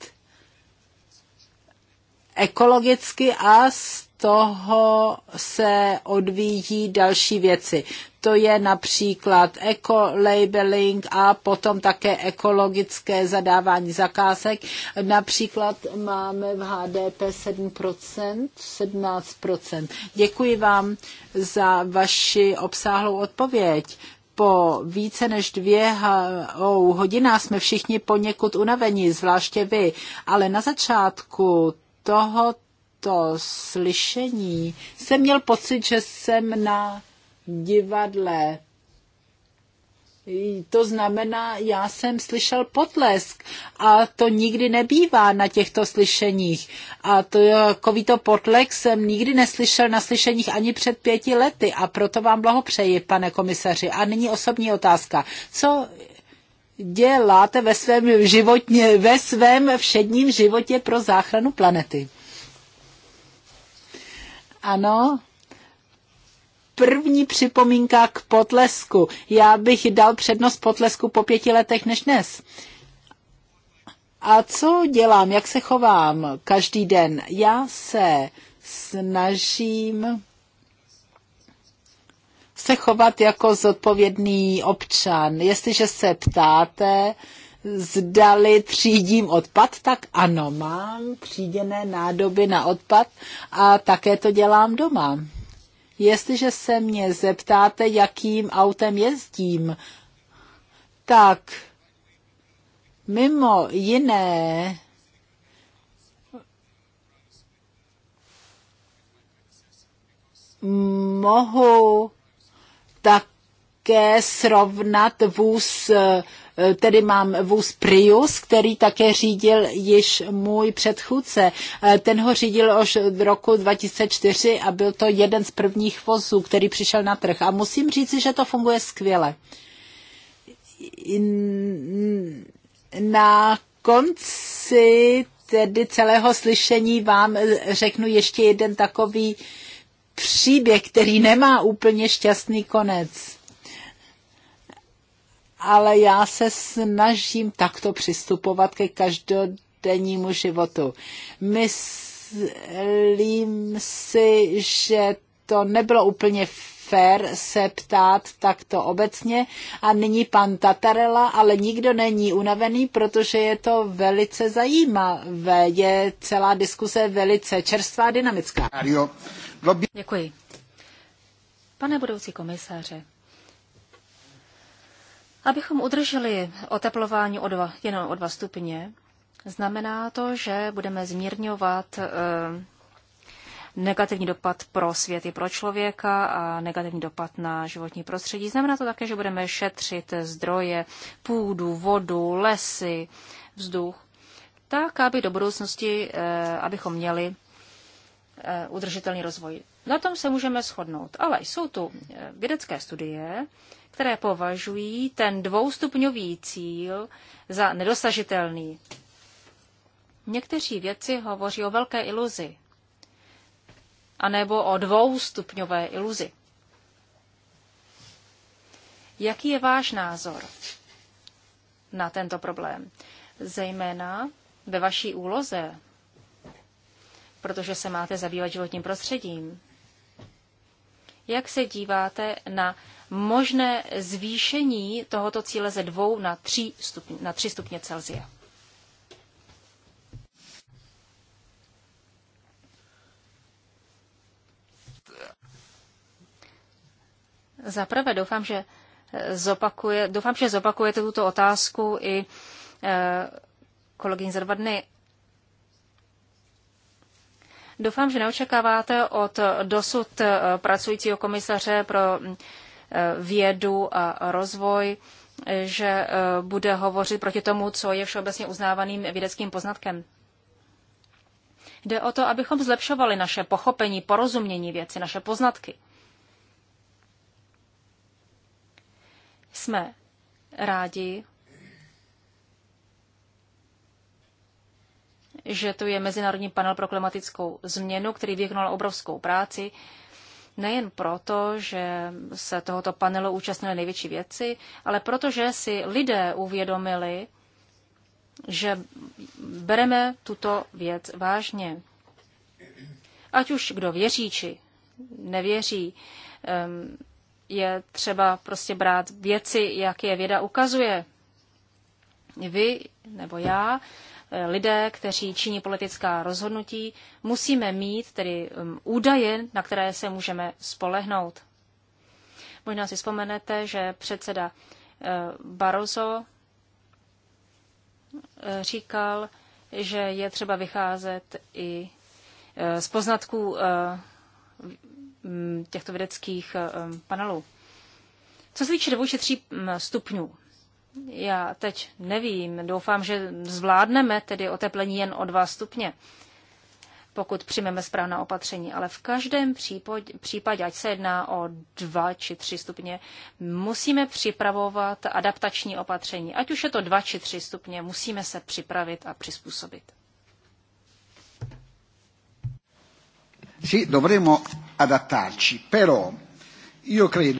ekologicky a s toho se odvíjí další věci. To je například eco-labeling a potom také ekologické zadávání zakázek. Například máme v HDP 7%, 17%. Děkuji vám za vaši obsáhlou odpověď po více než dvě hodinách jsme všichni poněkud unavení, zvláště vy, ale na začátku toho to slyšení jsem měl pocit, že jsem na divadle. To znamená, já jsem slyšel potlesk a to nikdy nebývá na těchto slyšeních. A to, takovýto potlesk jsem nikdy neslyšel na slyšeních ani před pěti lety a proto vám blahopřeji, pane komisaři. A nyní osobní otázka. Co děláte ve svém, životně, ve svém všedním životě pro záchranu planety? Ano, první připomínka k potlesku. Já bych dal přednost potlesku po pěti letech než dnes. A co dělám, jak se chovám každý den? Já se snažím se chovat jako zodpovědný občan. Jestliže se ptáte, zdali třídím odpad, tak ano, mám tříděné nádoby na odpad a také to dělám doma. Jestliže se mě zeptáte, jakým autem jezdím, tak mimo jiné mohu také srovnat vůz Eh, tedy mám vůz Prius, který také řídil již můj předchůdce. Eh, ten ho řídil už v roku 2004 a byl to jeden z prvních vozů, který přišel na trh. A musím říci, že to funguje skvěle. Na konci tedy celého slyšení vám eh, řeknu ještě jeden takový příběh, který nemá úplně šťastný konec ale já se snažím takto přistupovat ke každodennímu životu. Myslím si, že to nebylo úplně fér se ptát takto obecně. A nyní pan Tatarela, ale nikdo není unavený, protože je to velice zajímavé. Je celá diskuse velice čerstvá a dynamická. Děkuji. Pane budoucí komisáře, Abychom udrželi oteplování o dva, jenom o dva stupně, znamená to, že budeme zmírňovat eh, negativní dopad pro svět i pro člověka a negativní dopad na životní prostředí. Znamená to také, že budeme šetřit zdroje, půdu, vodu, lesy, vzduch, tak, aby do budoucnosti, eh, abychom měli eh, udržitelný rozvoj. Na tom se můžeme shodnout, ale jsou tu vědecké studie, které považují ten dvoustupňový cíl za nedosažitelný. Někteří věci hovoří o velké iluzi, anebo o dvoustupňové iluzi. Jaký je váš názor na tento problém? Zejména ve vaší úloze, protože se máte zabývat životním prostředím. Jak se díváte na možné zvýšení tohoto cíle ze dvou na tři stupně, na tři stupně Celsia. Zaprvé doufám, že zopakuje, doufám, že zopakujete tuto otázku i e, eh, kolegyně za dva dny. Doufám, že neočekáváte od dosud eh, pracujícího komisaře pro Eh, vědu a rozvoj, že eh, bude hovořit proti tomu, co je všeobecně uznávaným vědeckým poznatkem. Jde o to, abychom zlepšovali naše pochopení, porozumění věci, naše poznatky. Jsme rádi, že tu je Mezinárodní panel pro klimatickou změnu, který vyhnul obrovskou práci nejen proto, že se tohoto panelu účastnili největší věci, ale protože si lidé uvědomili, že bereme tuto věc vážně. Ať už kdo věří či nevěří, je třeba prostě brát věci, jak je věda ukazuje. Vy nebo já lidé, kteří činí politická rozhodnutí, musíme mít tedy um, údaje, na které se můžeme spolehnout. Možná si vzpomenete, že předseda uh, Barroso uh, říkal, že je třeba vycházet i uh, z poznatků těchto vědeckých um, panelů. Co se týče dvou či tří stupňů, já teď nevím, doufám, že zvládneme tedy oteplení jen o 2 stupně, pokud přijmeme správná opatření. Ale v každém případě, ať se jedná o 2 či 3 stupně, musíme připravovat adaptační opatření. Ať už je to 2 či 3 stupně, musíme se připravit a přizpůsobit.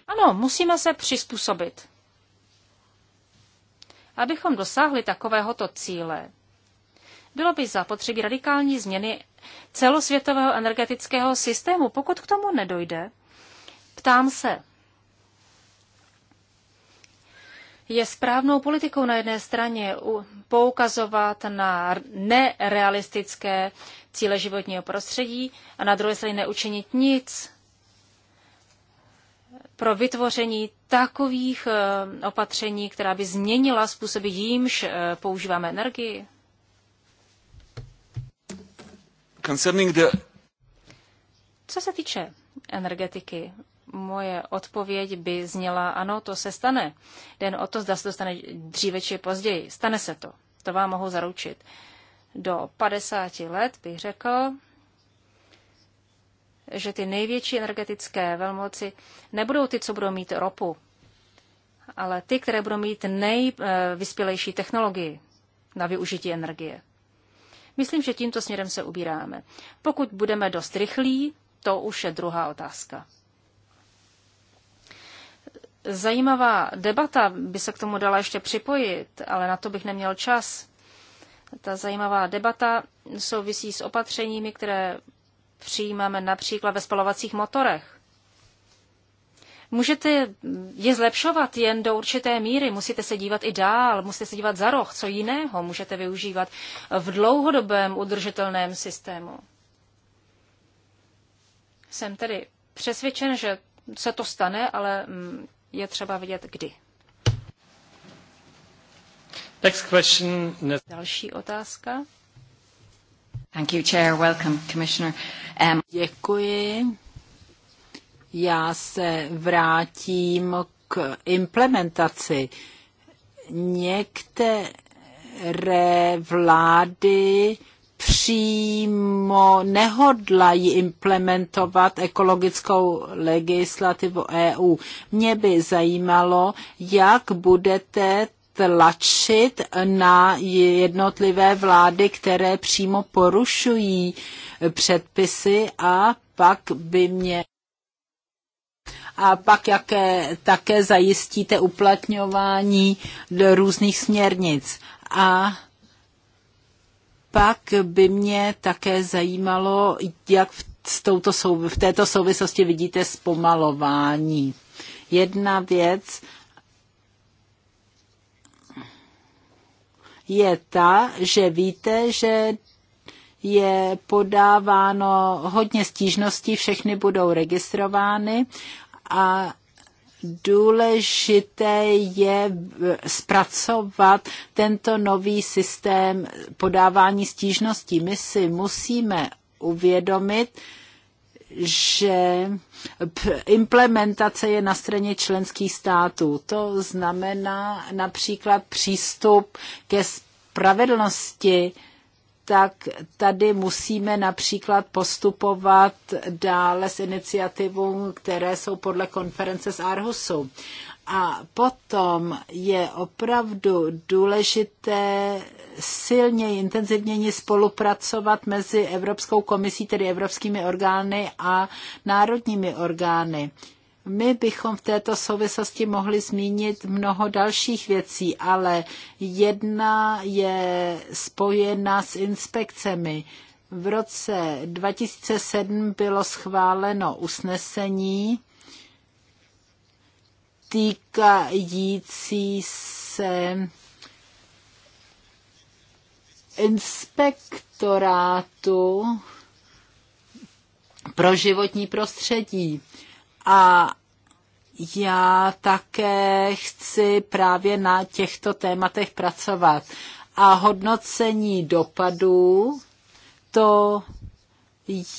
Ano, musíme se přizpůsobit. Abychom dosáhli takovéhoto cíle, bylo by zapotřebí radikální změny celosvětového energetického systému. Pokud k tomu nedojde, ptám se, je správnou politikou na jedné straně poukazovat na nerealistické cíle životního prostředí a na druhé straně neučinit nic pro vytvoření takových eh, opatření, která by změnila způsoby, jímž eh, používáme energii? Co se týče energetiky, moje odpověď by zněla, ano, to se stane. Den o to, zda se to stane dříve či později. Stane se to. To vám mohu zaručit. Do 50 let bych řekl, že ty největší energetické velmoci nebudou ty, co budou mít ropu, ale ty, které budou mít nejvyspělejší eh, technologii na využití energie. Myslím, že tímto směrem se ubíráme. Pokud budeme dost rychlí, to už je druhá otázka. Zajímavá debata by se k tomu dala ještě připojit, ale na to bych neměl čas. Ta zajímavá debata souvisí s opatřeními, které přijímáme například ve spalovacích motorech. Můžete je zlepšovat jen do určité míry, musíte se dívat i dál, musíte se dívat za roh, co jiného můžete využívat v dlouhodobém udržitelném systému. Jsem tedy přesvědčen, že se to stane, ale mm, je třeba vidět kdy. Next question. Další otázka. Thank you, Chair. Welcome, Commissioner. Um... Děkuji. Já se vrátím k implementaci. Některé vlády přímo nehodlají implementovat ekologickou legislativu EU. Mě by zajímalo, jak budete tlačit na jednotlivé vlády, které přímo porušují předpisy a pak by mě a pak jaké také zajistíte uplatňování do různých směrnic. A pak by mě také zajímalo, jak v, touto, v této souvislosti vidíte zpomalování. Jedna věc, je ta, že víte, že je podáváno hodně stížností, všechny budou registrovány a důležité je zpracovat tento nový systém podávání stížností. My si musíme uvědomit, že implementace je na straně členských států. To znamená například přístup ke spravedlnosti, tak tady musíme například postupovat dále s iniciativou, které jsou podle konference z Arhusu. A potom je opravdu důležité silně, intenzivněji spolupracovat mezi Evropskou komisí, tedy evropskými orgány a národními orgány. My bychom v této souvislosti mohli zmínit mnoho dalších věcí, ale jedna je spojena s inspekcemi. V roce 2007 bylo schváleno usnesení, týkající se inspektorátu pro životní prostředí. A já také chci právě na těchto tématech pracovat. A hodnocení dopadů, to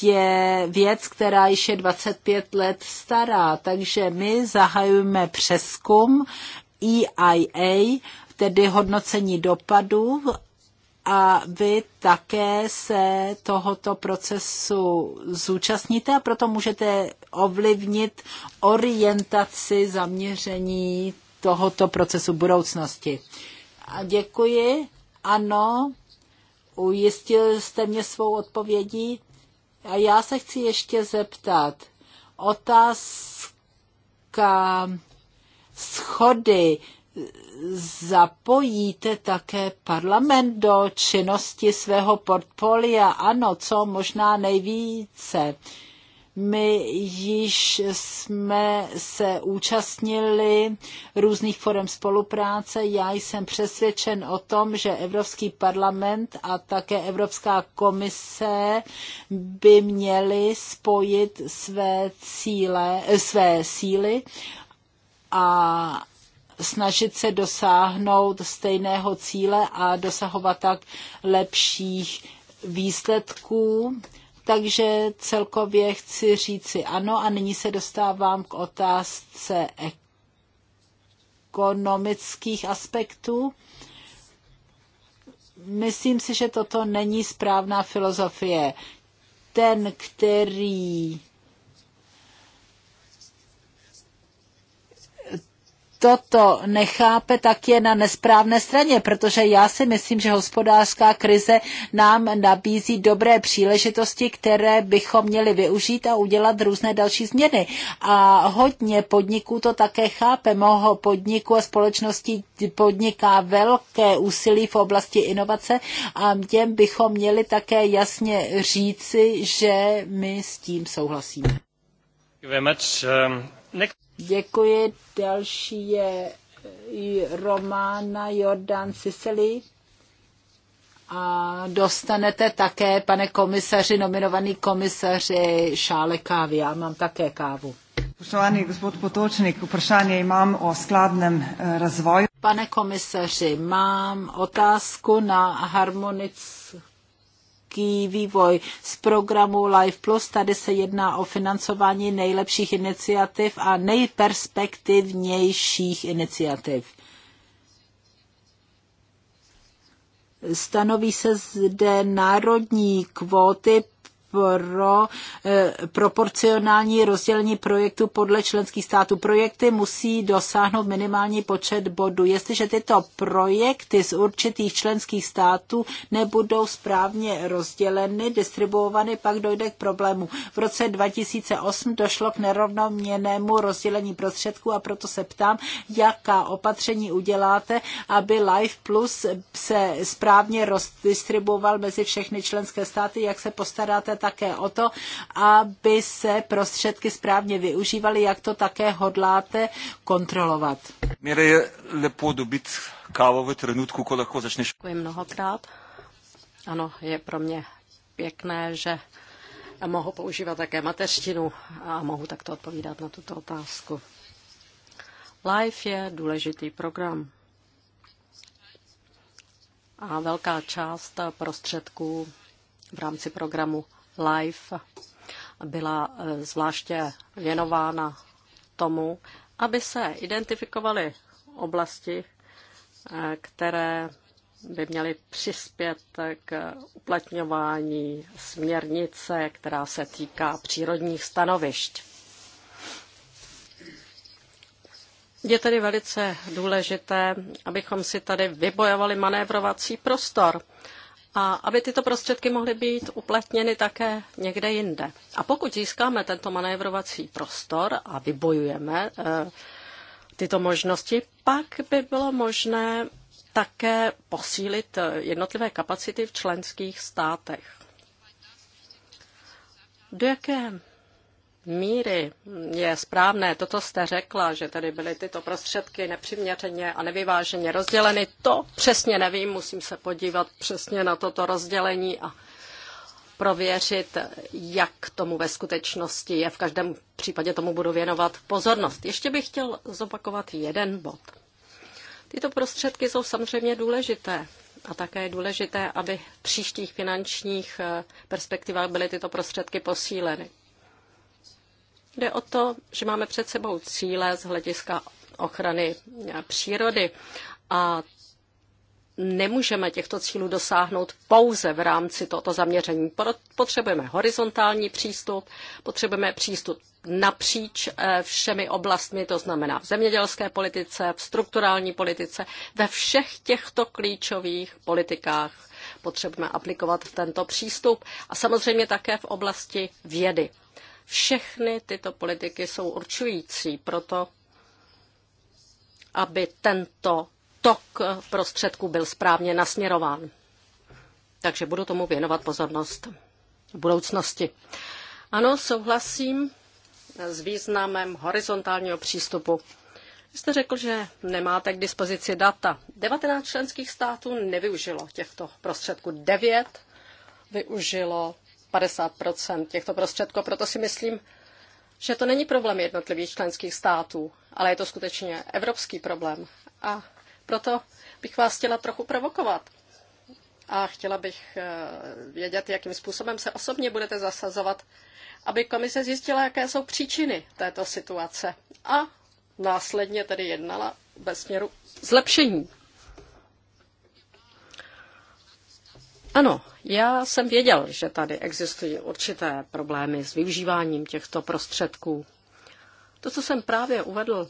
je věc, která již je 25 let stará, takže my zahajujeme přeskum EIA, tedy hodnocení dopadů a vy také se tohoto procesu zúčastníte a proto můžete ovlivnit orientaci zaměření tohoto procesu budoucnosti. A děkuji. Ano, ujistil jste mě svou odpovědí. A já se chci ještě zeptat. Otázka schody. Zapojíte také parlament do činnosti svého portfolia? Ano, co možná nejvíce. Uh, my již jsme se účastnili různých forem spolupráce. Já jsem přesvědčen o tom, že Evropský parlament a také Evropská komise by měly spojit své cíle, eh, své síly a snažit se dosáhnout stejného cíle a dosahovat tak lepších výsledků takže celkově chci říci ano a nyní se dostávám k otázce ekonomických aspektů. Myslím si, že toto není správná filozofie. Ten, který toto nechápe, tak je na nesprávné straně, protože já si myslím, že hospodářská krize nám nabízí dobré příležitosti, které bychom měli využít a udělat různé další změny. A hodně podniků to také chápe. Mnoho podniků a společností podniká velké úsilí v oblasti inovace a těm bychom měli také jasně říci, že my s tím souhlasíme. Very Um, next... Děkuji. Další je eh, Romána Jordan Sicily. A dostanete také, pane komisaři, nominovaný komisaři, šále kávy. Já mám také kávu. Spoštovani gospod Potočnik, vprašanje imam o skladnem eh, razvoju. Pane komisaři, mám otázku na harmonickou velký vývoj z programu Life Plus. Tady se jedná o financování nejlepších iniciativ a nejperspektivnějších iniciativ. Stanoví se zde národní kvóty pro eh, proporcionální rozdělení projektu podle členských států. Projekty musí dosáhnout minimální počet bodů. Jestliže tyto projekty z určitých členských států nebudou správně rozděleny, distribuovány, pak dojde k problému. V roce 2008 došlo k nerovnoměrnému rozdělení prostředků a proto se ptám, jaká opatření uděláte, aby Life Plus se správně rozdistribuoval mezi všechny členské státy, jak se postaráte také o to, aby se prostředky správně využívaly, jak to také hodláte kontrolovat. Měre je lepo dobit kávu ve trenutku, kolik začneš. Děkuji mnohokrát. Ano, je pro mě pěkné, že mohu používat také mateřštinu a mohu takto odpovídat na tuto otázku. Life je důležitý program. A velká část prostředků v rámci programu Life byla eh, zvláště věnována tomu, aby se identifikovaly oblasti, eh, které by měly přispět k uplatňování směrnice, která se týká přírodních stanovišť. Je tedy velice důležité, abychom si tady vybojovali manévrovací prostor a aby tyto prostředky mohly být uplatněny také někde jinde. A pokud získáme tento manévrovací prostor a vybojujeme eh, tyto možnosti, pak by bylo možné také posílit eh, jednotlivé kapacity v členských státech. Do jaké míry je správné toto jste řekla, že tady byly tyto prostředky nepřiměřeně a nevyváženě rozděleny. To přesně nevím, musím se podívat přesně na toto rozdělení a prověřit, jak tomu ve skutečnosti je. V každém případě tomu budu věnovat pozornost. Ještě bych chtěl zopakovat jeden bod. Tyto prostředky jsou samozřejmě důležité a také je důležité, aby v příštích finančních eh, perspektivách byly tyto prostředky posíleny. Jde o to, že máme před sebou cíle z hlediska ochrany přírody a nemůžeme těchto cílů dosáhnout pouze v rámci tohoto zaměření. Potřebujeme horizontální přístup, potřebujeme přístup napříč eh, všemi oblastmi, to znamená v zemědělské politice, v strukturální politice, ve všech těchto klíčových politikách potřebujeme aplikovat tento přístup a samozřejmě také v oblasti vědy. Všechny tyto politiky jsou určující pro to, aby tento tok prostředků byl správně nasměrován. Takže budu tomu věnovat pozornost v budoucnosti. Ano, souhlasím s významem horizontálního přístupu. Vy jste řekl, že nemáte k dispozici data. 19 členských států nevyužilo těchto prostředků. 9 využilo 50 těchto prostředků. Proto si myslím, že to není problém jednotlivých členských států, ale je to skutečně evropský problém. A proto bych vás chtěla trochu provokovat. A chtěla bych eh, vědět, jakým způsobem se osobně budete zasazovat, aby komise zjistila, jaké jsou příčiny této situace. A následně tedy jednala ve směru zlepšení. Ano, já jsem věděl, že tady existují určité problémy s využíváním těchto prostředků. To, co jsem právě uvedl,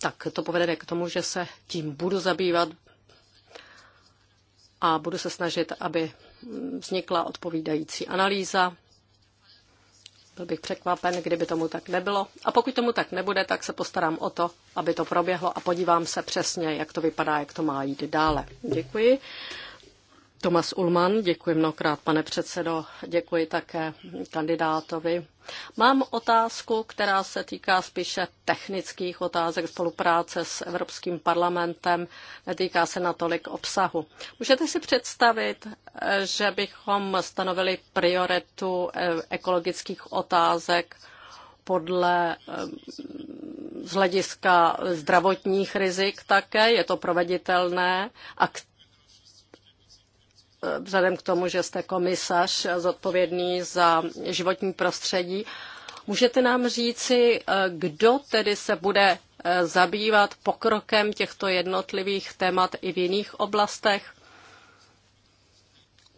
tak to povede k tomu, že se tím budu zabývat a budu se snažit, aby vznikla odpovídající analýza. Byl bych překvapen, kdyby tomu tak nebylo. A pokud tomu tak nebude, tak se postarám o to, aby to proběhlo a podívám se přesně, jak to vypadá, jak to má jít dále. Děkuji. Tomas Ulman, děkuji mnohokrát, pane předsedo, děkuji také kandidátovi. Mám otázku, která se týká spíše technických otázek spolupráce s Evropským parlamentem, netýká se natolik obsahu. Můžete si představit, že bychom stanovili prioritu eh, ekologických otázek podle eh, z hlediska zdravotních rizik také, je to proveditelné a k vzhledem k tomu, že jste komisař zodpovědný za životní prostředí, můžete nám říci, eh, kdo tedy se bude eh, zabývat pokrokem těchto jednotlivých témat i v jiných oblastech,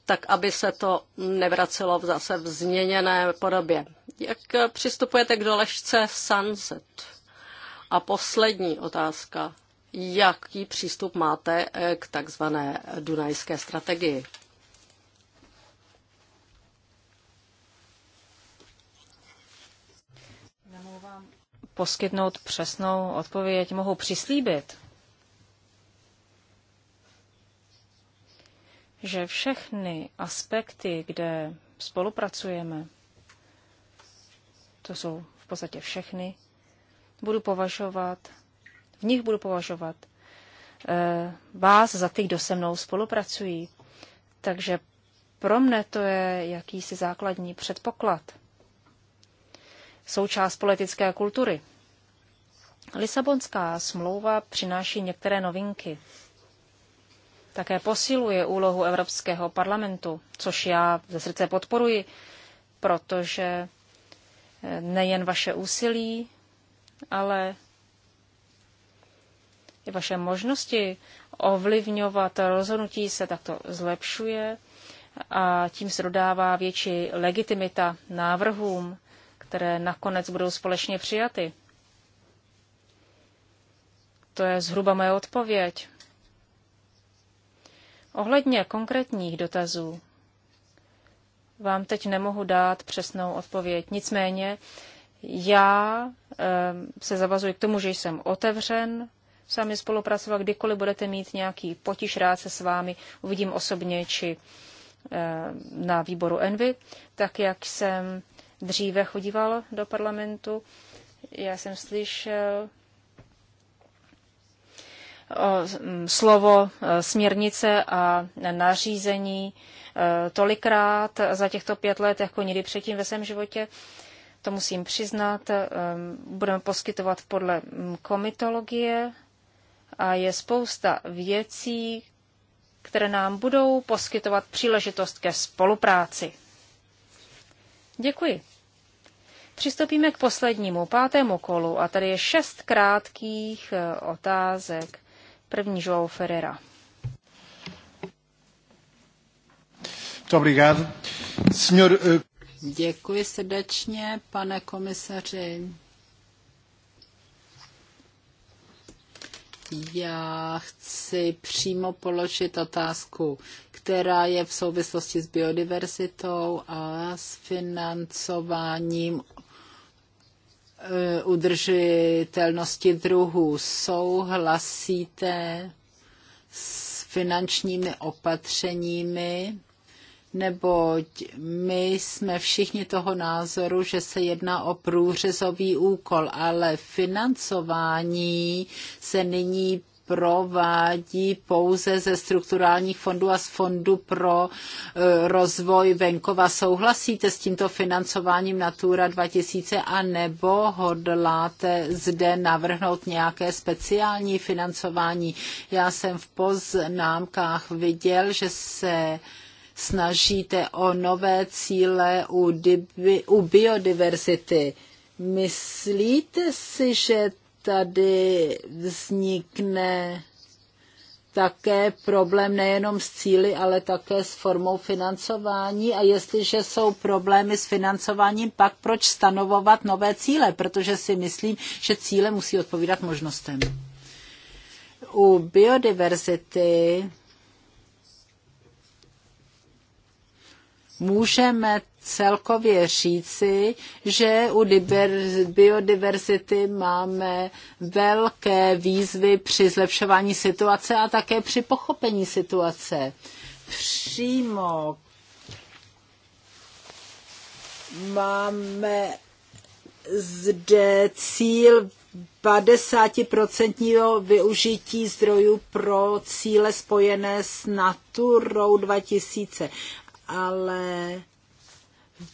tak aby se to nevracelo v zase v změněné podobě. Jak eh, přistupujete k doležce Sunset? A poslední otázka jaký přístup máte eh, k takzvané dunajské strategii. vám poskytnout přesnou odpověď, mohu přislíbit, že všechny aspekty, kde spolupracujeme, to jsou v podstatě všechny, budu považovat v nich budu považovat eh, vás za ty, kdo se mnou spolupracují. Takže pro mne to je jakýsi základní předpoklad. Součást politické kultury. Lisabonská smlouva přináší některé novinky. Také posiluje úlohu Evropského parlamentu, což já ze srdce podporuji, protože eh, nejen vaše úsilí, ale vaše možnosti ovlivňovat rozhodnutí se takto zlepšuje a tím se dodává větší legitimita návrhům, které nakonec budou společně přijaty. To je zhruba moje odpověď. Ohledně konkrétních dotazů vám teď nemohu dát přesnou odpověď. Nicméně já ehm, se zavazuji k tomu, že jsem otevřen s vámi spolupracovat. Kdykoliv budete mít nějaký potiž, rád se s vámi uvidím osobně či eh, na výboru Envy. Tak jak jsem dříve chodíval do parlamentu, já jsem slyšel mm, slovo eh, směrnice a nařízení eh, tolikrát za těchto pět let, jako nikdy předtím ve svém životě. To musím přiznat. Budeme poskytovat podle mm, komitologie a je spousta věcí, které nám budou poskytovat příležitost ke spolupráci. Děkuji. Přistoupíme k poslednímu, pátému kolu a tady je šest krátkých eh, otázek. První João Ferreira. Eh, Děkuji srdečně, pane komisaři. Já chci přímo položit otázku, která je v souvislosti s biodiverzitou a s financováním eh, udržitelnosti druhů. Souhlasíte s finančními opatřeními, neboť my jsme všichni toho názoru, že se jedná o průřezový úkol, ale financování se nyní provádí pouze ze strukturálních fondů a z fondu pro eh, rozvoj venkova. Souhlasíte s tímto financováním Natura 2000 a nebo hodláte zde navrhnout nějaké speciální financování? Já jsem v poznámkách viděl, že se snažíte o nové cíle u, dibi, u biodiverzity. Myslíte si, že tady vznikne také problém nejenom s cíly, ale také s formou financování. A jestliže jsou problémy s financováním, pak proč stanovovat nové cíle? Protože si myslím, že cíle musí odpovídat možnostem. U biodiverzity můžeme celkově říci, že u biodiverzity máme velké výzvy při zlepšování situace a také při pochopení situace. Přímo máme zde cíl 50% využití zdrojů pro cíle spojené s Naturou 2000 ale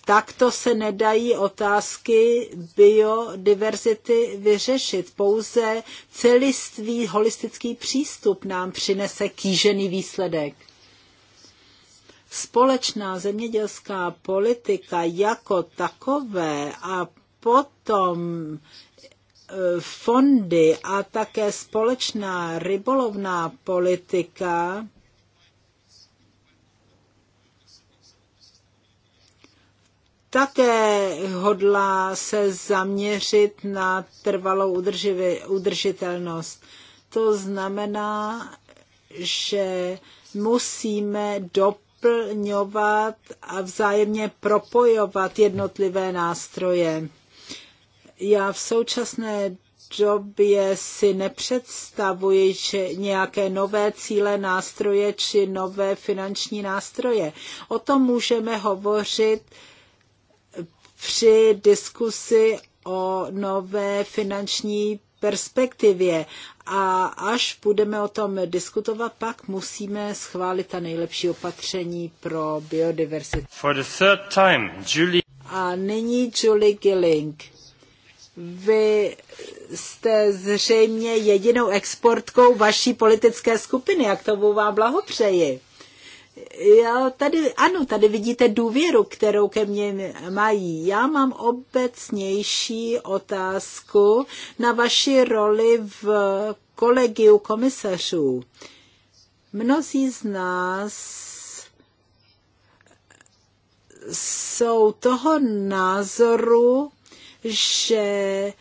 takto se nedají otázky biodiverzity vyřešit. Pouze celistvý holistický přístup nám přinese kýžený výsledek. Společná zemědělská politika jako takové a potom e, fondy a také společná rybolovná politika také hodlá se zaměřit na trvalou udržitelnost. To znamená, že musíme doplňovat a vzájemně propojovat jednotlivé nástroje. Já v současné době si nepředstavuji že nějaké nové cíle nástroje či nové finanční nástroje. O tom můžeme hovořit při diskusi o nové finanční perspektivě. A až budeme o tom diskutovat, pak musíme schválit ta nejlepší opatření pro biodiverzitu. For the third time, Julie... A nyní Julie Gilling. Vy jste zřejmě jedinou exportkou vaší politické skupiny, jak to vám blahopřeji. Já tady, ano, tady vidíte důvěru, kterou ke mně mají. Já mám obecnější otázku na vaši roli v kolegiu komisařů. Mnozí z nás jsou toho názoru, že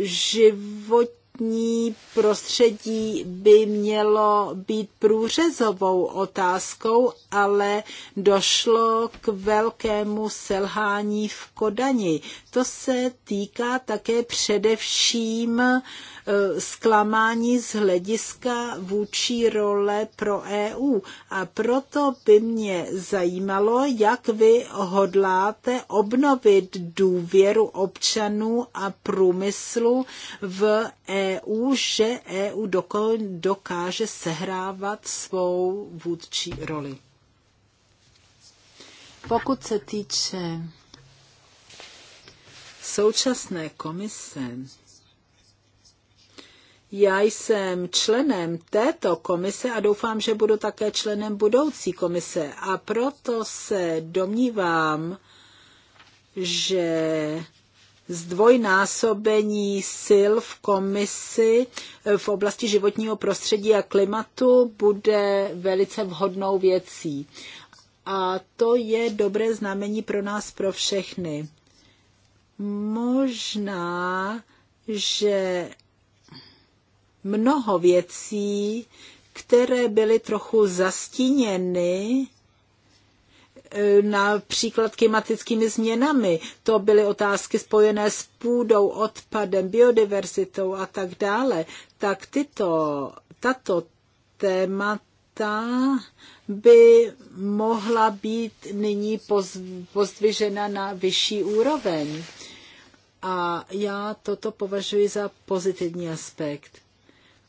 život životní prostředí by mělo být průřezovou otázkou, ale došlo k velkému selhání v Kodani. To se týká také především e, zklamání z hlediska vůči role pro EU. A proto by mě zajímalo, jak vy hodláte obnovit důvěru občanů a průmyslu v EU EU, že EU dokáže sehrávat svou vůdčí roli. Pokud se týče současné komise, já jsem členem této komise a doufám, že budu také členem budoucí komise. A proto se domnívám, že zdvojnásobení sil v komisi v oblasti životního prostředí a klimatu bude velice vhodnou věcí. A to je dobré znamení pro nás, pro všechny. Možná, že mnoho věcí, které byly trochu zastíněny, Eh, například klimatickými změnami. To byly otázky spojené s půdou, odpadem, biodiverzitou a tak dále. Tak tyto, tato témata by mohla být nyní pozdvižena na vyšší úroveň. A já toto považuji za pozitivní aspekt.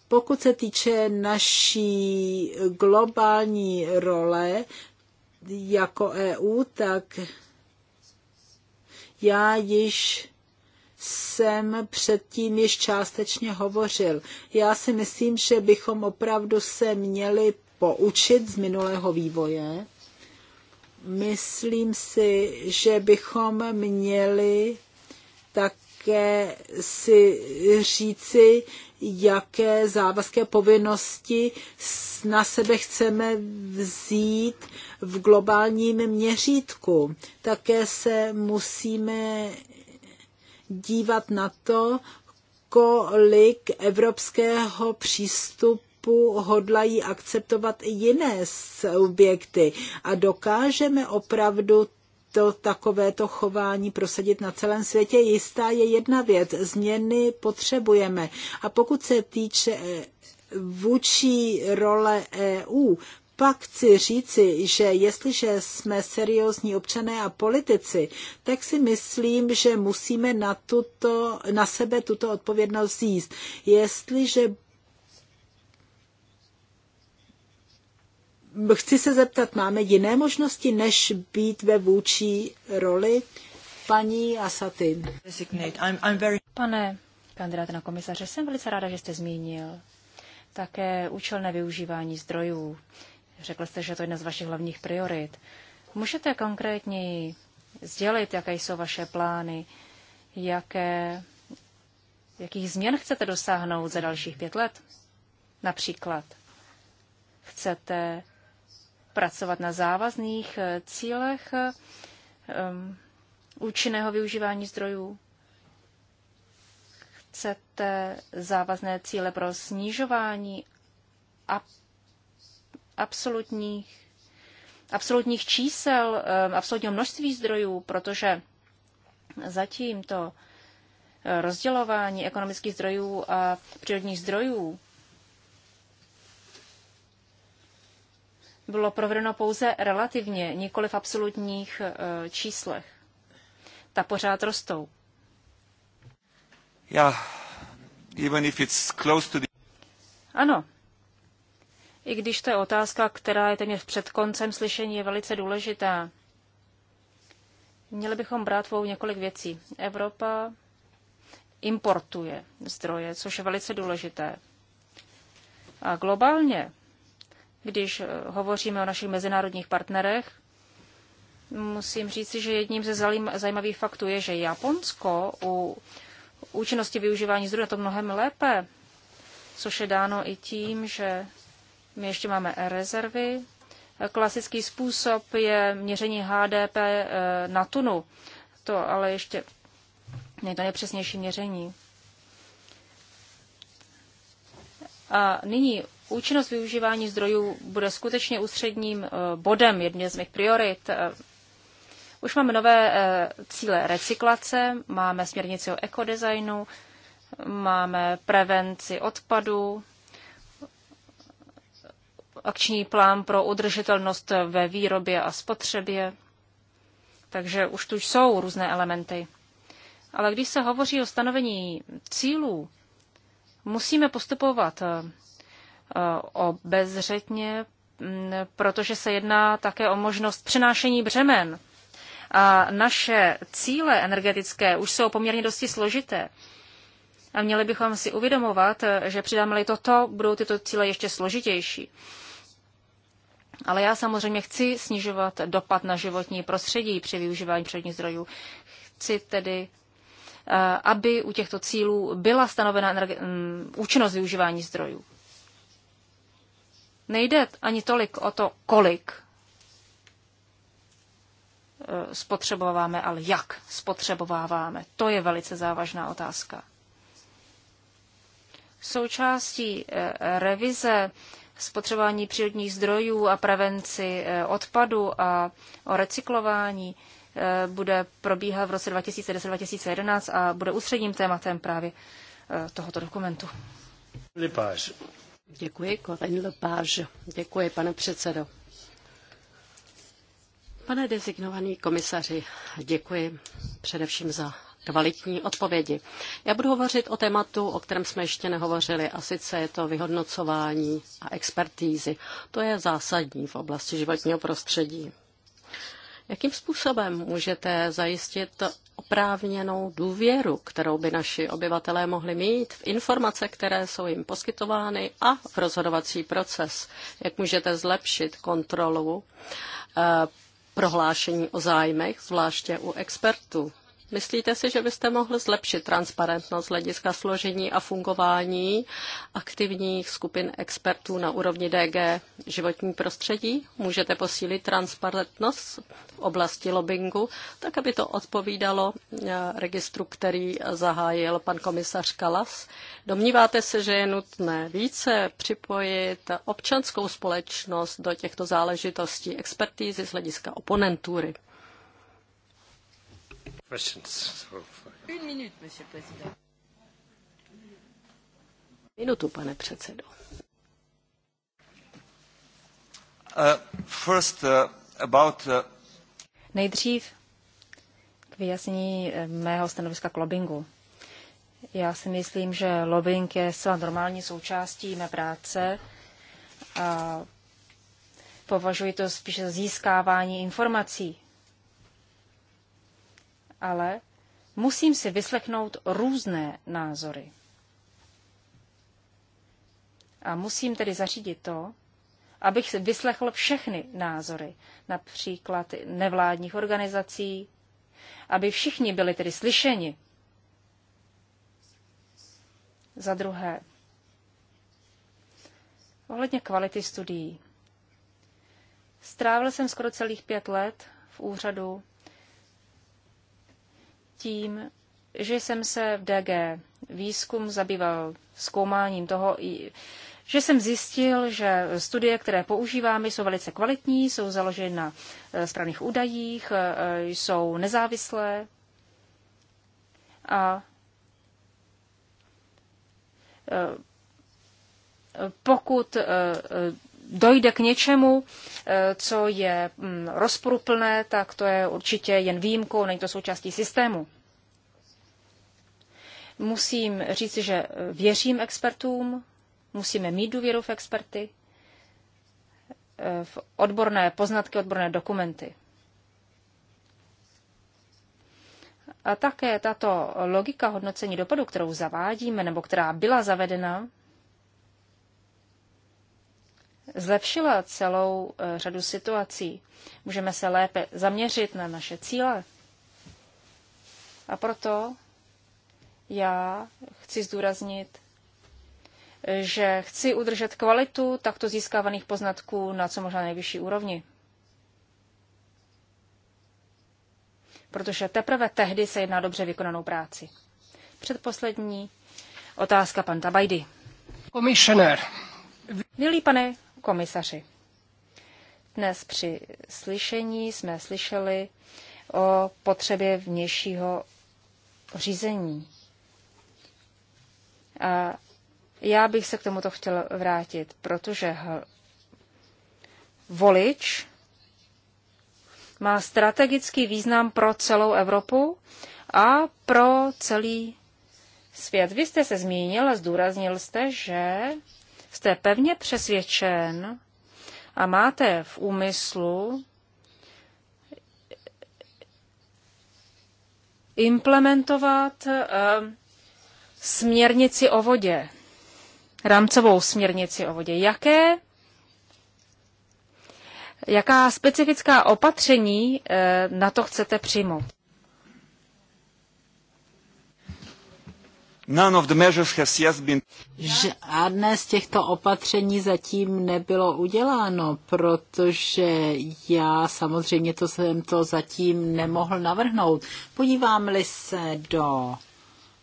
Pokud se týče naší globální role, jako EU, tak já již jsem předtím již částečně hovořil. Já si myslím, že bychom opravdu se měli poučit z minulého vývoje. Myslím si, že bychom měli tak také si říci, jaké závazky a povinnosti na sebe chceme vzít v globálním měřítku. Také se musíme dívat na to, kolik evropského přístupu hodlají akceptovat i jiné subjekty a dokážeme opravdu to takovéto chování prosadit na celém světě. Jistá je jedna věc, změny potřebujeme. A pokud se týče eh, vůči role EU, pak chci říci, že jestliže jsme seriózní občané a politici, tak si myslím, že musíme na, tuto, na sebe tuto odpovědnost zjíst. Jestliže chci se zeptat, máme jiné možnosti, než být ve vůči roli? Paní Asaty. Pane kandidáte na komisaře, jsem velice ráda, že jste zmínil také účelné využívání zdrojů. Řekl jste, že to je jedna z vašich hlavních priorit. Můžete konkrétně sdělit, jaké jsou vaše plány, jaké, jakých změn chcete dosáhnout za dalších pět let? Například chcete pracovat na závazných eh, cílech um, účinného využívání zdrojů? Chcete závazné cíle pro snižování ab, absolutních, absolutních čísel, um, absolutního množství zdrojů, protože zatím to eh, rozdělování ekonomických zdrojů a přírodních zdrojů bylo provedeno pouze relativně, nikoli v absolutních eh, číslech. Ta pořád rostou. Yeah. Even if it's close to the... Ano. I když to je otázka, která je téměř před koncem slyšení, je velice důležitá. Měli bychom brát v několik věcí. Evropa importuje zdroje, což je velice důležité. A globálně když eh, hovoříme o našich mezinárodních partnerech, musím říci, že jedním ze zajímavých faktů je, že Japonsko u účinnosti využívání zdrojů to mnohem lépe, což je dáno i tím, že my ještě máme rezervy. Klasický způsob je měření HDP eh, na tunu. To ale ještě je to nejpřesnější měření. A nyní Účinnost využívání zdrojů bude skutečně ústředním eh, bodem jedné z mých priorit. Eh, už máme nové eh, cíle recyklace, máme směrnici o ekodesignu, máme prevenci odpadu, akční plán pro udržitelnost ve výrobě a spotřebě. Takže už tu jsou různé elementy. Ale když se hovoří o stanovení cílů, musíme postupovat Eh, obezřetně, mm, protože se jedná také o možnost přenášení břemen. A naše cíle energetické už jsou poměrně dosti složité. A měli bychom si uvědomovat, eh, že přidáme-li toto, budou tyto cíle ještě složitější. Ale já samozřejmě chci snižovat dopad na životní prostředí při využívání přírodních zdrojů. Chci tedy, eh, aby u těchto cílů byla stanovena mm, účinnost využívání zdrojů. Nejde ani tolik o to, kolik e, spotřebováváme, ale jak spotřebováváme. To je velice závažná otázka. Součástí e, revize spotřebování přírodních zdrojů a prevenci e, odpadu a o recyklování bude probíhat v roce 2010-2011 a bude ústředním tématem právě tohoto dokumentu. Lipáš. Děkuji, Corinne Lepage. Děkuji, pane předsedo. Pane designovaný komisaři, děkuji především za kvalitní odpovědi. Já budu hovořit o tématu, o kterém jsme ještě nehovořili, a sice je to vyhodnocování a expertízy. To je zásadní v oblasti životního prostředí. Jakým způsobem můžete zajistit oprávněnou důvěru, kterou by naši obyvatelé mohli mít v informace, které jsou jim poskytovány a v rozhodovací proces? Jak můžete zlepšit kontrolu eh, prohlášení o zájmech, zvláště u expertů? Myslíte si, že byste mohl zlepšit transparentnost hlediska složení a fungování aktivních skupin expertů na úrovni DG životní prostředí? Můžete posílit transparentnost v oblasti lobbingu, tak aby to odpovídalo eh, registru, který zahájil pan komisař Kalas? Domníváte se, že je nutné více připojit občanskou společnost do těchto záležitostí expertízy z hlediska oponentury? Minutu, pane předsedo. Uh, first, uh, about, uh... Nejdřív k vyjasnění eh, mého stanoviska k lobbingu. Já si myslím, že lobbying je zcela normální součástí mé práce a považuji to spíše za získávání informací ale musím si vyslechnout různé názory. A musím tedy zařídit to, abych vyslechl všechny názory, například nevládních organizací, aby všichni byli tedy slyšeni. Za druhé, ohledně kvality studií. Strávil jsem skoro celých pět let v úřadu tím, že jsem se v DG výzkum zabýval zkoumáním toho, že jsem zjistil, že studie, které používáme, jsou velice kvalitní, jsou založeny na eh, správných údajích, eh, eh, jsou nezávislé a pokud dojde k něčemu, eh, co je mm, rozporuplné, tak to je určitě jen výjimkou, není to součástí systému. Musím říct, že věřím expertům, musíme mít důvěru v experty, eh, v odborné poznatky, odborné dokumenty. A také tato logika hodnocení dopadu, kterou zavádíme, nebo která byla zavedena, zlepšila celou eh, řadu situací. Můžeme se lépe zaměřit na naše cíle. A proto já chci zdůraznit, že chci udržet kvalitu takto získávaných poznatků na co možná nejvyšší úrovni. Protože teprve tehdy se jedná dobře vykonanou práci. Předposlední otázka pan Tabajdy. Komisionér. Milý pane komisaři. Dnes při slyšení jsme slyšeli o potřebě vnějšího řízení. A já bych se k tomuto chtěl vrátit, protože volič má strategický význam pro celou Evropu a pro celý svět. Vy jste se zmínil a zdůraznil jste, že jste pevně přesvědčen a máte v úmyslu implementovat eh, směrnici o vodě, rámcovou směrnici o vodě. Jaké Jaká specifická opatření eh, na to chcete přijmout? None of the measures has yet been... Žádné z těchto opatření zatím nebylo uděláno, protože já samozřejmě to jsem to zatím nemohl navrhnout. Podíváme-li se do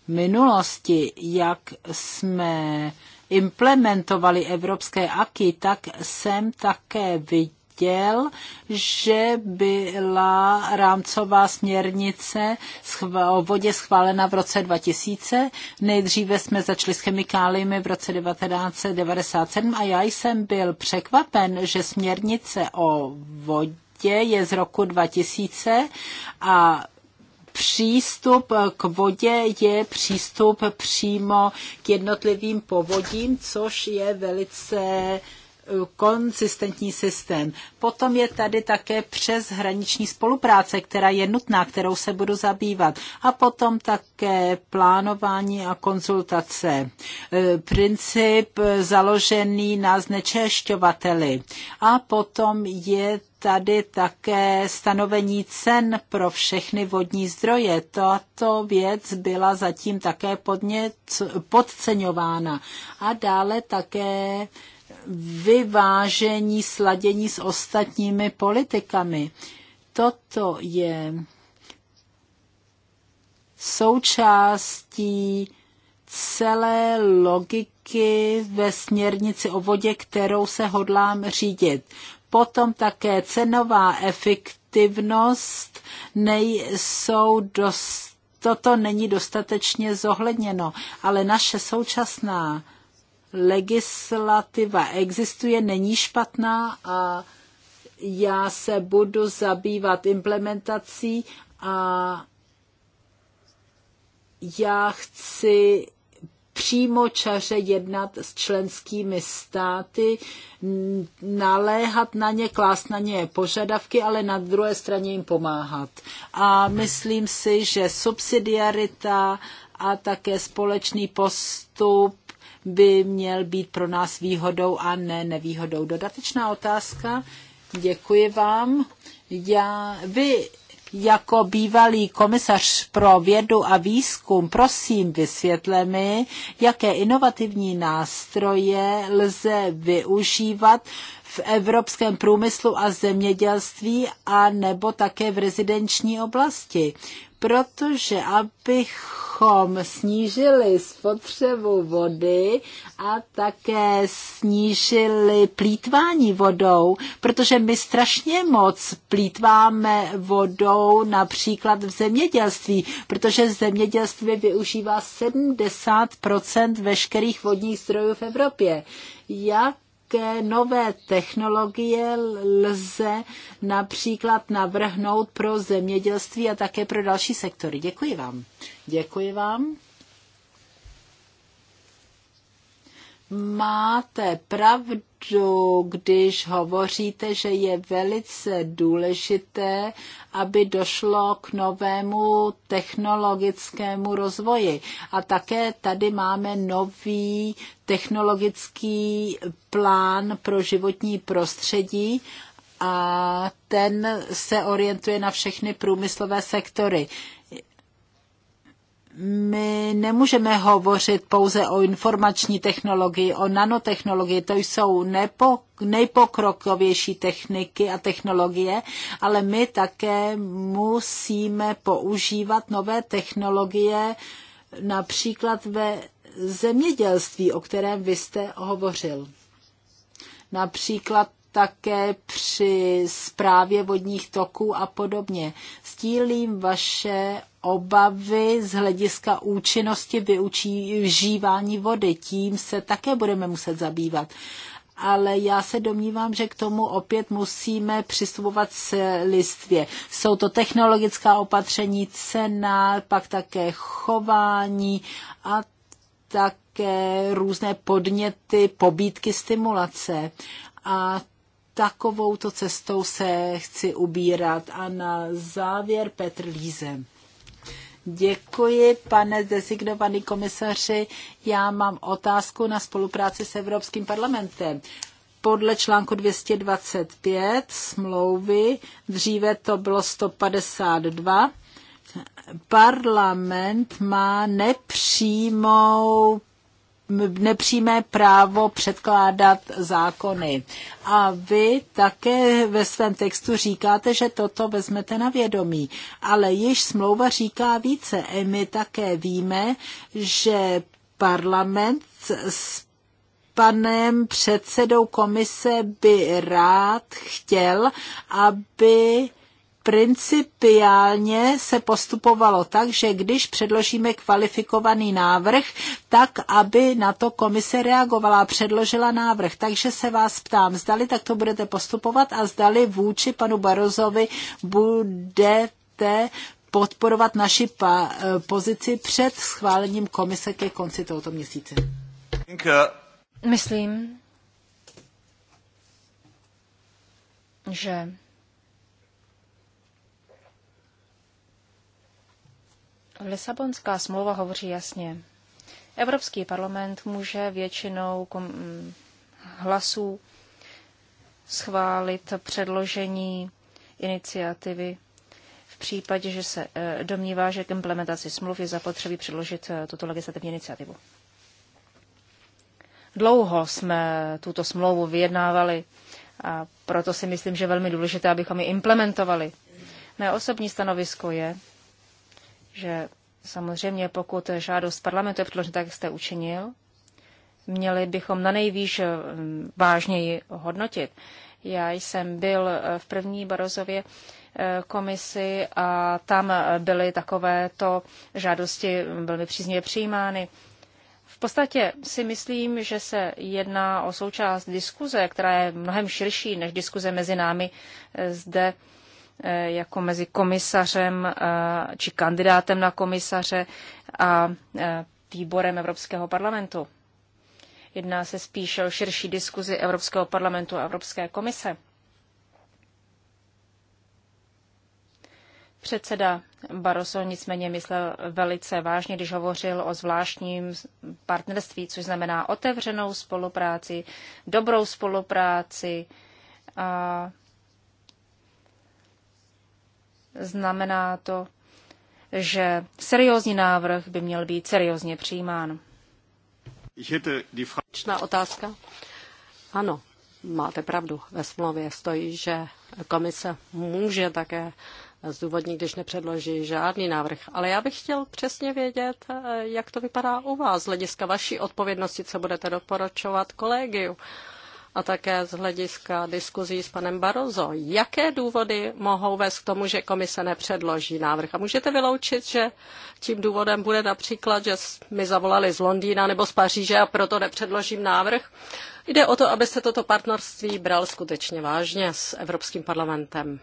minulosti, jak jsme implementovali evropské aky, tak jsem také viděl, chtěl, že byla rámcová směrnice o vodě schválena v roce 2000. Nejdříve jsme začali s chemikáliemi v roce 1997 a já jsem byl překvapen, že směrnice o vodě je z roku 2000 a přístup k vodě je přístup přímo k jednotlivým povodím, což je velice konsistentní systém. Potom je tady také přeshraniční spolupráce, která je nutná, kterou se budu zabývat. A potom také plánování a konzultace. E, princip založený na znečešťovateli. A potom je tady také stanovení cen pro všechny vodní zdroje. Tato věc byla zatím také podněc, podceňována. A dále také vyvážení, sladění s ostatními politikami. Toto je součástí celé logiky ve směrnici o vodě, kterou se hodlám řídit. Potom také cenová efektivnost nejsou dost, toto není dostatečně zohledněno, ale naše současná legislativa existuje, není špatná a já se budu zabývat implementací a já chci přímo čaře jednat s členskými státy, naléhat na ně, klást na ně požadavky, ale na druhé straně jim pomáhat. A myslím si, že subsidiarita a také společný postup by měl být pro nás výhodou a ne nevýhodou. Dodatečná otázka. Děkuji vám. Já, vy jako bývalý komisař pro vědu a výzkum, prosím vysvětle mi, jaké inovativní nástroje lze využívat v evropském průmyslu a zemědělství a nebo také v rezidenční oblasti protože abychom snížili spotřebu vody a také snížili plítvání vodou, protože my strašně moc plítváme vodou například v zemědělství, protože zemědělství využívá 70% veškerých vodních zdrojů v Evropě. Jak jaké nové technologie lze například navrhnout pro zemědělství a také pro další sektory. Děkuji vám. Děkuji vám. máte pravdu, když hovoříte, že je velice důležité, aby došlo k novému technologickému rozvoji. A také tady máme nový technologický plán pro životní prostředí a ten se orientuje na všechny průmyslové sektory my nemůžeme hovořit pouze o informační technologii, o nanotechnologii, to jsou nepo, nejpokrokovější techniky a technologie, ale my také musíme používat nové technologie například ve zemědělství, o kterém vy jste hovořil. Například také při zprávě vodních toků a podobně. Stílím vaše obavy z hlediska účinnosti využívání vody. Tím se také budeme muset zabývat. Ale já se domnívám, že k tomu opět musíme přistupovat s listvě. Jsou to technologická opatření, cena, pak také chování a také různé podněty, pobídky, stimulace. A takovouto cestou se chci ubírat. A na závěr Petr Líze. Děkuji, pane designovaný komisaři. Já mám otázku na spolupráci s Evropským parlamentem. Podle článku 225 smlouvy, dříve to bylo 152, parlament má nepřímou nepřímé právo předkládat zákony. A vy také ve svém textu říkáte, že toto vezmete na vědomí. Ale již smlouva říká více. I my také víme, že parlament s panem předsedou komise by rád chtěl, aby principiálně se postupovalo tak, že když předložíme kvalifikovaný návrh, tak aby na to komise reagovala a předložila návrh. Takže se vás ptám, zdali tak to budete postupovat a zdali vůči panu Barozovi budete podporovat naši eh, pozici před schválením komise ke konci tohoto měsíce. Myslím, že Lisabonská smlouva hovoří jasně. Evropský parlament může většinou hlasů schválit předložení iniciativy v případě, že se eh, domnívá, že k implementaci smluv je zapotřebí předložit eh, tuto legislativní iniciativu. Dlouho jsme tuto smlouvu vyjednávali a proto si myslím, že je velmi důležité, abychom ji implementovali. Mé osobní stanovisko je, že samozřejmě pokud žádost parlamentu je předložena tak, jak jste učinil, měli bychom na nejvýš eh, vážněji hodnotit. Já jsem byl eh, v první Barozově eh, komisi a tam byly takovéto žádosti mm, velmi přízně přijímány. V podstatě si myslím, že se jedná o součást diskuze, která je mnohem širší než diskuze mezi námi zde Eh, jako mezi komisařem eh, či kandidátem na komisaře a eh, výborem Evropského parlamentu. Jedná se spíše o širší diskuzi Evropského parlamentu a Evropské komise. Předseda Barroso nicméně myslel velice vážně, když hovořil o zvláštním partnerství, což znamená otevřenou spolupráci, dobrou spolupráci a Znamená to, že seriózní návrh by měl být seriózně přijímán. Čná otázka. Ano, máte pravdu. Ve smlouvě stojí, že komise může také zdůvodnit, když nepředloží žádný návrh. Ale já bych chtěl přesně vědět, eh, jak to vypadá u vás, z hlediska vaší odpovědnosti, co budete doporučovat kolegiu a také z hlediska diskuzí s panem Barozo. Jaké důvody mohou vést k tomu, že komise nepředloží návrh? A můžete vyloučit, že tím důvodem bude například, že mi zavolali z Londýna nebo z Paříže a proto nepředložím návrh? Jde o to, abyste toto partnerství bral skutečně vážně s Evropským parlamentem.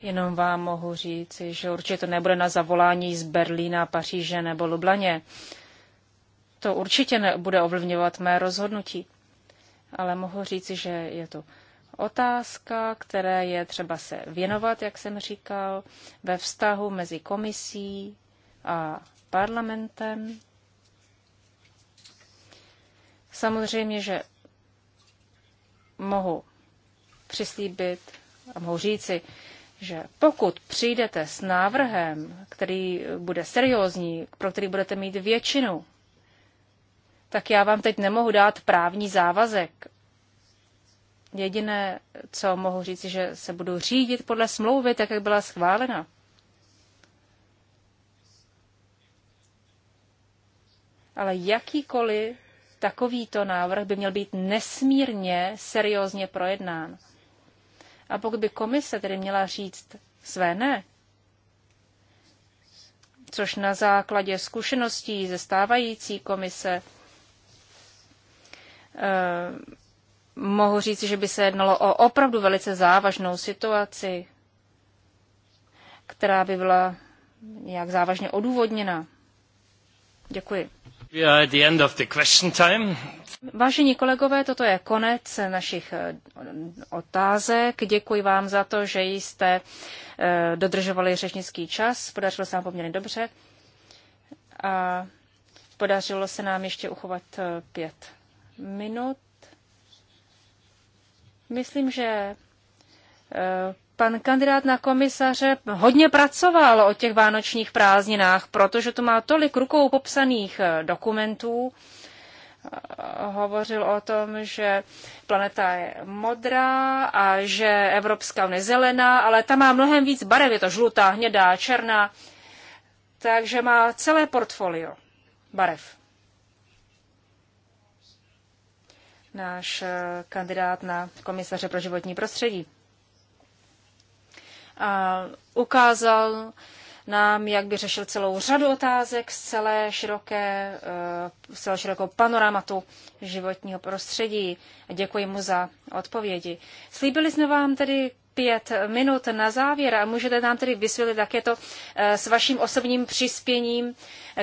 Jenom vám mohu říct, že určitě to nebude na zavolání z Berlína, Paříže nebo Lublaně. Uh, to určitě nebude ovlivňovat mé rozhodnutí. Ale mohu říci, že je to otázka, které je třeba se věnovat, jak jsem říkal, ve vztahu mezi komisí a parlamentem. Samozřejmě, že mohu přislíbit a mohu říci, že pokud přijdete s návrhem, který bude seriózní, pro který budete mít většinu, tak já vám teď nemohu dát právní závazek. Jediné, co mohu říct, že se budu řídit podle smlouvy, tak jak byla schválena. Ale jakýkoliv takovýto návrh by měl být nesmírně seriózně projednán. A pokud by komise tedy měla říct své ne, což na základě zkušeností ze stávající komise Eh, mohu říct, že by se jednalo o opravdu velice závažnou situaci, která by byla nějak závažně odůvodněna. Děkuji. Vážení kolegové, toto je konec našich eh, otázek. Děkuji vám za to, že jste eh, dodržovali řečnický čas. Podařilo se nám poměrně dobře. A podařilo se nám ještě uchovat pět minut. Myslím, že eh, pan kandidát na komisaře hodně pracoval o těch vánočních prázdninách, protože tu má tolik rukou popsaných eh, dokumentů. Eh, hovořil o tom, že planeta je modrá a že Evropská unie zelená, ale ta má mnohem víc barev, je to žlutá, hnědá, černá, takže má celé portfolio barev. náš eh, kandidát na komisaře pro životní prostředí. A ukázal nám, jak by řešil celou řadu otázek z celé široké, eh, z celé širokou panoramatu životního prostředí. Děkuji mu za odpovědi. Slíbili jsme vám tedy pět minut na závěr a můžete nám tedy vysvětlit, jak je to eh, s vaším osobním přispěním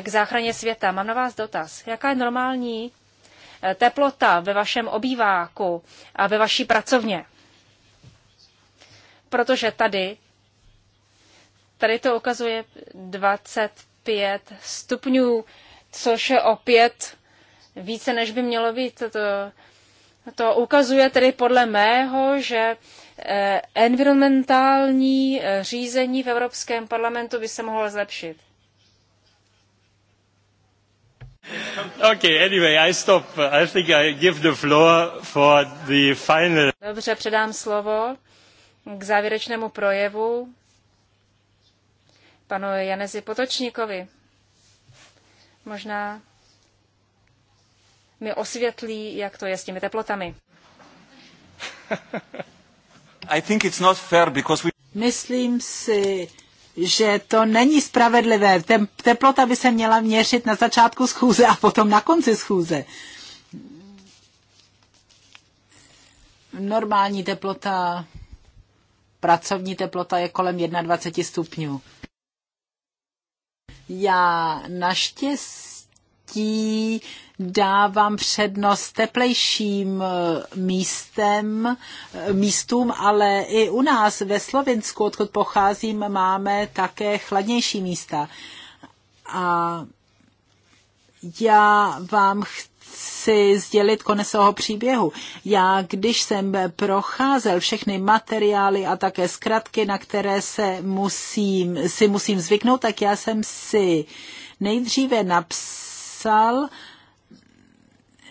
k záchraně světa. Mám na vás dotaz. Jaká je normální teplota ve vašem obýváku a ve vaší pracovně. Protože tady, tady to ukazuje 25 stupňů, což je opět více, než by mělo být. To, to ukazuje tedy podle mého, že eh, environmentální eh, řízení v Evropském parlamentu by se mohlo zlepšit. Okay, anyway, I stop. I think I give the floor for the final. Dobře, předám slovo k závěrečnému projevu panu Janezi Potočníkovi. Možná mi osvětlí, jak to je s těmi teplotami. I think it's not fair because we... Myslím si, že to není spravedlivé. Teplota by se měla měřit na začátku schůze a potom na konci schůze. Normální teplota, pracovní teplota je kolem 21 stupňů. Já naštěstí štěstí dávám přednost teplejším eh, místem, eh, místům, ale i u nás ve Slovensku, odkud pocházím, máme také chladnější místa. A já vám chci sdělit konec toho příběhu. Já, když jsem procházel všechny materiály a také zkratky, na které se musím, si musím zvyknout, tak já jsem si nejdříve napsal, psal,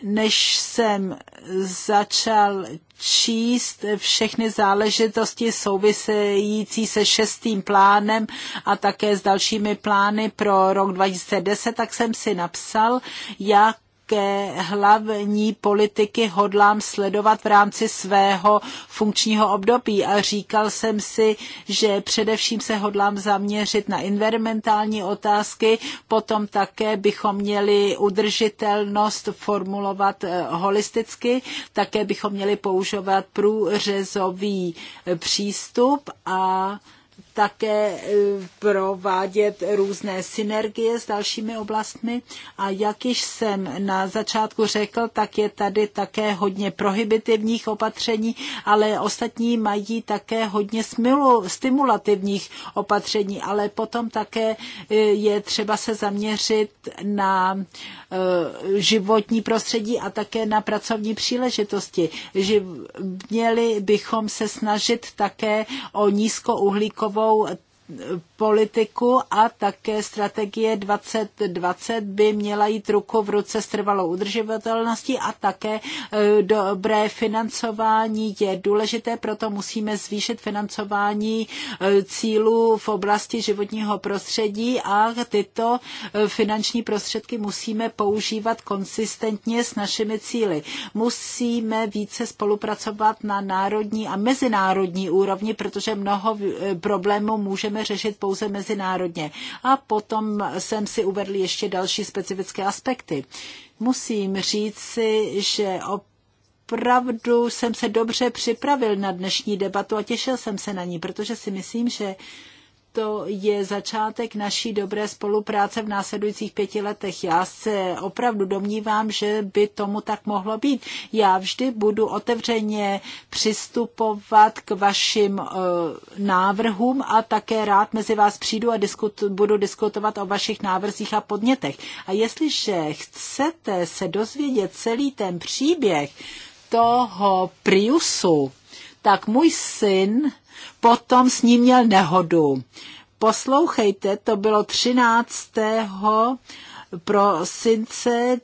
než jsem začal číst všechny záležitosti související se šestým plánem a také s dalšími plány pro rok 2010, tak jsem si napsal, jak jaké hlavní politiky hodlám sledovat v rámci svého funkčního období. A říkal jsem si, že především se hodlám zaměřit na environmentální otázky, potom také bychom měli udržitelnost formulovat eh, holisticky, také bychom měli používat průřezový eh, přístup a také e, provádět různé synergie s dalšími oblastmi. A jak již jsem na začátku řekl, tak je tady také hodně prohibitivních opatření, ale ostatní mají také hodně stimulativních opatření, ale potom také e, je třeba se zaměřit na e, životní prostředí a také na pracovní příležitosti. že Měli bychom se snažit také o nízkouhlíkovou budou politiku a také strategie 2020 by měla jít ruku v ruce s trvalou udržitelností a také e, dobré financování je důležité, proto musíme zvýšit financování e, cílů v oblasti životního prostředí a tyto e, finanční prostředky musíme používat konsistentně s našimi cíly. Musíme více spolupracovat na národní a mezinárodní úrovni, protože mnoho problémů můžeme budeme řešit pouze mezinárodně. A potom jsem si uvedl ještě další specifické aspekty. Musím říct si, že opravdu jsem se dobře připravil na dnešní debatu a těšil jsem se na ní, protože si myslím, že to je začátek naší dobré spolupráce v následujících pěti letech. Já se opravdu domnívám, že by tomu tak mohlo být. Já vždy budu otevřeně přistupovat k vašim eh, návrhům a také rád mezi vás přijdu a diskut, budu diskutovat o vašich návrzích a podnětech. A jestliže chcete se dozvědět celý ten příběh toho Priusu, tak můj syn potom s ním měl nehodu. Poslouchejte, to bylo 13. prosince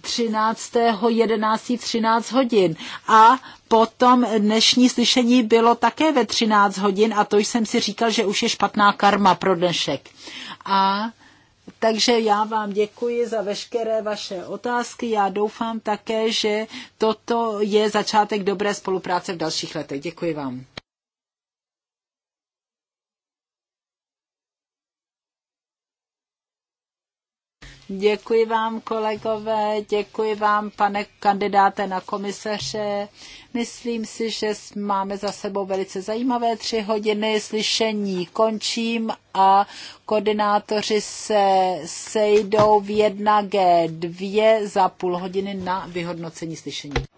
13. 11. 13 hodin. A potom dnešní slyšení bylo také ve 13 hodin a to jsem si říkal, že už je špatná karma pro dnešek. A takže já vám děkuji za veškeré vaše otázky. Já doufám také, že toto je začátek dobré spolupráce v dalších letech. Děkuji vám. Děkuji vám, kolegové, děkuji vám, pane kandidáte na komisaře. Myslím si, že máme za sebou velice zajímavé tři hodiny. Slyšení končím a koordinátoři se sejdou v 1G2 za půl hodiny na vyhodnocení slyšení.